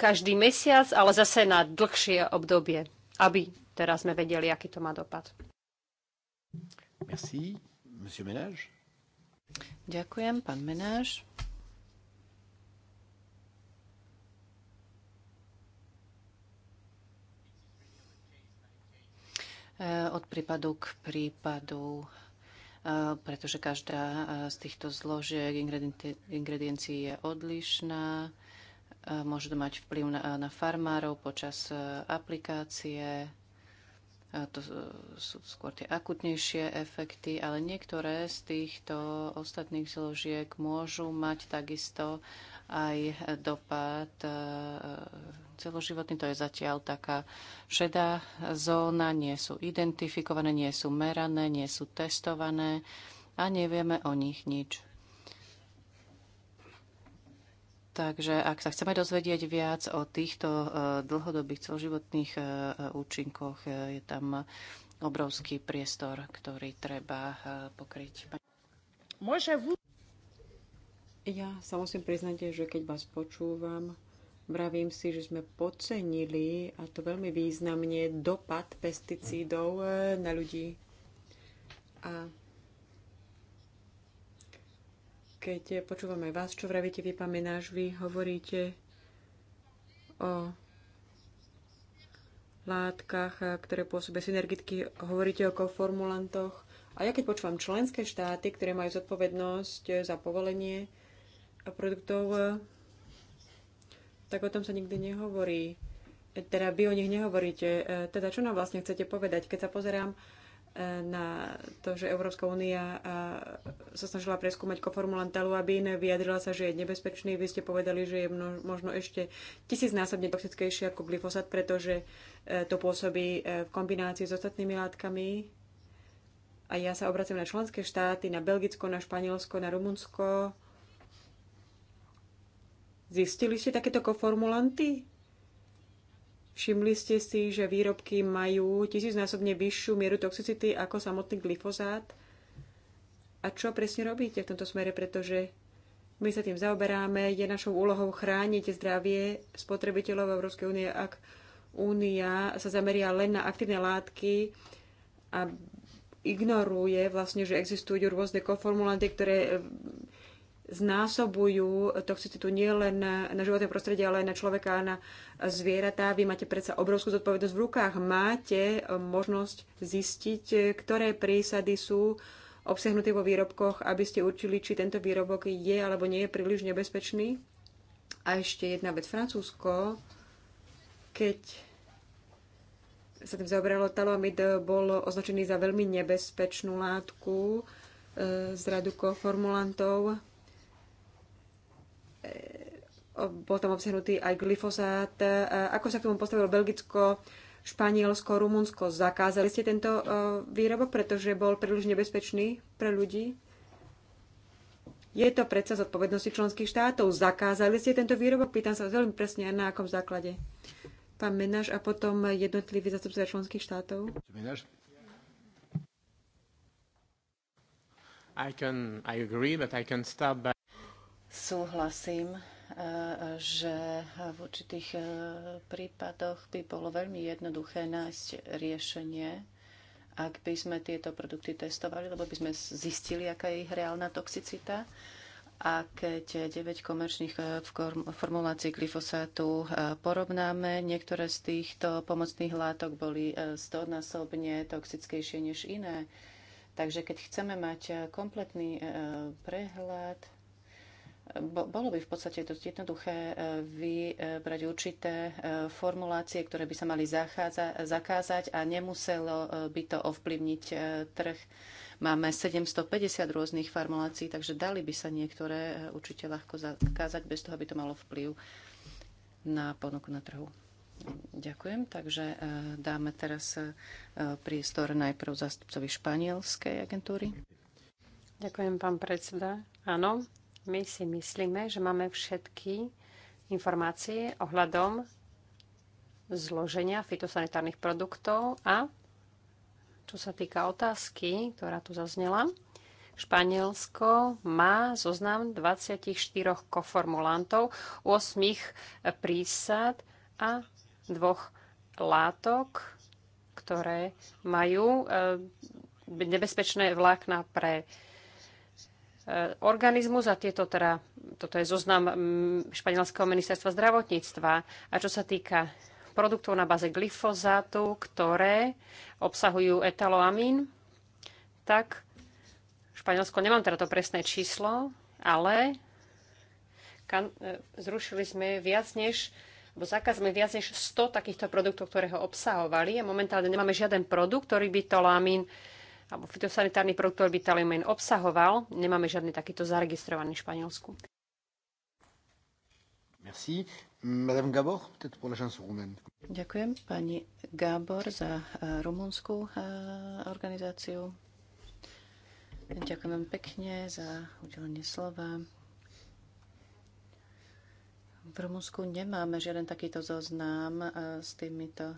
každý mesiac, ale zase na dlhšie obdobie, aby teraz sme vedeli, aký to má dopad. Merci. Monsieur Ménage. Ďakujem, pán Menáš. Eh, od prípadu k prípadu, eh, pretože každá eh, z týchto zložiek ingrediencií je odlišná. Môže to mať vplyv na, na farmárov počas aplikácie. To sú skôr tie akutnejšie efekty, ale niektoré z týchto ostatných zložiek môžu mať takisto aj dopad e, celoživotný. To je zatiaľ taká šedá zóna, nie sú identifikované, nie sú merané, nie sú testované a nevieme o nich nič. Takže ak sa chceme dozvedieť viac o týchto e, dlhodobých celoživotných e, účinkoch, je tam obrovský priestor, ktorý treba pokryť. Ja sa musím priznať, že keď vás počúvam, vravím si, že sme podcenili, a to veľmi významne, dopad pesticídov e, na ľudí. A keď počúvame vás, čo vravíte vy, pamenáš, vy hovoríte o látkach, e, ktoré pôsobia synergicky, hovoríte o koformulantoch. A ja keď počúvam členské štáty, ktoré majú zodpovednosť e, za povolenie, a produktov, e, tak o tom sa nikdy nehovorí. E, teda vy o nich nehovoríte. E, teda čo nám vlastne chcete povedať? Keď sa pozerám na to, že Európska únia sa snažila preskúmať koformulant taluabín, vyjadrila sa, že je nebezpečný. Vy ste povedali, že je možno ešte tisícnásobne toxickejší ako glyfosát, pretože to pôsobí v kombinácii s ostatnými látkami. A ja sa obracím na členské štáty, na Belgicko, na Španielsko, na Rumunsko Zistili ste takéto koformulanty? Všimli ste si, že výrobky majú tisícnásobne vyššiu mieru toxicity ako samotný glyfozát? A čo presne robíte v tomto smere, pretože my sa tým zaoberáme, je našou úlohou chrániť zdravie spotrebiteľov Európskej únie, ak únia sa zameria len na aktívne látky a ignoruje vlastne, že existujú rôzne koformulanty, ktoré znásobujú toxicitu nielen na životné prostredie, ale aj na človeka a na zvieratá. Vy máte predsa obrovskú zodpovednosť v rukách. Máte eh, možnosť zistiť, eh, ktoré prísady sú obsiahnuté vo výrobkoch, aby ste určili, či tento výrobok je alebo nie je príliš nebezpečný. A ešte jedna vec. Francúzsko, keď sa tým zaoberalo, talomid bol označený za veľmi nebezpečnú látku eh, z radukov formulantov bol tam obsiahnutý aj glyfosát. E, ako sa k tomu postavilo Belgicko, Španielsko, Rumunsko? Zakázali ste tento e, výrobok, pretože bol príliš nebezpečný pre ľudí? Je to predsa z odpovednosti členských štátov. Zakázali ste tento výrobok? Pýtam sa veľmi presne, na akom základe. Pán Menáš a potom jednotlivý zastupca členských štátov. Menáš? I can, I agree, but I can start by súhlasím, e, že v určitých e, prípadoch by bolo veľmi jednoduché nájsť riešenie, ak by sme tieto produkty testovali, lebo by sme zistili, aká je ich reálna toxicita. A keď 9 komerčných e, formulácií glyfosátu porovnáme, niektoré z týchto pomocných látok boli 100-násobne toxickejšie než iné. Takže keď chceme mať kompletný prehľad, bolo by v podstate dosť jednoduché eh, vybrať určité eh, formulácie, ktoré by sa mali zakázať a nemuselo eh, by to ovplyvniť trh. Máme 750 rôznych formulácií, takže dali by sa niektoré určite ľahko zakázať bez toho, aby to malo vplyv na ponuku na trhu. Ďakujem. Takže dáme teraz priestor najprv zástupcovi španielskej agentúry. Ďakujem, pán predseda. Áno, my si myslíme, že máme všetky informácie ohľadom zloženia fitosanitárnych produktov a čo sa týka otázky, ktorá tu zaznela, Španielsko má zoznam 24 koformulantov, 8 prísad a dvoch látok, ktoré majú e, nebezpečné vlákna pre organizmus a tieto teda, toto je zoznam mm, Španielského ministerstva zdravotníctva. A čo sa týka produktov na baze glyfozátu, ktoré obsahujú etaloamín, tak Španielsko nemám teda to presné číslo, ale kan- e, zrušili sme viac než lebo zakázme viac než 100 takýchto produktov, ktoré ho obsahovali a momentálne nemáme žiaden produkt, ktorý by to lámin alebo fitosanitárny produkt, ktorý by taliumen obsahoval. Nemáme žiadny takýto zaregistrovaný v Španielsku. Merci. Madame Gabor, peut-être pour l'agence roumaine. Ďakujem pani Gabor za eh, rumunskú eh, organizáciu. Ďakujem pekne za udelenie slova. V Rumunsku nemáme žiaden takýto zoznam eh, s týmito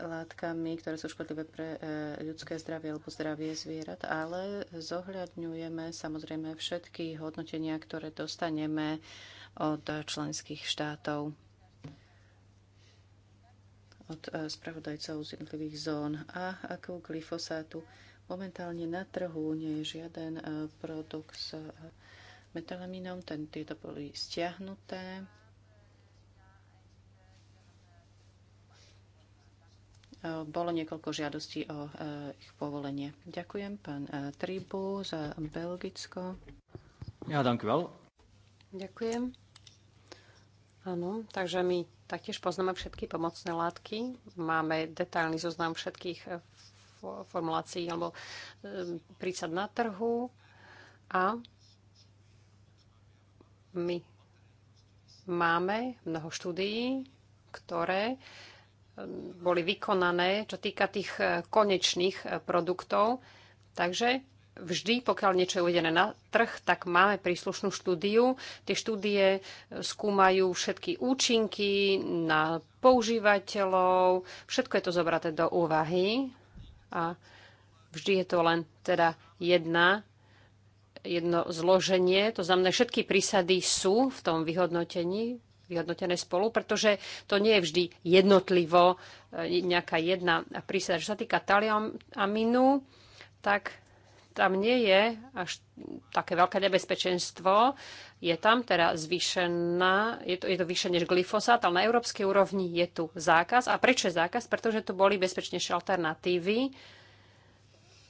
látkami, ktoré sú škodlivé pre e, ľudské zdravie alebo zdravie zvierat, ale zohľadňujeme samozrejme všetky hodnotenia, ktoré dostaneme od členských štátov, od e, spravodajcov z jednotlivých zón a ako glyfosátu. Momentálne na trhu nie je žiaden e, produkt s metalaminom, ten, tieto boli stiahnuté bolo niekoľko žiadostí o e, ich povolenie. Ďakujem pán e, Tribu za Belgicko. Ja, dankujem. Ďakujem. Áno, takže my taktiež poznáme všetky pomocné látky. Máme detailný zoznam všetkých e, formulácií alebo prísad na trhu a my máme mnoho štúdií, ktoré boli vykonané, čo týka tých e, konečných e, produktov. Takže vždy, pokiaľ niečo je uvedené na trh, tak máme príslušnú štúdiu. Tie štúdie e, skúmajú všetky účinky na používateľov, všetko je to zobraté do úvahy a vždy je to len teda jedna jedno zloženie, to znamená, všetky prísady sú v tom vyhodnotení vyhodnotené spolu, pretože to nie je vždy jednotlivo e, nejaká jedna prísada. Čo sa týka taliaminu, tak tam nie je až také veľké nebezpečenstvo. Je tam teda zvýšená, je to, je to vyššie než glyfosát, ale na európskej úrovni je tu zákaz. A prečo je zákaz? Pretože tu boli bezpečnejšie alternatívy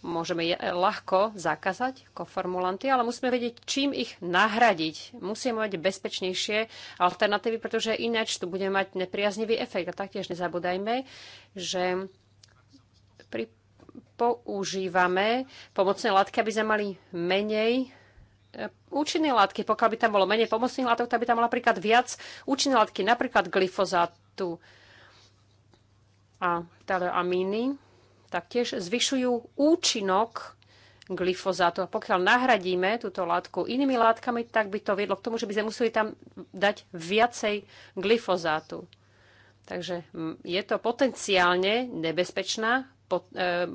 Môžeme ľahko zakázať koformulanty, ale musíme vedieť, čím ich nahradiť. Musíme mať bezpečnejšie alternatívy, pretože ináč tu budeme mať nepriaznivý efekt. A taktiež nezabúdajme, že pri používame pomocné látky, aby sme mali menej e, účinné látky. Pokiaľ by tam bolo menej pomocných látok, tak by tam bolo napríklad viac účinné látky, napríklad glyfozátu a amíny taktiež zvyšujú účinok glyfozátu. A pokiaľ nahradíme túto látku inými látkami, tak by to viedlo k tomu, že by sme museli tam dať viacej glyfozátu. Takže mm, je to potenciálne nebezpečná e,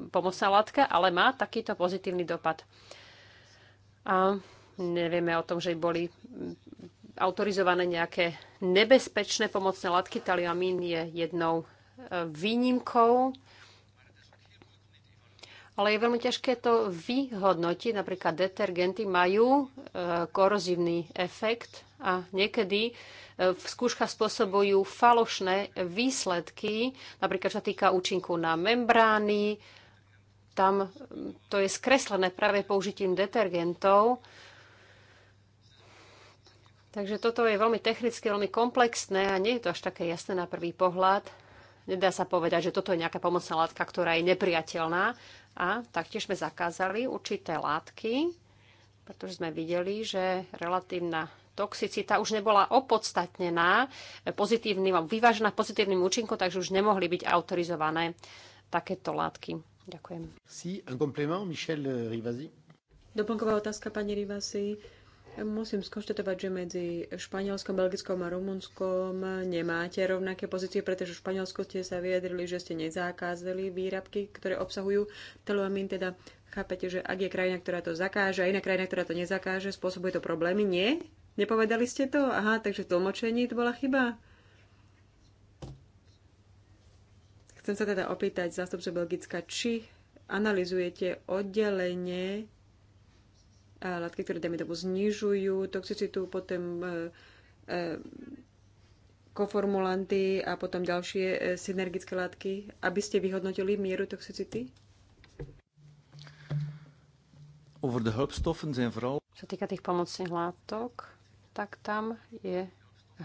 pomocná látka, ale má takýto pozitívny dopad. A nevieme o tom, že boli autorizované nejaké nebezpečné pomocné látky. Taliamín je jednou e, výnimkou ale je veľmi ťažké to vyhodnotiť. Napríklad detergenty majú e, korozívny efekt a niekedy e, v skúškach spôsobujú falošné výsledky, napríklad čo týka účinku na membrány, tam mm, to je skreslené práve použitím detergentov. Takže toto je veľmi technicky, veľmi komplexné a nie je to až také jasné na prvý pohľad. Nedá sa povedať, že toto je nejaká pomocná látka, ktorá je nepriateľná, a taktiež sme zakázali určité látky, pretože sme videli, že relatívna toxicita už nebola opodstatnená pozitívnym, vyvážená pozitívnym účinkom, takže už nemohli byť autorizované takéto látky. Ďakujem. Si, un complément, Michel Rivasi. Doplnková otázka, pani Rivasi. Musím skonštatovať, že medzi Španielskom, Belgickom a Rumunskom nemáte rovnaké pozície, pretože v Španielsku ste sa vyjadrili, že ste nezakázali výrabky, ktoré obsahujú telomín, Teda chápete, že ak je krajina, ktorá to zakáže a iná krajina, ktorá to nezakáže, spôsobuje to problémy? Nie? Nepovedali ste to? Aha, takže v tlmočení to bola chyba? Chcem sa teda opýtať zástupcu Belgicka, či analizujete oddelenie látky, ktoré, dajme tomu, znižujú toxicitu, potom e, e, koformulanty a potom ďalšie e, synergické látky, aby ste vyhodnotili mieru toxicity? Over de vooral... Čo týka tých pomocných látok, tak tam je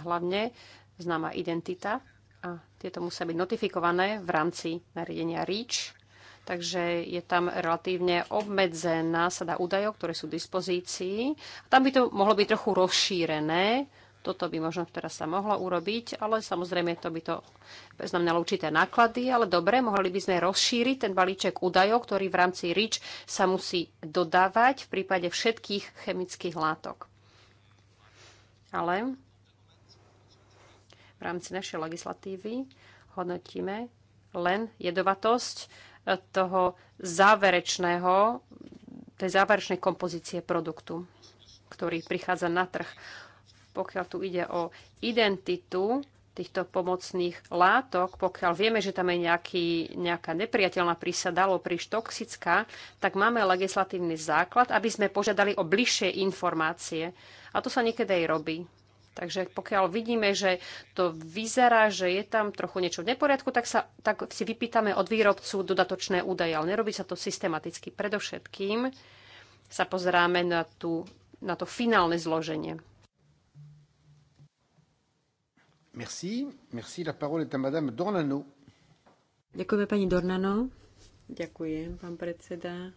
hlavne známa identita a tieto musia byť notifikované v rámci nariadenia REACH takže je tam relatívne obmedzená sada údajov, ktoré sú v dispozícii. tam by to mohlo byť trochu rozšírené, toto by možno teraz sa mohlo urobiť, ale samozrejme to by to znamenalo určité náklady, ale dobre, mohli by sme rozšíriť ten balíček údajov, ktorý v rámci RIČ sa musí dodávať v prípade všetkých chemických látok. Ale v rámci našej legislatívy hodnotíme len jedovatosť toho záverečného, tej záverečnej kompozície produktu, ktorý prichádza na trh. Pokiaľ tu ide o identitu týchto pomocných látok, pokiaľ vieme, že tam je nejaký, nejaká nepriateľná prísada alebo príliš toxická, tak máme legislatívny základ, aby sme požiadali o bližšie informácie. A to sa niekedy aj robí. Takže pokiaľ vidíme, že to vyzerá, že je tam trochu niečo v neporiadku, tak, sa, tak si vypýtame od výrobcu dodatočné údaje, ale nerobí sa to systematicky. Predovšetkým sa pozeráme na, tú, na to finálne zloženie. Merci. Merci. La parole est à madame Dornano. Ďakujeme pani Dornano. Ďakujem, pán predseda.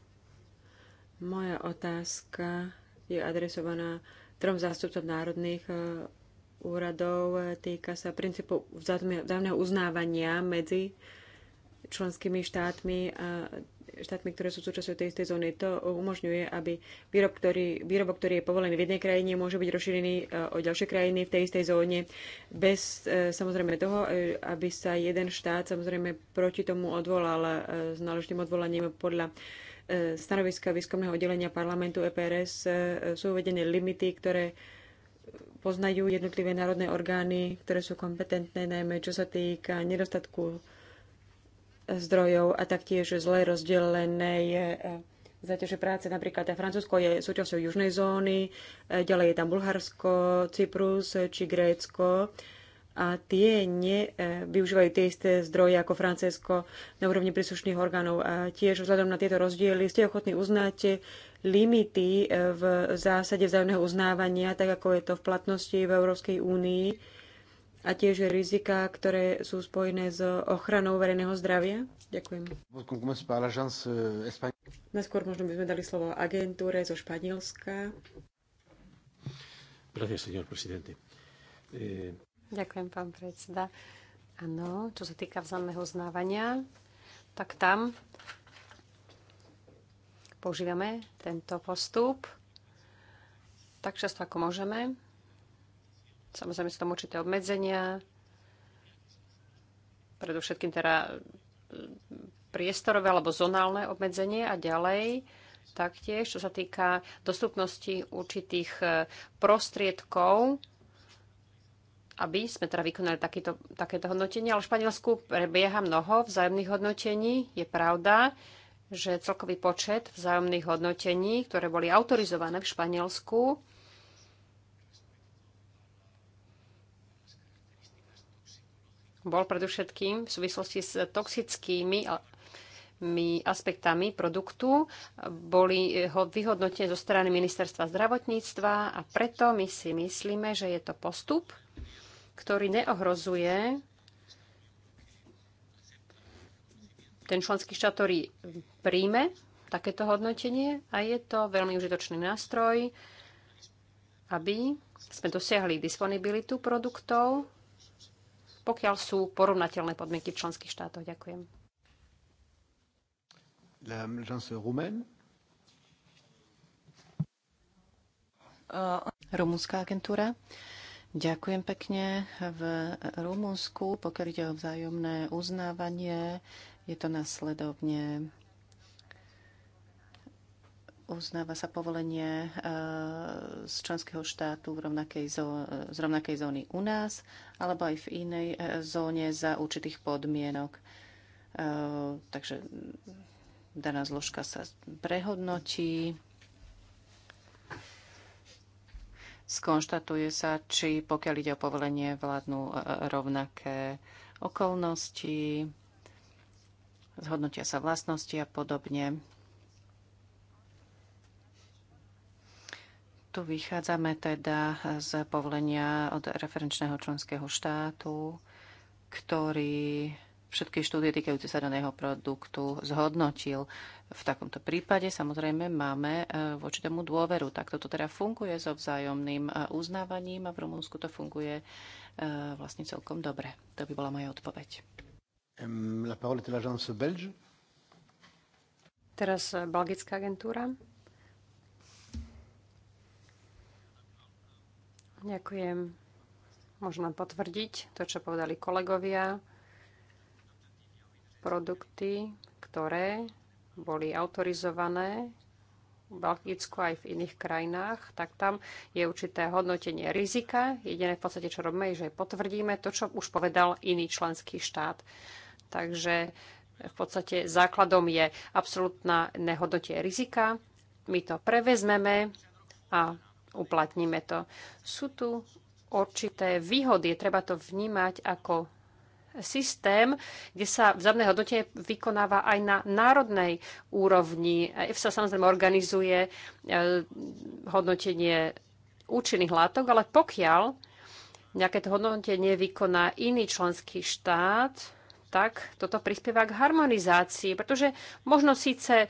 Moja otázka je adresovaná trom zástupcom národných e, úradov. E, týka sa princípu vzájomného uznávania medzi členskými štátmi a štátmi, ktoré sú súčasťou tej istej zóny. To umožňuje, aby výrob, ktorý, výrobok, ktorý je povolený v jednej krajine, môže byť rozšírený e, o ďalšie krajiny v tej istej zóne bez samozrejme toho, aby sa jeden štát samozrejme proti tomu odvolal s náležitým odvolaním podľa E, stanoviska výskumného oddelenia parlamentu EPRS e, sú uvedené limity, ktoré poznajú jednotlivé národné orgány, ktoré sú kompetentné, najmä čo sa týka nedostatku zdrojov a taktiež zle rozdelenej e, zaťaže práce. Napríklad Francúzsko je súčasťou južnej zóny, ďalej je tam Bulharsko, Cyprus či Grécko a tie nevyužívajú e, tie isté zdroje ako Francesko na úrovni príslušných orgánov. A tiež vzhľadom na tieto rozdiely ste ochotní uznať limity e, v zásade vzájomného uznávania, tak ako je to v platnosti v Európskej únii a tiež rizika, ktoré sú spojené s ochranou verejného zdravia? Ďakujem. Naskôr možno by sme dali slovo agentúre zo Španielska. Gracias, señor presidente. Eh, Ďakujem, pán predseda. Áno, čo sa týka vzájomného uznávania, tak tam používame tento postup tak často, ako môžeme. Samozrejme sú tam určité obmedzenia, predovšetkým teda mm, priestorové alebo zonálne obmedzenie a ďalej taktiež, čo sa týka dostupnosti určitých e, prostriedkov aby sme teda vykonali takýto, takéto hodnotenie, ale v Španielsku prebieha mnoho vzájomných hodnotení. Je pravda, že celkový počet vzájomných hodnotení, ktoré boli autorizované v Španielsku, bol predovšetkým v súvislosti s toxickými aspektami produktu. Boli ho vyhodnotené zo strany Ministerstva zdravotníctva a preto my si myslíme, že je to postup, ktorý neohrozuje ten členský štát, ktorý príjme takéto hodnotenie a je to veľmi užitočný nástroj, aby sme dosiahli disponibilitu produktov, pokiaľ sú porovnateľné podmienky v členských štátoch. Ďakujem. Rumúnska agentúra. Ďakujem pekne. V Rumunsku, pokiaľ ide o vzájomné uznávanie, je to následovne uznáva sa povolenie e, z členského štátu v rovnakej zó- z rovnakej zóny u nás alebo aj v inej e, zóne za určitých podmienok. E, takže daná zložka sa prehodnotí. skonštatuje sa, či pokiaľ ide o povolenie vládnu e, e, rovnaké okolnosti, zhodnotia sa vlastnosti a podobne. Tu vychádzame teda z povolenia od referenčného členského štátu, ktorý všetky štúdie týkajúce sa daného produktu zhodnotil. V takomto prípade samozrejme máme e, voči tomu dôveru. Tak to teda funguje so vzájomným e, uznávaním a v Rumunsku to funguje e, vlastne celkom dobre. To by bola moja odpoveď. La parole est l'agence belge. Teraz belgická agentúra. Ďakujem. Možno potvrdiť to, čo povedali kolegovia produkty, ktoré boli autorizované v Belgicku aj v iných krajinách, tak tam je určité hodnotenie rizika. Jediné v podstate, čo robíme, je, že potvrdíme to, čo už povedal iný členský štát. Takže v podstate základom je absolútna nehodnotie rizika. My to prevezmeme a uplatníme to. Sú tu určité výhody, treba to vnímať ako systém, kde sa vzadné hodnotenie vykonáva aj na národnej úrovni. EFSA samozrejme organizuje e, hodnotenie účinných látok, ale pokiaľ nejaké to hodnotenie vykoná iný členský štát, tak toto prispieva k harmonizácii, pretože možno síce e,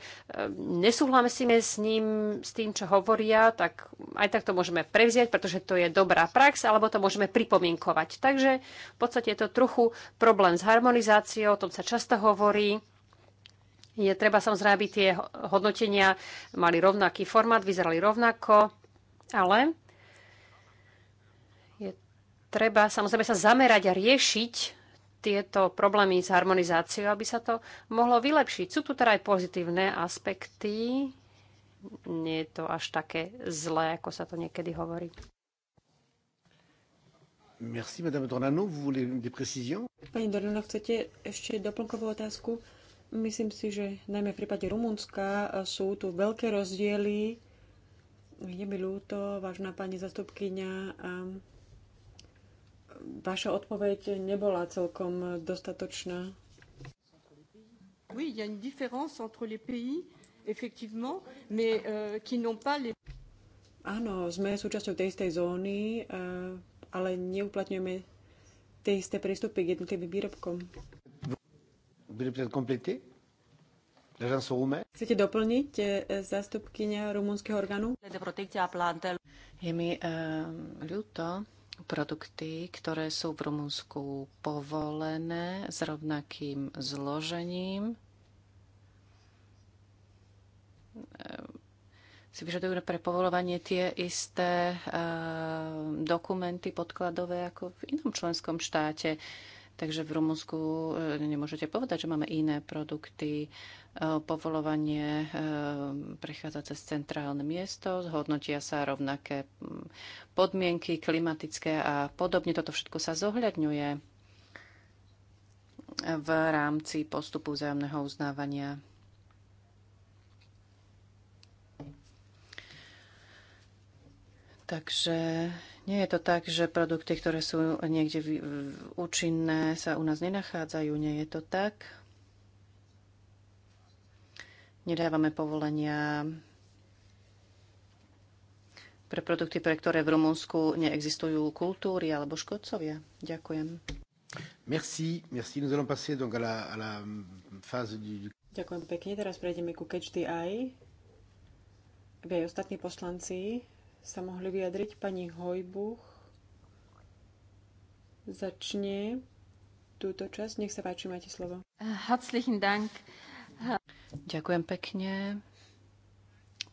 nesúhlasíme s ním, s tým, čo hovoria, tak aj tak to môžeme prevziať, pretože to je dobrá prax, alebo to môžeme pripomienkovať. Takže v podstate je to trochu problém s harmonizáciou, o tom sa často hovorí. Je treba samozrejme, aby tie hodnotenia mali rovnaký formát, vyzerali rovnako, ale je treba samozrejme sa zamerať a riešiť tieto problémy s harmonizáciou, aby sa to mohlo vylepšiť. Sú tu teda aj pozitívne aspekty. Nie je to až také zlé, ako sa to niekedy hovorí. Merci, madame Dornano. Vous voulez des précisions? Pani Dornano, chcete ešte doplnkovú otázku? Myslím si, že najmä v prípade Rumunska sú tu veľké rozdiely. Je mi ľúto, vážna pani zastupkynia, ehm, Vaša odpoveď nebola celkom dostatočná. Oui, il y a une différence entre les pays, effectivement, mais euh, qui n'ont pas les... Áno, sme súčasťou tej istej zóny, uh, ale neuplatňujeme tie isté prístupy k jednotlivým výrobkom. Chcete doplniť eh, zástupkynia rumúnskeho orgánu? Je mi uh, ľúto, produkty, ktoré sú v Rumunsku povolené s rovnakým zložením, ehm, si vyžadujú pre povolovanie tie isté ehm, dokumenty podkladové ako v inom členskom štáte. Takže v Rumunsku ehm, nemôžete povedať, že máme iné produkty E, povolovanie e, prechádza cez centrálne miesto, zhodnotia sa rovnaké podmienky klimatické a podobne. Toto všetko sa zohľadňuje v rámci postupu vzájomného uznávania. Takže nie je to tak, že produkty, ktoré sú niekde účinné, sa u nás nenachádzajú. Nie je to tak. Nedávame povolenia pre produkty, pre ktoré v Rumunsku neexistujú kultúry alebo škodcovia. Ďakujem. Merci, merci. Nous allons passer donc à la, à la phase du... Ďakujem pekne. Teraz prejdeme ku Catch the Eye. Aby aj ostatní poslanci sa mohli vyjadriť. Pani Hojbuch začne túto časť. Nech sa páči, máte slovo. Herzlichen Dank. Ďakujem pekne.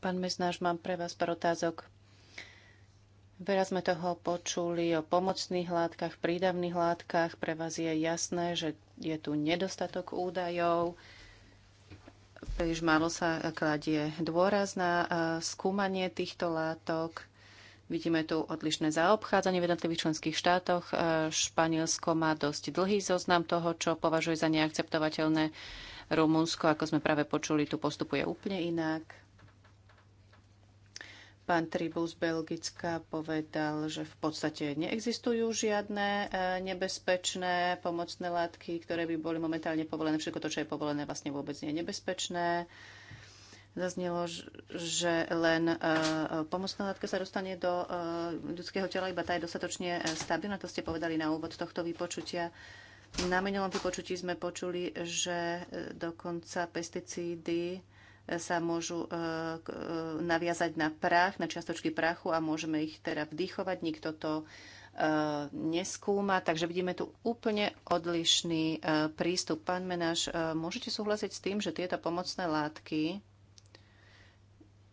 Pán Meznáš, mám pre vás pár otázok. Veľa sme toho počuli o pomocných látkach, prídavných látkach. Pre vás je jasné, že je tu nedostatok údajov. Príliš málo sa kladie dôraz na eh, skúmanie týchto látok. Vidíme tu odlišné zaobchádzanie v jednotlivých členských štátoch. Eh, Španielsko má dosť dlhý zoznam toho, čo považuje za neakceptovateľné Rumunsko, ako sme práve počuli, tu postupuje úplne inak. Pán tribus z povedal, že v podstate neexistujú žiadne e, nebezpečné pomocné látky, ktoré by boli momentálne povolené. Všetko to, čo je povolené, vlastne vôbec nie je nebezpečné. Zaznelo, že len e, pomocná látka sa dostane do e, ľudského tela, iba tá je dostatočne stabilná. To ste povedali na úvod tohto vypočutia. Na minulom vypočutí sme počuli, že e, dokonca pesticídy e, sa môžu e, naviazať na prach, na čiastočky prachu a môžeme ich teda vdychovať. Nikto to neskúma, takže vidíme tu úplne odlišný prístup. Pán Menáš, môžete súhlasiť s tým, že tieto pomocné látky,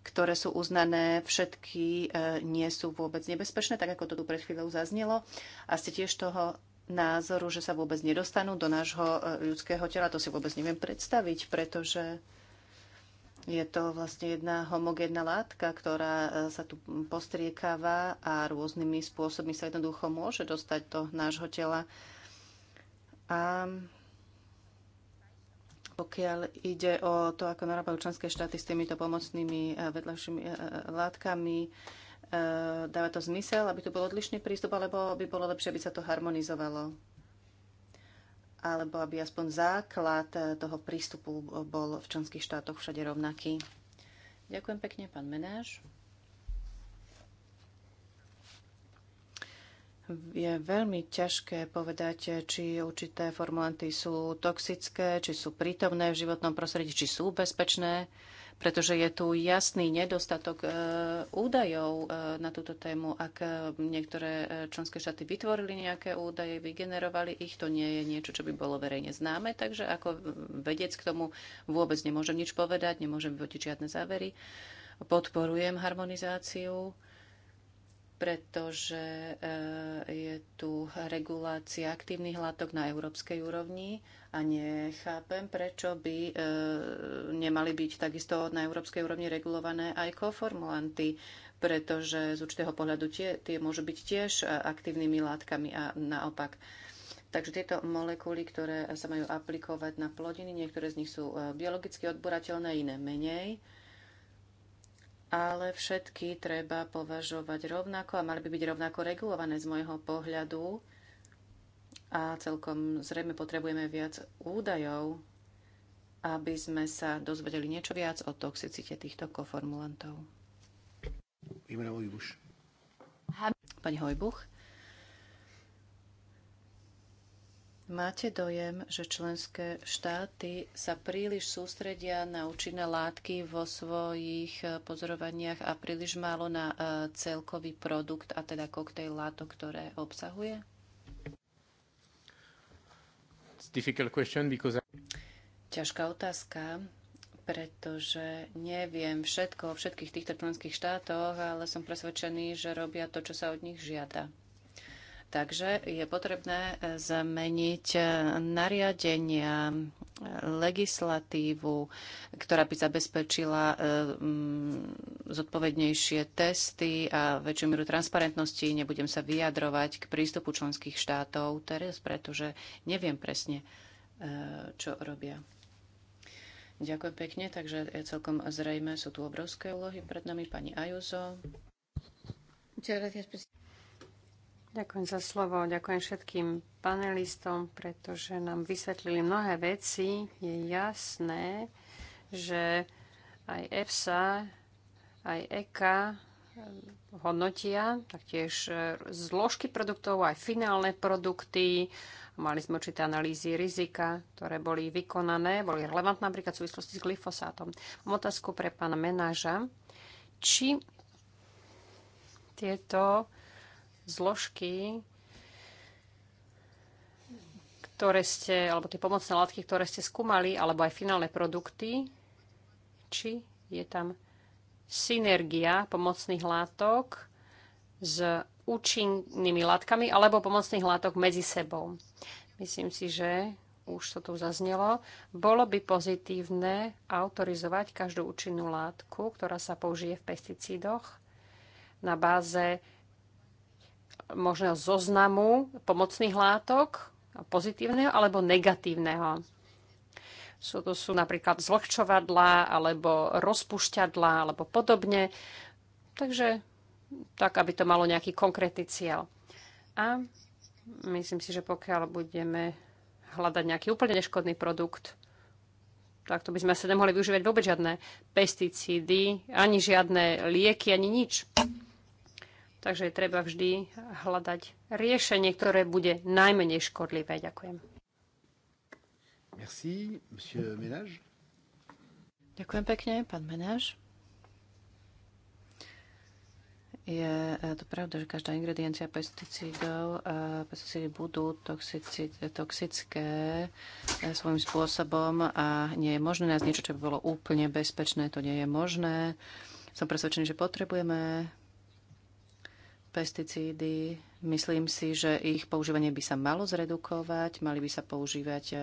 ktoré sú uznané, všetky nie sú vôbec nebezpečné, tak ako to tu pred chvíľou zaznelo. A ste tiež toho názoru, že sa vôbec nedostanú do nášho e, ľudského tela. To si vôbec neviem predstaviť, pretože je to vlastne jedna homogénna látka, ktorá e, sa tu postriekáva a rôznymi spôsobmi sa jednoducho môže dostať do nášho tela. A pokiaľ ide o to, ako narábajú členské štáty s týmito pomocnými e, vedľajšími látkami, Eh, dáva to zmysel, aby tu bol odlišný prístup, alebo by bolo lepšie, aby sa to harmonizovalo? Alebo aby aspoň základ eh, toho prístupu bol v členských štátoch všade rovnaký? Ďakujem pekne, pán Menáš. je veľmi ťažké povedať, eh, či určité formulanty sú toxické, či sú prítomné v životnom prostredí, či sú bezpečné pretože je tu jasný nedostatok e, údajov e, na túto tému. Ak e, niektoré členské štáty vytvorili nejaké údaje, vygenerovali ich, to nie je niečo, čo by bolo verejne známe, takže ako vedec k tomu vôbec nemôžem nič povedať, nemôžem vyvodiť žiadne závery. Podporujem harmonizáciu pretože je tu regulácia aktívnych látok na európskej úrovni a nechápem, prečo by e, nemali byť takisto na európskej úrovni regulované aj koformulanty, pretože z určitého pohľadu tie, tie môžu byť tiež e, aktívnymi látkami a naopak. Takže tieto molekuly, ktoré sa majú aplikovať na plodiny, niektoré z nich sú e, biologicky odborateľné, iné menej ale všetky treba považovať rovnako a mali by byť rovnako regulované z môjho pohľadu a celkom zrejme potrebujeme viac údajov, aby sme sa dozvedeli niečo viac o toxicite týchto koformulantov. Pani Hojbuch, máte dojem, že členské štáty sa príliš sústredia na účinné látky vo svojich eh, pozorovaniach a príliš málo na eh, celkový produkt, a teda koktejl látok, ktoré obsahuje? Ťažká otázka, pretože neviem všetko o všetkých týchto členských štátoch, ale som presvedčený, že robia to, čo sa od nich žiada. Takže je potrebné eh, zmeniť eh, nariadenia, eh, legislatívu, ktorá by zabezpečila mm, zodpovednejšie testy a väčšiu mieru transparentnosti. Nebudem sa vyjadrovať k prístupu členských štátov teraz, pretože neviem presne, čo robia. Ďakujem pekne, takže je celkom zrejme sú tu obrovské úlohy pred nami. Pani Ajuzo. Ďakujem za slovo, ďakujem všetkým panelistom, pretože nám vysvetlili mnohé veci. Je jasné, že aj EFSA, aj EKA eh, hodnotia, taktiež eh, zložky produktov, aj finálne produkty. Mali sme určité analýzy rizika, ktoré boli vykonané, boli relevantné napríklad v súvislosti s glyfosátom. Mám otázku pre pána menáža. Či tieto zložky, ktoré ste, alebo tie pomocné látky, ktoré ste skúmali, alebo aj finálne produkty, či je tam synergia pomocných látok s účinnými látkami alebo pomocných látok medzi sebou. Myslím si, že už to tu zaznelo, bolo by pozitívne autorizovať každú účinnú látku, ktorá sa použije v pesticídoch na báze možného zoznamu pomocných látok, pozitívneho alebo negatívneho. Sú, to sú napríklad zlhčovadla alebo rozpušťadla, alebo podobne. Takže tak, aby to malo nejaký konkrétny cieľ. A myslím si, že pokiaľ budeme hľadať nejaký úplne neškodný produkt, tak to by sme sa nemohli využívať vôbec žiadne pesticídy, ani žiadne lieky, ani nič. Takže treba vždy hľadať riešenie, ktoré bude najmenej škodlivé. Ďakujem. Merci, monsieur Ménage. Ďakujem pekne, pán Menáš. Je eh, to pravda, že každá ingrediencia pesticídov, eh, pesticídy budú toxici, toxické eh, svojím spôsobom a nie je možné nájsť niečo, čo by bolo úplne bezpečné. To nie je možné. Som presvedčený, že potrebujeme pesticídy. Myslím si, že ich používanie by sa malo zredukovať, mali by sa používať eh,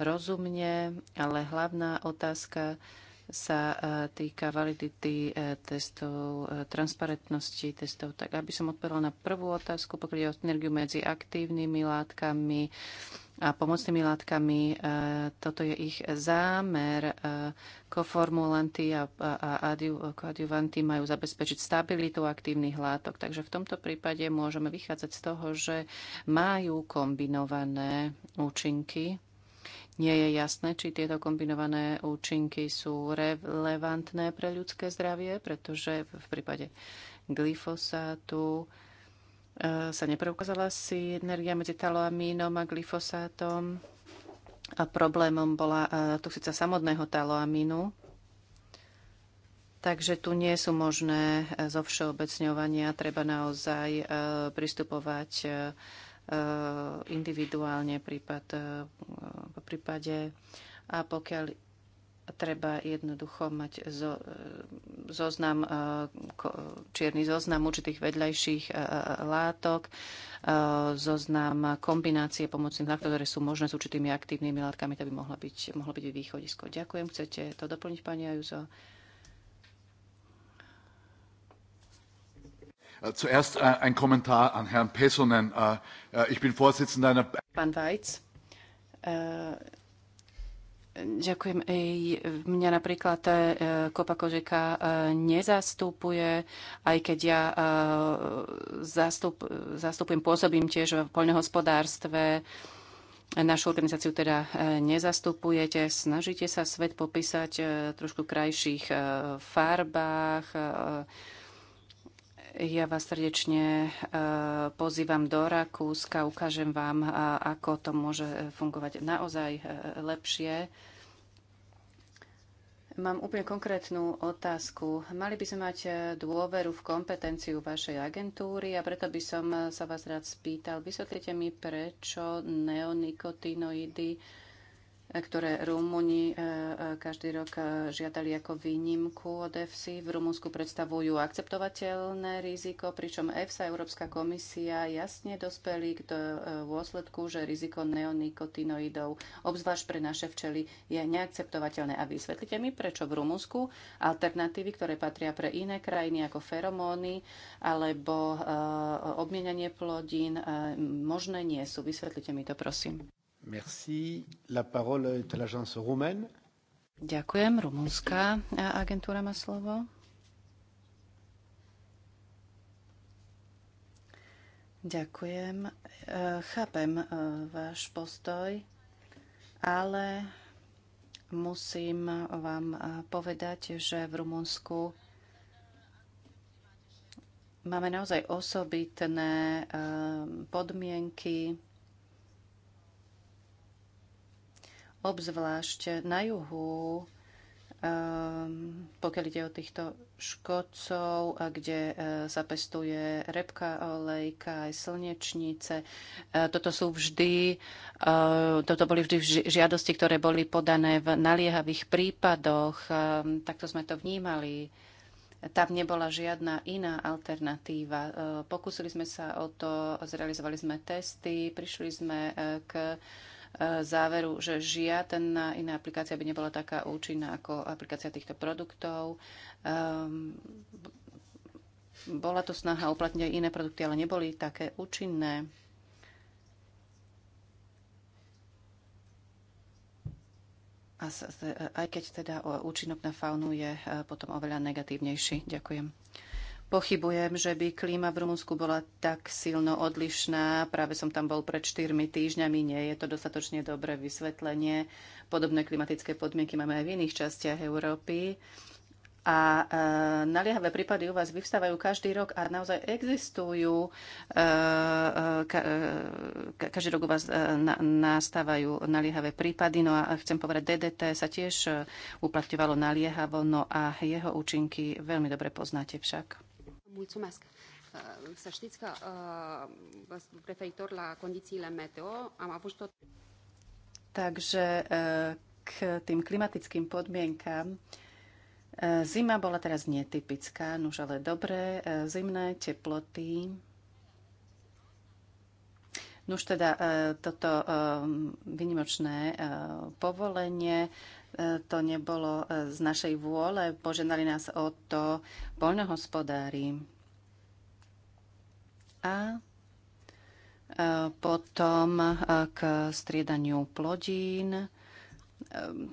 rozumne, ale hlavná otázka sa e, týka validity e, testov, e, transparentnosti testov. Tak aby som odpovedala na prvú otázku, pokiaľ ide o synergiu medzi aktívnymi látkami a pomocnými látkami, toto je ich zámer. Koformulanty a, a, a majú zabezpečiť stabilitu aktívnych látok. Takže v tomto prípade môžeme vychádzať z toho, že majú kombinované účinky nie je jasné, či tieto kombinované účinky sú relevantné pre ľudské zdravie, pretože v prípade glyfosátu e, sa nepreukázala si energia medzi taloamínom a glyfosátom a problémom bola e, toxica samotného taloamínu. Takže tu nie sú možné e, zo všeobecňovania, treba naozaj pristupovať Eh, individuálne prípad v eh, prípade a pokiaľ treba jednoducho mať zo, eh, zoznam, čierny zoznam určitých vedľajších látok, zoznam kombinácie pomocných látok, ktoré sú možné s určitými aktívnymi látkami, to by mohlo byť, mohlo byť východisko. Ďakujem. Chcete to doplniť, pani Ajuzo? Äh, zuerst äh, ein Kommentar an Herrn Pessonen. Äh, ich bin Vorsitzender einer... Pán Vajc, Ďakujem. mňa napríklad Kopa Kožeka nezastupuje, aj keď ja zastupujem, pôsobím tiež v poľnohospodárstve. Našu organizáciu teda nezastupujete, snažíte sa svet popísať trošku krajších farbách, ja vás srdečne e, pozývam do Rakúska, ukážem vám, e, ako to môže e, fungovať naozaj lepšie. Mám úplne konkrétnu otázku. Mali by sme mať dôveru v kompetenciu vašej agentúry a preto by som sa vás rád spýtal, vysvetlite mi, prečo neonikotinoidy ktoré Rumúni e, e, každý rok e, žiadali ako výnimku od EFSI. V Rumunsku predstavujú akceptovateľné riziko, pričom EFSA, Európska komisia, jasne dospeli k dôsledku, že riziko neonikotinoidov, obzvlášť pre naše včely, je neakceptovateľné. A vysvetlite mi, prečo v Rumunsku alternatívy, ktoré patria pre iné krajiny ako feromóny alebo obmienanie plodín, možné nie sú. Vysvetlite mi to, prosím. Ďakujem. Rumunská eh, agentúra má slovo. Ďakujem. Eh, chápem eh, váš postoj, ale musím vám povedať, že v Rumunsku máme naozaj osobitné podmienky obzvlášť na juhu, ehm, pokiaľ ide o týchto škodcov, kde e, sa pestuje repka, olejka, aj slnečnice. E, toto sú vždy, e, toto boli vždy žiadosti, ktoré boli podané v naliehavých prípadoch. Takto sme to vnímali tam nebola žiadna iná alternatíva. Pokúsili sme sa o to, zrealizovali sme testy, prišli sme k záveru, že žiadna iná aplikácia by nebola taká účinná ako aplikácia týchto produktov. Um, bola to snaha uplatniť aj iné produkty, ale neboli také účinné. A aj keď teda účinok na faunu je eh, potom oveľa negatívnejší. Ďakujem. Pochybujem, že by klíma v Rumunsku bola tak silno odlišná. Práve som tam bol pred 4 týždňami. Nie je to dostatočne dobré vysvetlenie. Podobné klimatické podmienky máme aj v iných častiach Európy. A e, naliehavé prípady u vás vyvstávajú každý rok a naozaj existujú. E, e, e ka, každý rok u vás e, na, nastávajú naliehavé prípady. No a chcem povedať, DDT sa tiež uplatňovalo naliehavo, no a jeho účinky veľmi dobre poznáte však. Mulțumesc. Uh, să știți că uh, referitor la condițiile meteo am avut tot... Takže uh, k tým klimatickým podmienkám Zima bola teraz netypická, nuž ale dobré, zimné teploty. Nuž teda toto vynimočné um, povolenie E, to nebolo e, z našej vôle, poženali nás o to poľnohospodári. A e, potom k striedaniu plodín.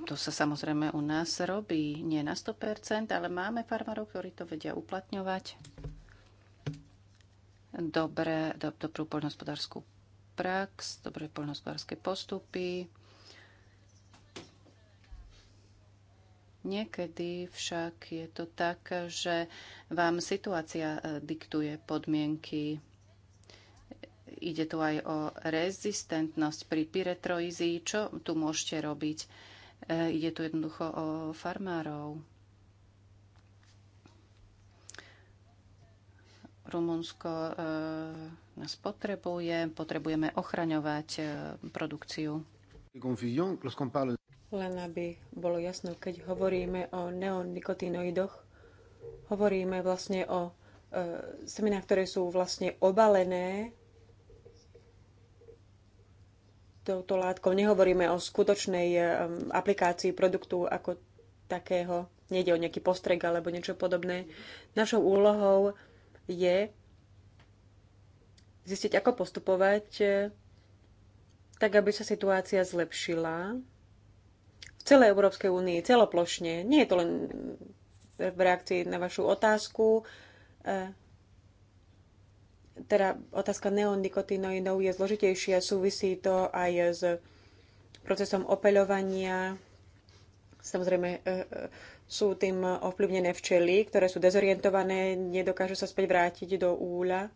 To sa samozrejme u nás robí, nie na 100%, ale máme farmárov, ktorí to vedia uplatňovať. Dobre, do, dobrú poľnohospodárskú prax, dobré poľnohospodárske postupy Niekedy však je to tak, že vám situácia e, diktuje podmienky. Ide tu aj o rezistentnosť pri pyretroizii. Čo tu môžete robiť? E, ide tu jednoducho o farmárov. Rumunsko e, nás potrebuje, potrebujeme ochraňovať produkciu. Len aby bolo jasno, keď hovoríme o neonikotinoidoch, hovoríme vlastne o e, seminách, ktoré sú vlastne obalené touto látkou. Nehovoríme o skutočnej e, aplikácii produktu ako takého. Nejde o nejaký postrek alebo niečo podobné. Našou úlohou je zistiť, ako postupovať, e, tak aby sa situácia zlepšila v celej Európskej únii, celoplošne. Nie je to len v reakcii na vašu otázku. E, teda otázka neonikotinoidov je zložitejšia, súvisí to aj s procesom opeľovania. Samozrejme, e, e, sú tým ovplyvnené včely, ktoré sú dezorientované, nedokážu sa späť vrátiť do úľa.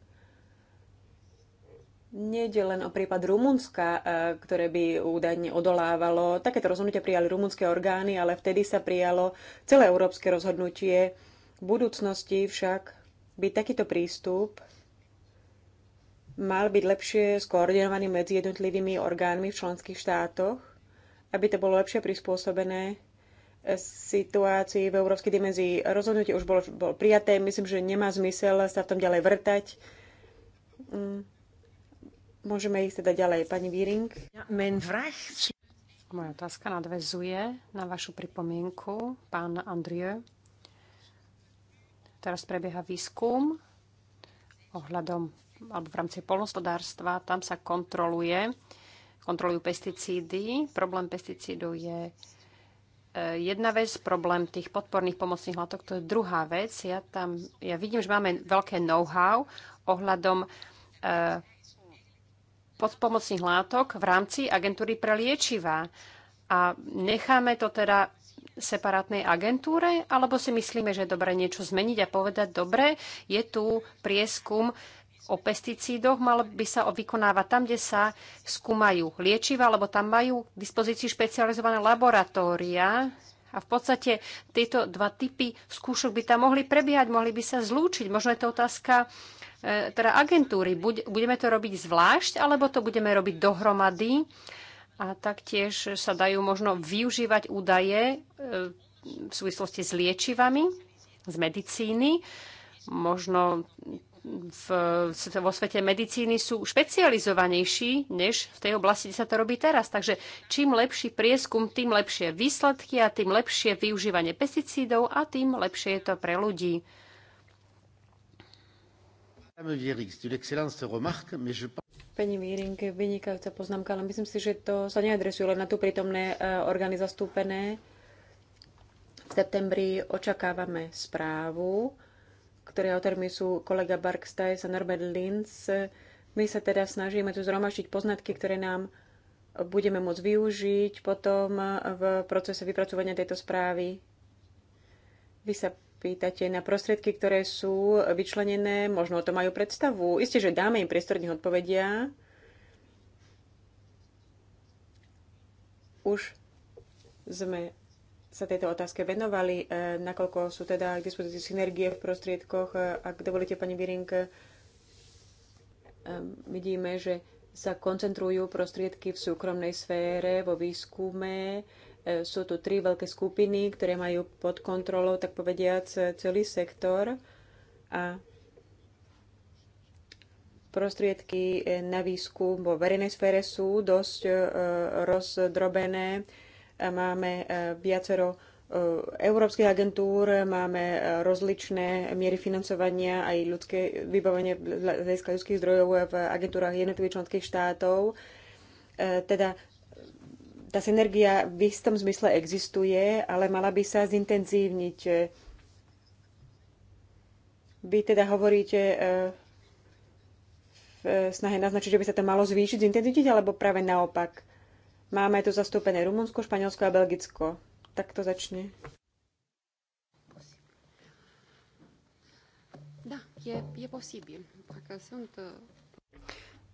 Nejde len o prípad Rumunska, e, ktoré by údajne odolávalo. Takéto rozhodnutie prijali rumunské orgány, ale vtedy sa prijalo celé európske rozhodnutie. V budúcnosti však by takýto prístup mal byť lepšie skoordinovaný medzi jednotlivými orgánmi v členských štátoch, aby to bolo lepšie prispôsobené situácii v európskej dimenzii. Rozhodnutie už bolo, bolo prijaté, myslím, že nemá zmysel sa v tom ďalej vrtať mm. Môžeme ísť teda ďalej. Pani Víring. Moja otázka nadvezuje na vašu pripomienku, pán Andrieu. Teraz prebieha výskum ohľadom alebo v rámci polnospodárstva. Tam sa kontroluje, kontrolujú pesticídy. Problém pesticídu je e, jedna vec, problém tých podporných pomocných látok, to je druhá vec. Ja, tam, ja vidím, že máme veľké know-how ohľadom e, podpomocných látok v rámci agentúry pre liečiva. A necháme to teda separátnej agentúre, alebo si myslíme, že je dobre niečo zmeniť a povedať, dobre, je tu prieskum o pesticídoch, mal by sa vykonávať tam, kde sa skúmajú liečiva, alebo tam majú k dispozícii špecializované laboratória, a v podstate tieto dva typy skúšok by tam mohli prebiehať, mohli by sa zlúčiť. Možno je to otázka e, teda agentúry. Budeme to robiť zvlášť, alebo to budeme robiť dohromady. A taktiež sa dajú možno využívať údaje e, v súvislosti s liečivami, z medicíny. Možno v, vo svete medicíny sú špecializovanejší, než v tej oblasti, kde sa to robí teraz. Takže čím lepší prieskum, tým lepšie výsledky a tým lepšie využívanie pesticídov a tým lepšie je to pre ľudí. Pani Viering, vynikajúca poznámka, ale myslím si, že to sa neadresuje len na tu prítomné e, orgány zastúpené. V septembri očakávame správu ktoré autormi sú kolega Barkstajs a Norbert Linz. My sa teda snažíme tu zromaštiť poznatky, ktoré nám budeme môcť využiť potom v procese vypracovania tejto správy. Vy sa pýtate na prostriedky, ktoré sú vyčlenené, možno o to majú predstavu. Isté, že dáme im priestor, nech odpovedia. Už sme sa tejto otázke venovali, e, nakoľko sú teda k dispozícii synergie v prostriedkoch. E, ak dovolíte, pani Birink, e, vidíme, že sa koncentrujú prostriedky v súkromnej sfére, vo výskume. Sú tu tri veľké skupiny, ktoré majú pod kontrolou, tak povediac, celý sektor. A prostriedky na výskum vo verejnej sfére sú dosť rozdrobené Máme e, viacero e, európskych agentúr, máme e, rozličné miery financovania aj ľudské vybavenie hľadiska ľudských zdrojov v agentúrach jednotlivých členských štátov. Teda tá synergia v istom zmysle existuje, ale mala by sa zintenzívniť. Vy teda hovoríte v snahe naznačiť, že by sa to malo zvýšiť, zintenzívniť, alebo práve naopak? Máme tu zastúpené Rumunsko, Španielsko a Belgicko. Tak to začne. Da, je, je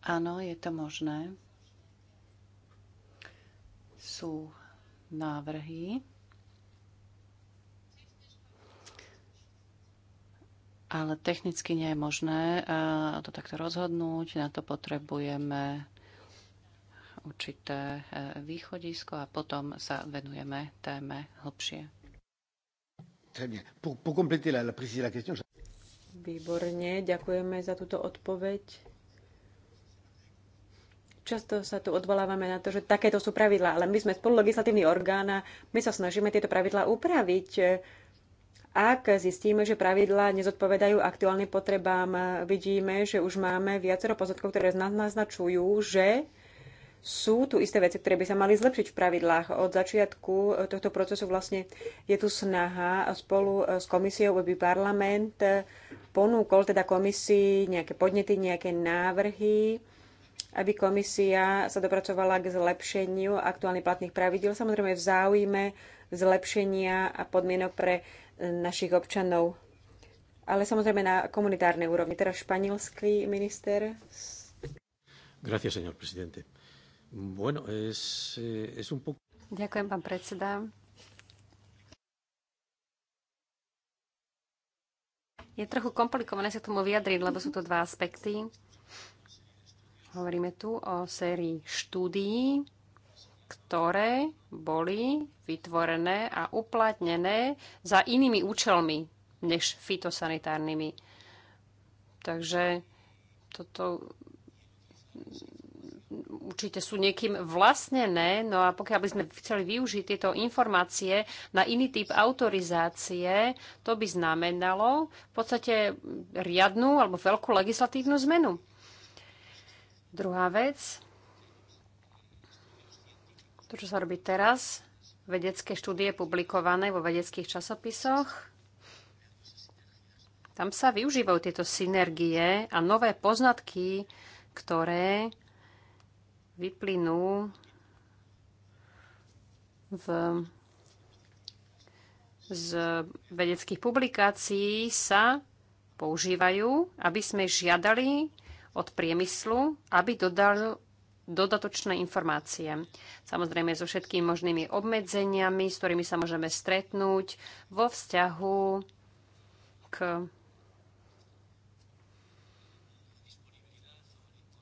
Áno, je to možné. Sú návrhy. Ale technicky nie je možné eh, to takto rozhodnúť. Na to potrebujeme určité e, východisko a potom sa venujeme téme hlbšie. Výborne, ďakujeme za túto odpoveď. Často sa tu odvolávame na to, že takéto sú pravidlá, ale my sme legislatívny orgán a my sa snažíme tieto pravidlá upraviť. Ak zistíme, že pravidlá nezodpovedajú aktuálnym potrebám, vidíme, že už máme viacero pozadkov, ktoré naznačujú, že sú tu isté veci, ktoré by sa mali zlepšiť v pravidlách. Od začiatku e, tohto procesu vlastne je tu snaha spolu e, s komisiou, aby parlament e, ponúkol teda komisii nejaké podnety, nejaké návrhy, aby komisia sa dopracovala k zlepšeniu aktuálne platných pravidel, samozrejme v záujme zlepšenia a podmienok pre našich občanov. Ale samozrejme na komunitárnej úrovni. Teraz španielský minister. Gracias, señor presidente. Bueno, es, eh, es un poco... Ďakujem, pán predseda. Je trochu komplikované sa tomu vyjadriť, lebo sú to dva aspekty. Hovoríme tu o sérii štúdií, ktoré boli vytvorené a uplatnené za inými účelmi než fitosanitárnymi. Takže toto určite sú niekým vlastnené. No a pokiaľ by sme chceli využiť tieto informácie na iný typ autorizácie, to by znamenalo v podstate riadnu alebo veľkú legislatívnu zmenu. Druhá vec, to, čo sa robí teraz, vedecké štúdie publikované vo vedeckých časopisoch. Tam sa využívajú tieto synergie a nové poznatky, ktoré vyplynú v, z vedeckých publikácií, sa používajú, aby sme žiadali od priemyslu, aby dodal dodatočné informácie. Samozrejme so všetkými možnými obmedzeniami, s ktorými sa môžeme stretnúť vo vzťahu k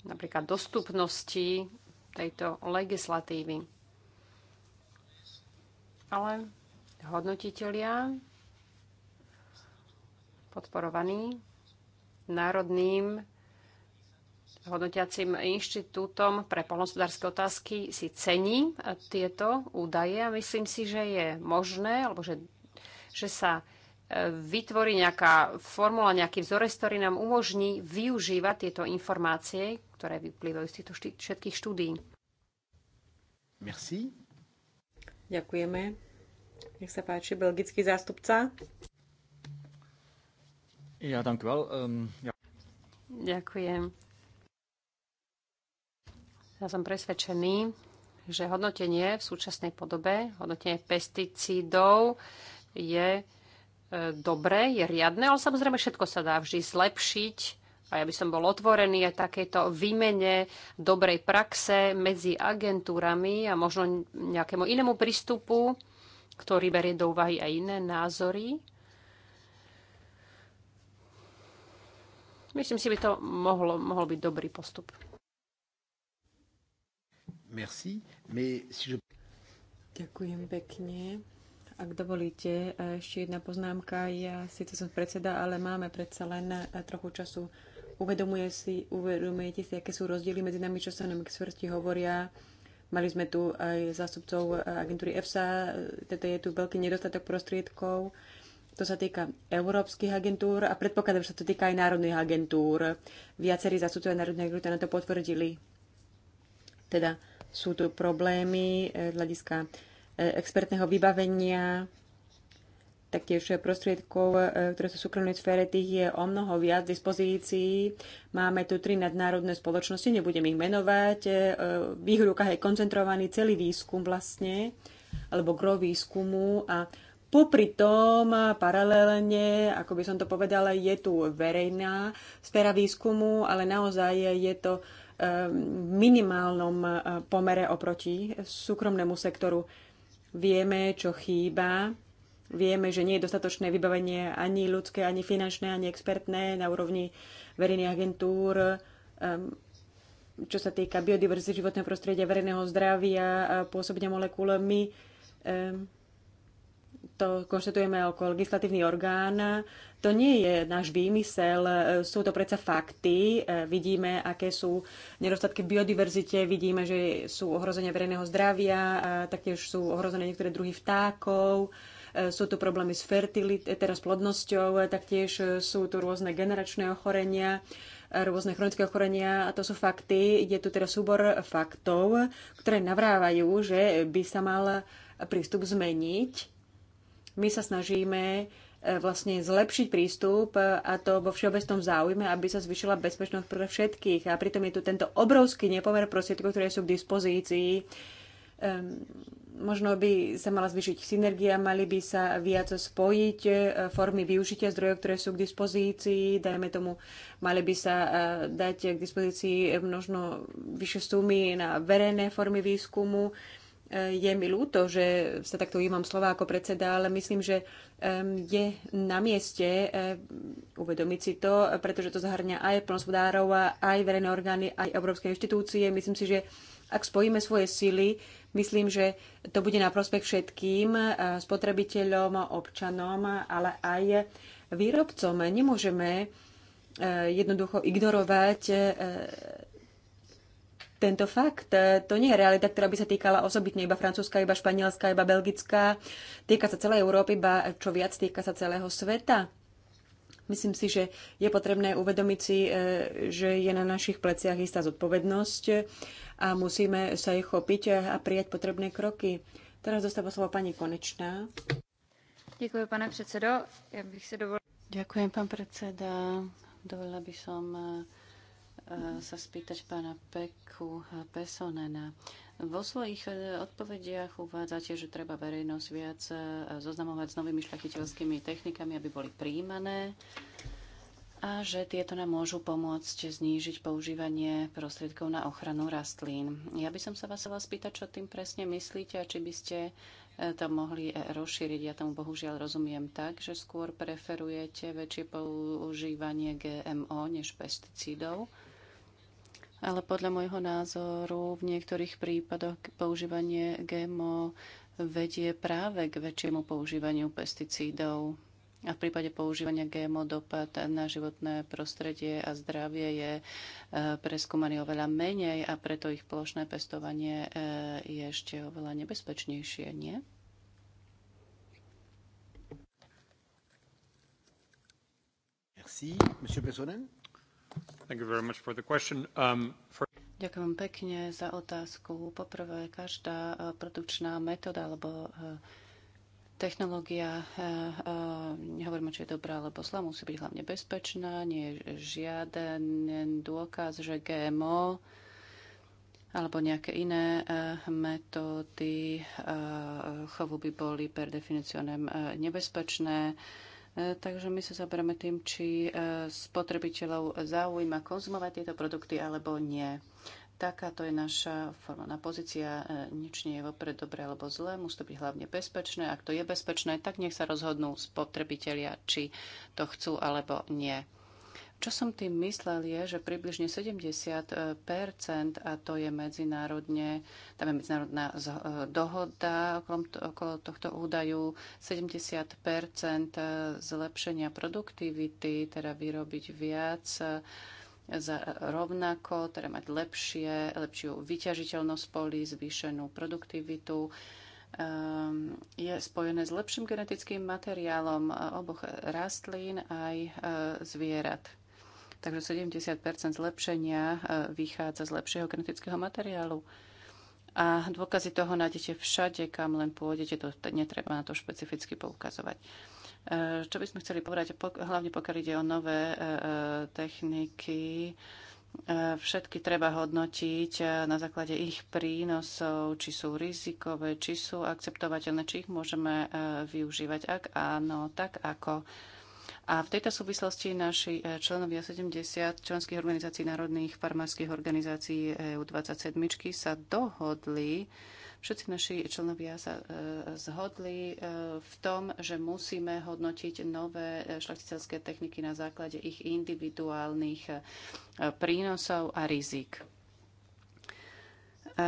napríklad dostupnosti tejto legislatívy. Ale hodnotitelia podporovaní Národným hodnotiacím inštitútom pre polnospodárske otázky si cení tieto údaje a myslím si, že je možné, alebo že, že sa vytvorí nejaká formula, nejaký vzorec, ktorý nám umožní využívať tieto informácie, ktoré vyplývajú z týchto ští, všetkých štúdií. Merci. Ďakujeme. Nech sa páči, belgický zástupca. Ja, Um, ja. Ďakujem. Ja som presvedčený, že hodnotenie v súčasnej podobe, hodnotenie pesticídov je dobré, je riadne, ale samozrejme všetko sa dá vždy zlepšiť. A ja by som bol otvorený aj takéto výmene dobrej praxe medzi agentúrami a možno nejakému inému prístupu, ktorý berie do úvahy aj iné názory. Myslím si, by to mohlo, mohol byť dobrý postup. Merci, mais si je... Ďakujem pekne. Ak dovolíte, e, ešte jedna poznámka. Ja síce som predseda, ale máme predsa len e, trochu času. Uvedomuje si, uvedomujete si, aké sú rozdiely medzi nami, čo sa nám experti hovoria. Mali sme tu aj zástupcov e, agentúry EFSA, teda je tu veľký nedostatok prostriedkov. To sa týka európskych agentúr a predpokladám, že sa to týka aj národných agentúr. Viacerí zástupcovia národných agentúr na to potvrdili. Teda sú tu problémy z hľadiska E, expertného vybavenia, taktiež prostriedkov, e, ktoré sú v súkromnej sfére, tých je o mnoho viac dispozícií. Máme tu tri nadnárodné spoločnosti, nebudem ich menovať. E, v ich rukách je koncentrovaný celý výskum vlastne, alebo gro výskumu a Popri tom, paralelne, ako by som to povedala, je tu verejná sféra výskumu, ale naozaj je to v minimálnom pomere oproti súkromnému sektoru. Vieme, čo chýba. Vieme, že nie je dostatočné vybavenie ani ľudské, ani finančné, ani expertné na úrovni verejných agentúr, ehm, čo sa týka biodiverzity životného prostredia, verejného zdravia, pôsobenia molekulami to konštatujeme ako legislatívny orgán. To nie je náš výmysel, sú to predsa fakty. Vidíme, aké sú nedostatky v biodiverzite, vidíme, že sú ohrozenia verejného zdravia, taktiež sú ohrozené niektoré druhy vtákov, sú tu problémy s teda s plodnosťou, taktiež sú tu rôzne generačné ochorenia rôzne chronické ochorenia a to sú fakty. Je tu teda súbor faktov, ktoré navrávajú, že by sa mal prístup zmeniť my sa snažíme e, vlastne zlepšiť prístup e, a to vo všeobecnom záujme, aby sa zvyšila bezpečnosť pre všetkých. A pritom je tu tento obrovský nepomer prostriedkov, ktoré sú k dispozícii. Um, možno by sa mala zvyšiť synergia, mali by sa viac spojiť e, formy využitia zdrojov, ktoré sú k dispozícii, dajme tomu, mali by sa dať k dispozícii množno vyššie sumy na verejné formy výskumu. Eh, je mi ľúto, že sa takto ujímam slova ako predseda, ale myslím, že je na mieste eh, uvedomiť si to, pretože to zahrňa aj plnospodárov, aj verejné orgány, aj európske inštitúcie. Myslím si, že ak spojíme svoje sily, myslím, že to bude na prospech všetkým, eh, spotrebiteľom, občanom, ale aj výrobcom. Nemôžeme jednoducho ignorovať tento fakt. E, to nie je realita, ktorá by sa týkala osobitne iba Francúzska, iba Španielska, iba Belgická. Týka sa celej Európy, iba čo viac, týka sa celého sveta. Myslím si, že je potrebné uvedomiť si, e, že je na našich pleciach istá zodpovednosť a musíme sa jej chopiť a prijať potrebné kroky. Teraz dostáva slovo pani Konečná. Ďakujem, pane predsedo. Ja bych sa dovolila... Ďakujem, pán predseda. Dovolila by som e, Eh, sa spýtať pána Peku Pesonena. Vo svojich eh, odpovediach uvádzate, že treba verejnosť viac eh, zoznamovať s novými šľachiteľskými technikami, aby boli príjmané a že tieto nám môžu pomôcť znížiť používanie prostriedkov na ochranu rastlín. Ja by som sa vás chcela spýtať, čo tým presne myslíte a či by ste to mohli rozšíriť. Ja tomu bohužiaľ rozumiem tak, že skôr preferujete väčšie používanie GMO než pesticídov ale podľa môjho názoru v niektorých prípadoch používanie GMO vedie práve k väčšiemu používaniu pesticídov. A v prípade používania GMO dopad na životné prostredie a zdravie je e, preskúmaný oveľa menej a preto ich plošné pestovanie e, je ešte oveľa nebezpečnejšie, nie? Merci. Monsieur Pessonen? Um, Ďakujem pekne za otázku. Poprvé, každá e, produkčná metóda alebo e, technológia, e, nehovorím, či je dobrá alebo zlá, musí byť hlavne bezpečná, nie je žiaden dôkaz, že GMO alebo nejaké iné metódy chovu by boli per definicionem nebezpečné E, takže my sa zaberáme tým, či e, spotrebiteľov zaujíma konzumovať tieto produkty alebo nie. Taká to je naša formálna pozícia. E, nič nie je vopred dobre alebo zlé. Musí to byť hlavne bezpečné. Ak to je bezpečné, tak nech sa rozhodnú spotrebitelia, či to chcú alebo nie. Čo som tým myslel je, že približne 70 e, a to je medzinárodne, tam je medzinárodná e, dohoda okolo, tohto údaju, 70 e, zlepšenia produktivity, teda vyrobiť viac za rovnako, teda mať lepšie, lepšiu vyťažiteľnosť polí, zvýšenú produktivitu ehm, je spojené s lepším genetickým materiálom oboch rastlín aj zvierat. Takže 70 zlepšenia e, vychádza z lepšieho genetického materiálu. A dôkazy toho nájdete všade, kam len pôjdete, to netreba na to špecificky poukazovať. E, čo by sme chceli povedať, hlavne pokiaľ ide o nové e, techniky, všetky treba hodnotiť na základe ich prínosov, či sú rizikové, či sú akceptovateľné, či ich môžeme využívať. Ak áno, tak ako a v tejto súvislosti naši e, členovia 70 členských organizácií národných farmárskych organizácií EU27 sa dohodli, všetci naši členovia sa e, zhodli e, v tom, že musíme hodnotiť nové šlachtiteľské techniky na základe ich individuálnych prínosov a rizik. E,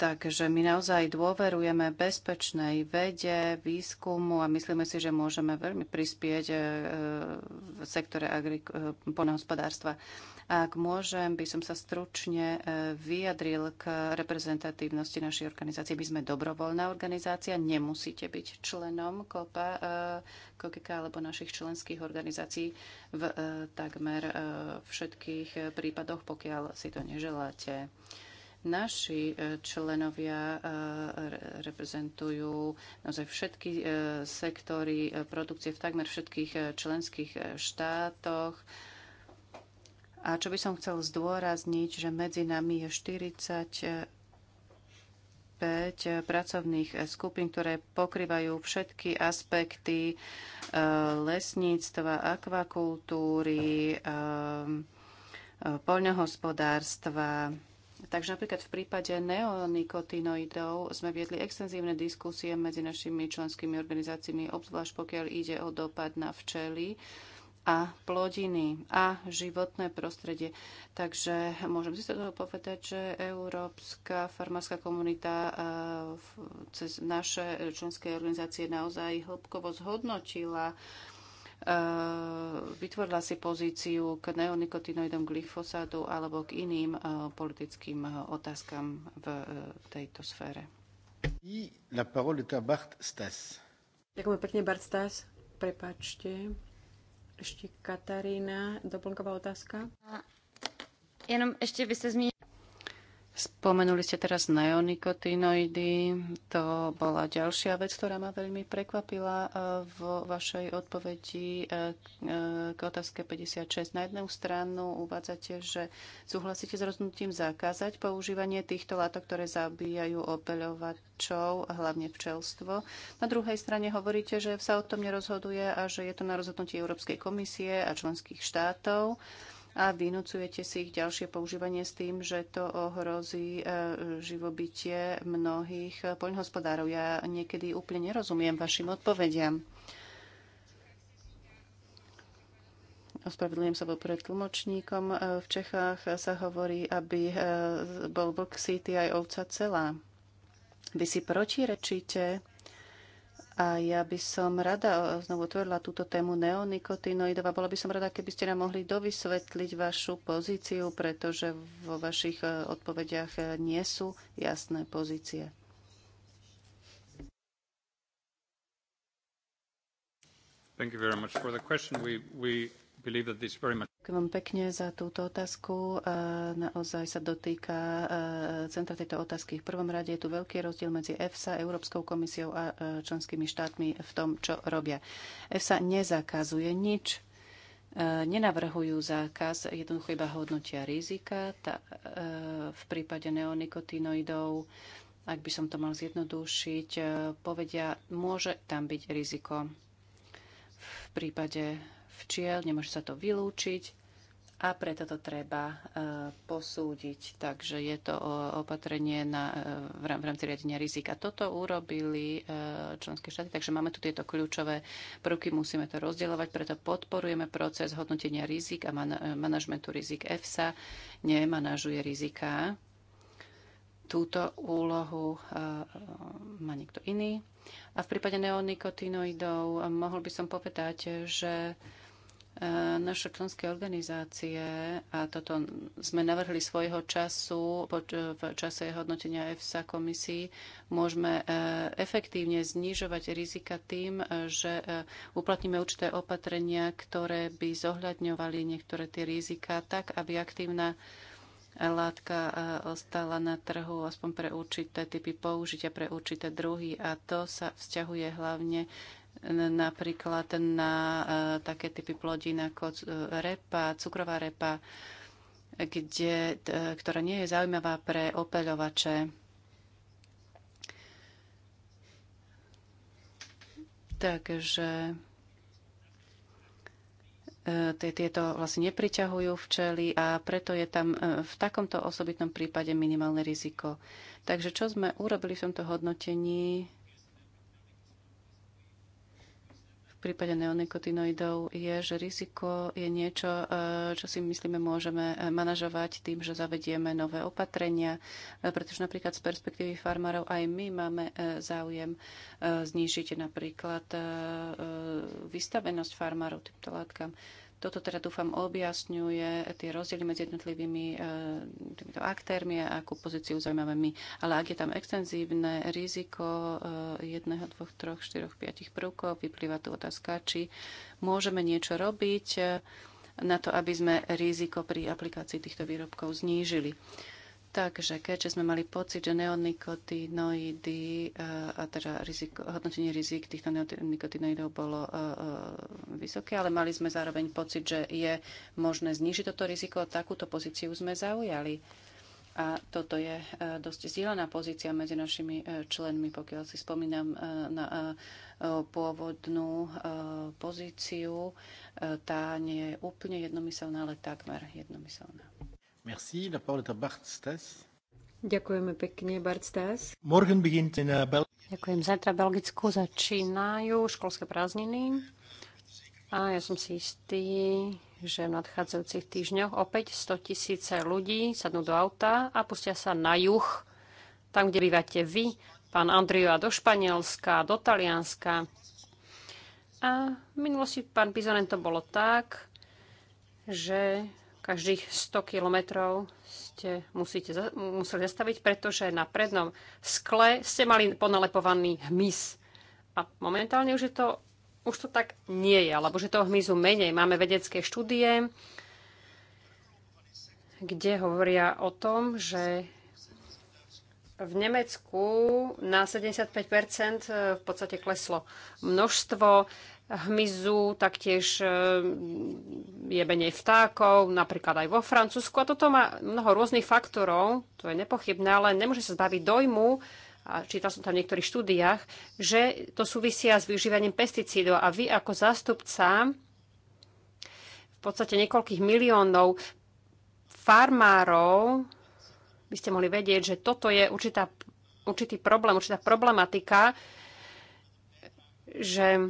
takže my naozaj dôverujeme bezpečnej vede, výskumu a myslíme si, že môžeme veľmi prispieť e, v sektore e, poľnohospodárstva. Ak môžem, by som sa stručne vyjadril k reprezentatívnosti našej organizácie. My sme dobrovoľná organizácia, nemusíte byť členom KOPA, KOKIKA alebo našich členských organizácií v takmer všetkých prípadoch, pokiaľ si to neželáte. Naši e, členovia e, reprezentujú naozaj všetky e, sektory produkcie v takmer všetkých členských štátoch. A čo by som chcel zdôrazniť, že medzi nami je 40 pracovných skupín, ktoré pokrývajú všetky aspekty lesníctva, akvakultúry, poľnohospodárstva, Takže napríklad v prípade neonikotinoidov sme viedli extenzívne diskusie medzi našimi členskými organizáciami, obzvlášť pokiaľ ide o dopad na včely a plodiny a životné prostredie. Takže môžem si z toho povedať, že európska farmárska komunita e, cez naše členské organizácie naozaj hĺbkovo zhodnotila Eh, vytvorila si pozíciu k neonikotinoidom, glyfosátu alebo k iným eh, politickým eh, otázkam v tejto sfére. La parole est à Bart Stas. Ďakujem pekne, Bart Stas. Prepačte. Ešte Katarína, doplnková otázka. Jenom ešte by ste zmínili Spomenuli ste teraz neonikotinoidy. To bola ďalšia vec, ktorá ma veľmi prekvapila eh, vo vašej odpovedi eh, eh, k otázke 56. Na jednu stranu uvádzate, že súhlasíte s rozhodnutím zakázať používanie týchto látok, ktoré zabíjajú opeľovačov, hlavne včelstvo. Na druhej strane hovoríte, že sa o tom nerozhoduje a že je to na rozhodnutí Európskej komisie a členských štátov a vynúcujete si ich ďalšie používanie s tým, že to ohrozí e, živobytie mnohých e, poľnohospodárov. Ja niekedy úplne nerozumiem vašim odpovediam. Ospravedlňujem sa pred tlmočníkom. E, v Čechách sa hovorí, aby bol vlk sýty aj ovca celá. Vy si protirečíte a ja by som rada e, znovu otvorila túto tému neonikotinoidov a bola by som rada, keby ste nám mohli dovysvetliť vašu pozíciu, pretože vo vašich e, odpovediach e, nie sú jasné pozície. Thank you very much for the question. We, we Ďakujem vám pekne za túto otázku. Naozaj sa dotýka centra tejto otázky. V prvom rade je tu veľký rozdiel medzi EFSA, Európskou komisiou a e, členskými štátmi v tom, čo robia. EFSA nezakazuje nič, e, nenavrhujú zákaz, jednoducho iba hodnotia rizika tá, e, v prípade neonikotinoidov. Ak by som to mal zjednodušiť, povedia, môže tam byť riziko v prípade včiel, nemôže sa to vylúčiť a preto to treba e, posúdiť. Takže je to e, opatrenie na, e, v rámci riadenia rizik. A toto urobili členské štáty, takže máme tu tieto kľúčové prvky, musíme to rozdielovať, preto podporujeme proces hodnotenia rizik a man- manažmentu rizik EFSA. Nemanažuje rizika. Túto úlohu má niekto iný. A v prípade neonikotinoidov mohol by som povedať, že E, naše členské organizácie, a toto sme navrhli svojho času, v čase hodnotenia EFSA komisí, môžeme e, efektívne znižovať rizika tým, e, že uplatníme určité opatrenia, ktoré by zohľadňovali niektoré tie rizika tak, aby aktívna látka ostala na trhu aspoň pre určité typy použitia, pre určité druhy a to sa vzťahuje hlavne napríklad na e, také typy plodín ako e, repa, cukrová repa, kde, e, ktorá nie je zaujímavá pre opeľovače. Takže tieto vlastne nepriťahujú včely a preto je tam v takomto osobitnom prípade minimálne riziko. Takže čo sme urobili v tomto hodnotení? prípade neonikotinoidov je, že riziko je niečo, e, čo si myslíme môžeme e, manažovať tým, že zavedieme nové opatrenia, e, pretože napríklad z perspektívy farmárov aj my máme záujem znížiť napríklad vystavenosť farmárov týmto látkam. Toto teda dúfam objasňuje tie rozdiely medzi jednotlivými e, týmito aktérmi a akú pozíciu zaujímame my. Ale ak je tam extenzívne riziko e, jedného, dvoch, troch, štyroch, piatich prvkov, vyplýva tu otázka, či môžeme niečo robiť e, na to, aby sme riziko pri aplikácii týchto výrobkov znížili. Takže keďže sme mali pocit, že neonikotinoidy eh, a teda riziko, hodnotenie rizik týchto neonikotinoidov bolo eh, eh, vysoké, ale mali sme zároveň pocit, že je možné znižiť toto riziko a takúto pozíciu sme zaujali. A toto je dosť zdieľaná pozícia medzi našimi členmi, pokiaľ si spomínam na pôvodnú pozíciu. Tá nie je úplne jednomyselná, ale takmer jednomyselná. Merci. La Ďakujeme pekne, Bart Stas. Eh, Ďakujem. Zajtra Belgicku začínajú školské prázdniny. A ja som si istý, že v nadchádzajúcich týždňoch opäť 100 tisíce ľudí sadnú do auta a pustia sa na juh, tam, kde bývate vy, pán Andriu, a do Španielska, do Talianska. A v minulosti pán Pizanen, to bolo tak, že každých 100 kilometrov ste musíte, museli zastaviť, pretože na prednom skle ste mali ponalepovaný hmyz. A momentálne už, je to, už to tak nie je, alebo že toho hmyzu menej. Máme vedecké štúdie, kde hovoria o tom, že v Nemecku na 75% v podstate kleslo množstvo hmyzu, taktiež e, je menej vtákov, napríklad aj vo Francúzsku. A toto má mnoho rôznych faktorov, to je nepochybné, ale nemôže sa zbaviť dojmu, a čítal som tam v niektorých štúdiách, že to súvisia s využívaním pesticídov a vy ako zástupca v podstate niekoľkých miliónov farmárov by ste mohli vedieť, že toto je určitá, určitý problém, určitá problematika, že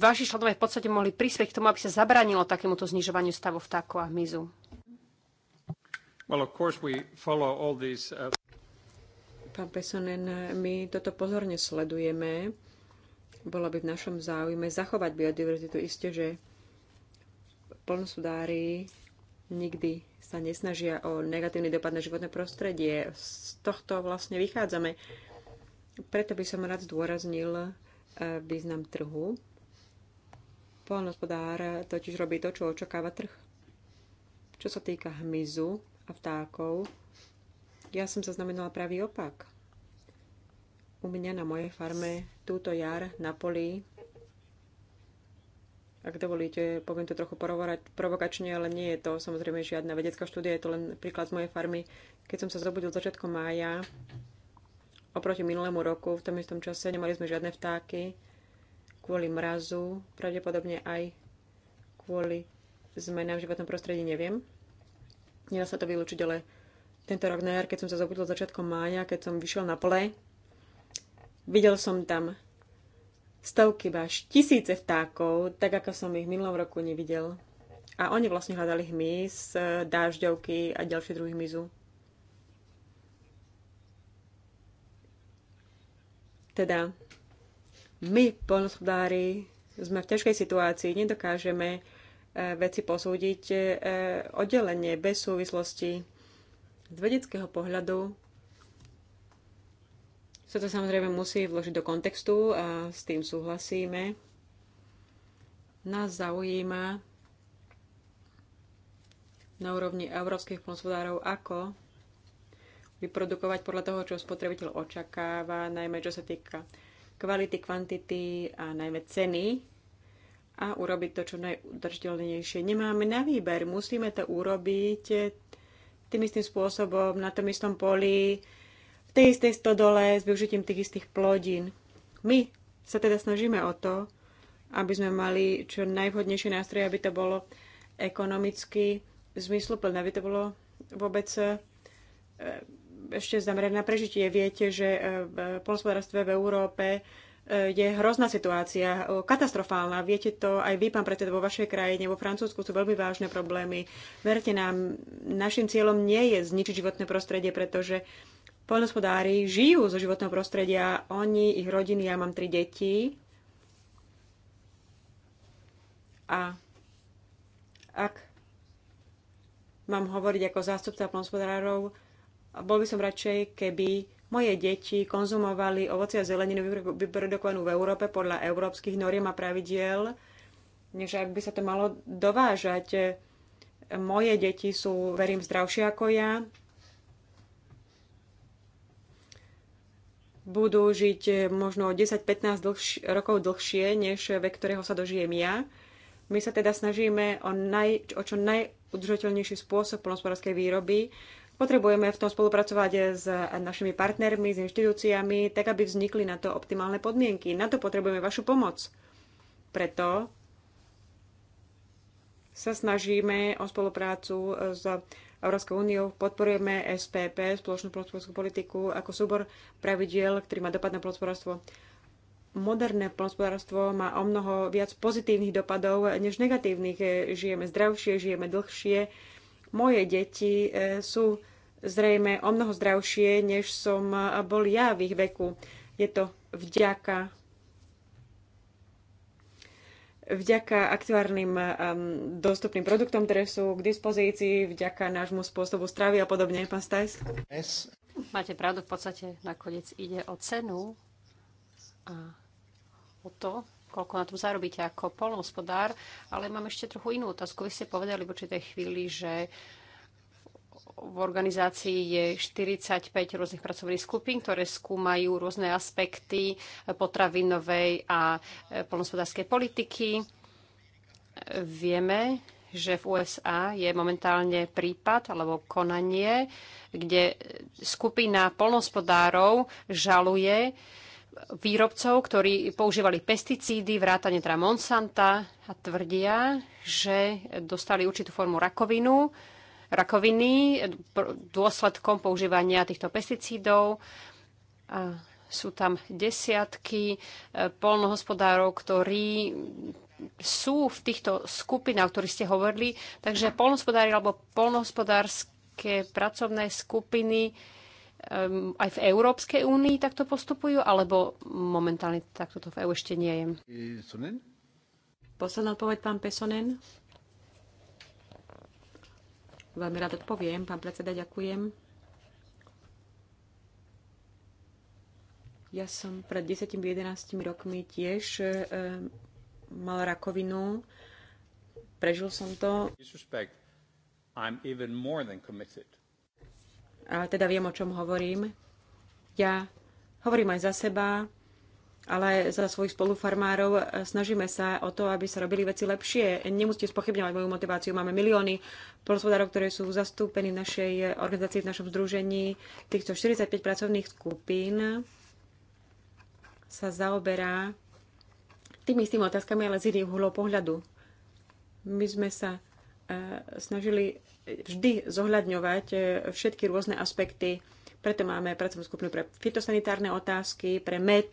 vaši členovia v podstate mohli prispieť k tomu, aby sa zabránilo takémuto znižovaniu stavu vtákov a hmyzu? Uh, Pán Pesonen, my toto pozorne sledujeme. Bolo by v našom záujme zachovať biodiverzitu. Isté, že plnosudári nikdy sa nesnažia o negatívny dopad na životné prostredie. Z tohto vlastne vychádzame. Preto by som rád zdôraznil uh, význam trhu Polnospodár totiž robí to, čo očakáva trh. Čo sa týka hmyzu a vtákov, ja som zaznamenala pravý opak. U mňa na mojej farme túto jar na poli ak dovolíte, poviem to trochu provokačne, ale nie je to samozrejme žiadna vedecká štúdia, je to len príklad z mojej farmy. Keď som sa zobudil začiatkom mája, oproti minulému roku, v tom istom čase nemali sme žiadne vtáky, kvôli mrazu, pravdepodobne aj kvôli zmenám v životnom prostredí, neviem. Nedá sa to vylúčiť, ale tento rok na jar, keď som sa zobudil začiatkom mája, keď som vyšiel na pole, videl som tam stovky, až tisíce vtákov, tak ako som ich v minulom roku nevidel. A oni vlastne hľadali hmyz, eh, dážďovky a ďalšie druhy hmyzu. Teda my, polnospodári, sme v ťažkej situácii, nedokážeme e, veci posúdiť e, oddelenie, bez súvislosti. Z vedeckého pohľadu sa to samozrejme musí vložiť do kontextu a s tým súhlasíme. Nás zaujíma na úrovni európskych plnospodárov, ako vyprodukovať podľa toho, čo spotrebiteľ očakáva, najmä čo sa týka kvality, kvantity a najmä ceny a urobiť to čo najudržiteľnejšie. Nemáme na výber, musíme to urobiť tým istým spôsobom, na tom istom poli, v tej istej stodole, s využitím tých istých plodín. My sa teda snažíme o to, aby sme mali čo najvhodnejšie nástroje, aby to bolo ekonomicky zmysluplné, aby to bolo vôbec eh, ešte zamerať na prežitie. Viete, že e, v polnospodárstve v Európe e, je hrozná situácia, katastrofálna. Viete to aj vy, pán predseda, vo vašej krajine, vo Francúzsku sú veľmi vážne problémy. Verte nám, našim cieľom nie je zničiť životné prostredie, pretože poľnospodári žijú zo životného prostredia, oni, ich rodiny, ja mám tri deti. A ak mám hovoriť ako zástupca poľnospodárov, bol by som radšej, keby moje deti konzumovali ovoce a zeleninu vyprodukovanú v Európe podľa európskych noriem a pravidiel, než ak by sa to malo dovážať. Moje deti sú, verím, zdravšie ako ja. Budú žiť možno 10-15 dlhš- rokov dlhšie, než ve ktorého sa dožijem ja. My sa teda snažíme o, naj, o čo najudržateľnejší spôsob polnospodárskej výroby, Potrebujeme v tom spolupracovať s našimi partnermi, s inštitúciami, tak aby vznikli na to optimálne podmienky. Na to potrebujeme vašu pomoc. Preto sa snažíme o spoluprácu s Európskou úniou, podporujeme SPP, spoločnú plnospodárskú politiku, ako súbor pravidiel, ktorý má dopad na plnospodárstvo. Moderné plnospodárstvo má o mnoho viac pozitívnych dopadov než negatívnych. Žijeme zdravšie, žijeme dlhšie, moje deti e, sú zrejme o mnoho zdravšie, než som e, bol ja v ich veku. Je to vďaka vďaka aktuárnym um, dostupným produktom, ktoré sú k dispozícii, vďaka nášmu spôsobu stravy a podobne, pán Stajs? Máte pravdu, v podstate nakoniec ide o cenu a o to, koľko na tom zarobíte ako polnohospodár, ale mám ešte trochu inú otázku. Vy ste povedali v určitej chvíli, že v organizácii je 45 rôznych pracovných skupín, ktoré skúmajú rôzne aspekty potravinovej a polnospodárskej politiky. Vieme, že v USA je momentálne prípad alebo konanie, kde skupina polnospodárov žaluje výrobcov, ktorí používali pesticídy, vrátane teda Monsanta a tvrdia, že dostali určitú formu rakovinu, rakoviny dôsledkom používania týchto pesticídov. A sú tam desiatky e, polnohospodárov, ktorí sú v týchto skupinách, o ktorých ste hovorili. Takže polnohospodári alebo polnohospodárske pracovné skupiny aj v Európskej únii takto postupujú, alebo momentálne takto to v EU ešte nie je? Posledná odpoveď, pán Pesonen. Veľmi rád odpoviem. Pán predseda, ďakujem. Ja som pred 10-11 rokmi tiež e, mal rakovinu. Prežil som to. I'm even more than committed a teda viem, o čom hovorím. Ja hovorím aj za seba, ale za svojich spolufarmárov snažíme sa o to, aby sa robili veci lepšie. Nemusíte spochybňovať moju motiváciu. Máme milióny polospodárov, ktoré sú zastúpení v našej organizácii, v našom združení. Týchto 45 pracovných skupín sa zaoberá tými istými otázkami, ale z iných uhlov pohľadu. My sme sa E, snažili vždy zohľadňovať e, všetky rôzne aspekty. Preto máme pracovnú skupinu pre fitosanitárne otázky, pre med,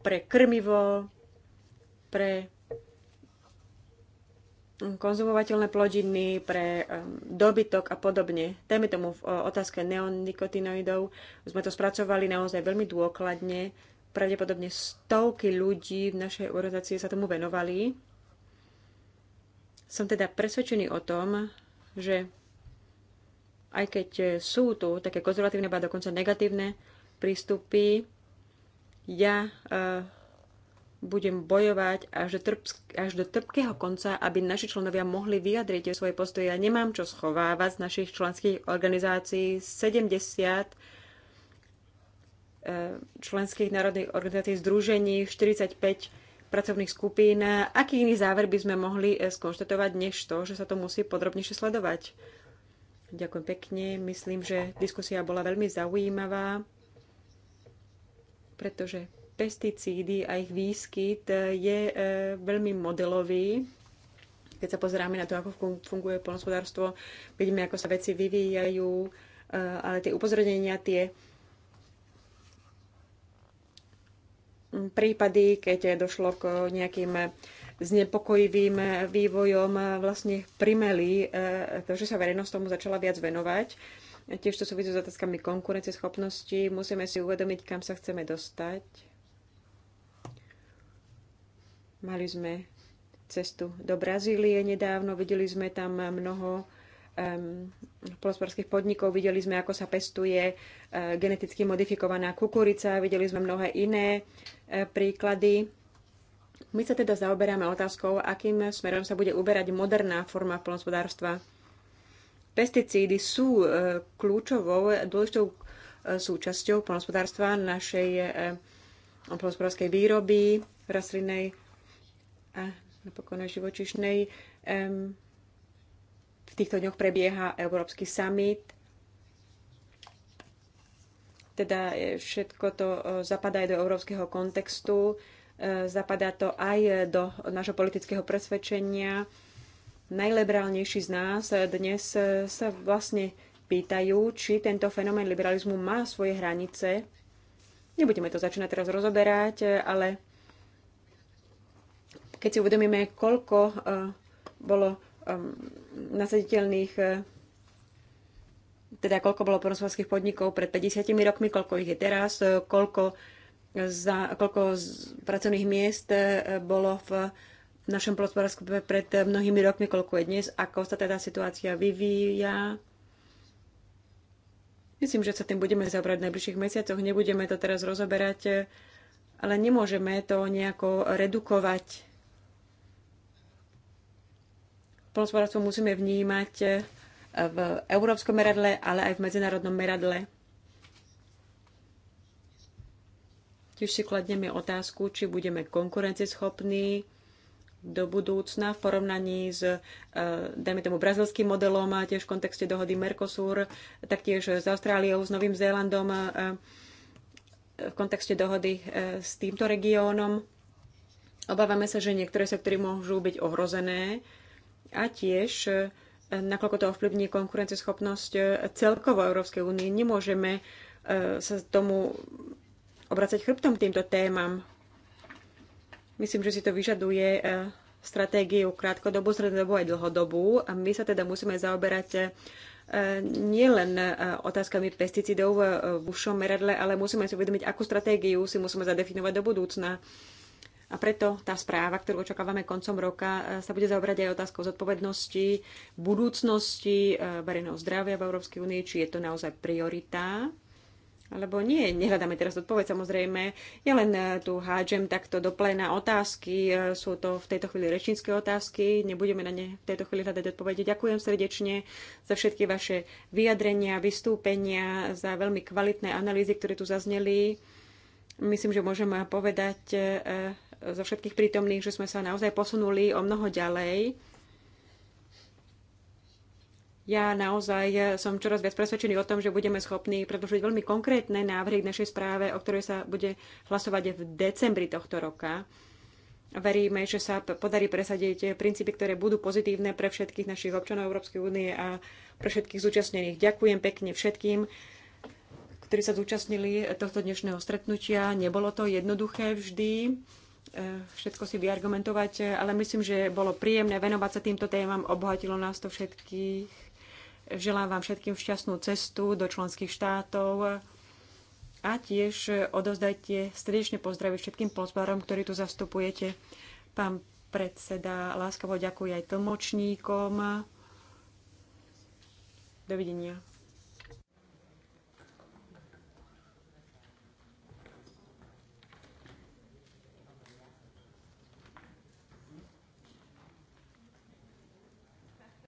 pre krmivo, pre konzumovateľné plodiny, pre dobytok a podobne. Dajme tomu v otázke neonikotinoidov. Sme to spracovali naozaj veľmi dôkladne. Pravdepodobne stovky ľudí v našej organizácii sa tomu venovali som teda presvedčený o tom, že aj keď sú tu také konzervatívne, ba dokonca negatívne prístupy, ja uh, budem bojovať až do, trp, až do trpkého konca, aby naši členovia mohli vyjadriť svoje postoje. Ja nemám čo schovávať z našich členských organizácií. 70 uh, e, členských národných organizácií združení, 45 pracovných skupín. Aký iný záver by sme mohli eh, skonštatovať, než to, že sa to musí podrobnejšie sledovať? Ďakujem pekne. Myslím, že diskusia bola veľmi zaujímavá, pretože pesticídy a ich výskyt eh, je eh, veľmi modelový. Keď sa pozeráme na to, ako funguje polnospodárstvo, vidíme, ako sa veci vyvíjajú, ale tie upozornenia, tie prípady, keď došlo k nejakým znepokojivým vývojom, vlastne primeli e, to, že sa verejnosť tomu začala viac venovať. Tiež to súvisí s otázkami konkurencieschopnosti. Musíme si uvedomiť, kam sa chceme dostať. Mali sme cestu do Brazílie nedávno, videli sme tam mnoho polospodárských podnikov. Videli sme, ako sa pestuje eh, geneticky modifikovaná kukurica, videli sme mnohé iné eh, príklady. My sa teda zaoberáme otázkou, akým smerom sa bude uberať moderná forma polospodárstva. Pesticídy sú eh, kľúčovou, dôležitou súčasťou polnospodárstva našej polnospodárskej výroby rastlinnej a napokon aj živočišnej. V týchto dňoch prebieha Európsky summit. Teda e, všetko to e, zapadá aj do európskeho kontextu, e, zapadá to aj do nášho politického presvedčenia. Najliberálnejší z nás dnes sa vlastne pýtajú, či tento fenomén liberalizmu má svoje hranice. Nebudeme to začínať teraz rozoberať, ale keď si uvedomíme, koľko bolo Um, nasaditeľných eh, teda koľko bolo poroslovských podnikov pred 50 rokmi, koľko ich je teraz, eh, koľko, za, koľko pracovných miest eh, bolo v našom plospodársku pred mnohými rokmi, koľko je dnes, ako sa teda situácia vyvíja. Myslím, že sa tým budeme zabrať v najbližších mesiacoch, nebudeme to teraz rozoberať, ale nemôžeme to nejako redukovať Polnospodárstvo musíme vnímať eh, v európskom meradle, ale aj v medzinárodnom meradle. Tiež si kladneme otázku, či budeme konkurencieschopní do budúcna v porovnaní s, eh, dajme tomu, brazilským modelom, tiež v kontexte dohody Mercosur, taktiež s Austráliou, s Novým Zélandom, eh, v kontexte dohody s týmto regiónom. Obávame sa, že niektoré sektory môžu byť ohrozené a tiež e, nakoľko to ovplyvní konkurenceschopnosť e, celkovo Európskej únie. Nemôžeme e, sa tomu obracať chrbtom týmto témam. Myslím, že si to vyžaduje stratégiu krátkodobú, strednodobú aj dlhodobú. A my sa teda musíme zaoberať nielen otázkami pesticidov v ušom meradle, ale musíme si uvedomiť, akú stratégiu si musíme zadefinovať do budúcna. A preto tá správa, ktorú očakávame koncom roka, e, sa bude zaobrať aj otázkou zodpovednosti, budúcnosti e, verejného zdravia v Európskej únii, či je to naozaj priorita. Alebo nie, nehľadáme teraz odpoveď samozrejme. Ja len e, tu hádžem takto do pléna otázky. Sú to v tejto chvíli rečnícke otázky. Nebudeme na ne v tejto chvíli hľadať odpovede. Ďakujem srdečne za všetky vaše vyjadrenia, vystúpenia, za veľmi kvalitné analýzy, ktoré tu zazneli. Myslím, že môžeme povedať, zo všetkých prítomných, že sme sa naozaj posunuli o mnoho ďalej. Ja naozaj som čoraz viac presvedčený o tom, že budeme schopní predložiť veľmi konkrétne návrhy k našej správe, o ktorej sa bude hlasovať v decembri tohto roka. Veríme, že sa podarí presadiť princípy, ktoré budú pozitívne pre všetkých našich občanov Európskej únie a pre všetkých zúčastnených. Ďakujem pekne všetkým, ktorí sa zúčastnili tohto dnešného stretnutia. Nebolo to jednoduché vždy. E, všetko si vyargumentovať, e, ale myslím, že bolo príjemné venovať sa týmto témam, obohatilo nás to všetkých. Želám vám všetkým šťastnú cestu do členských štátov a tiež odozdajte srdečne pozdravy všetkým pozbarom, ktorí tu zastupujete. Pán predseda láskavo ďakuje aj tlmočníkom. Dovidenia.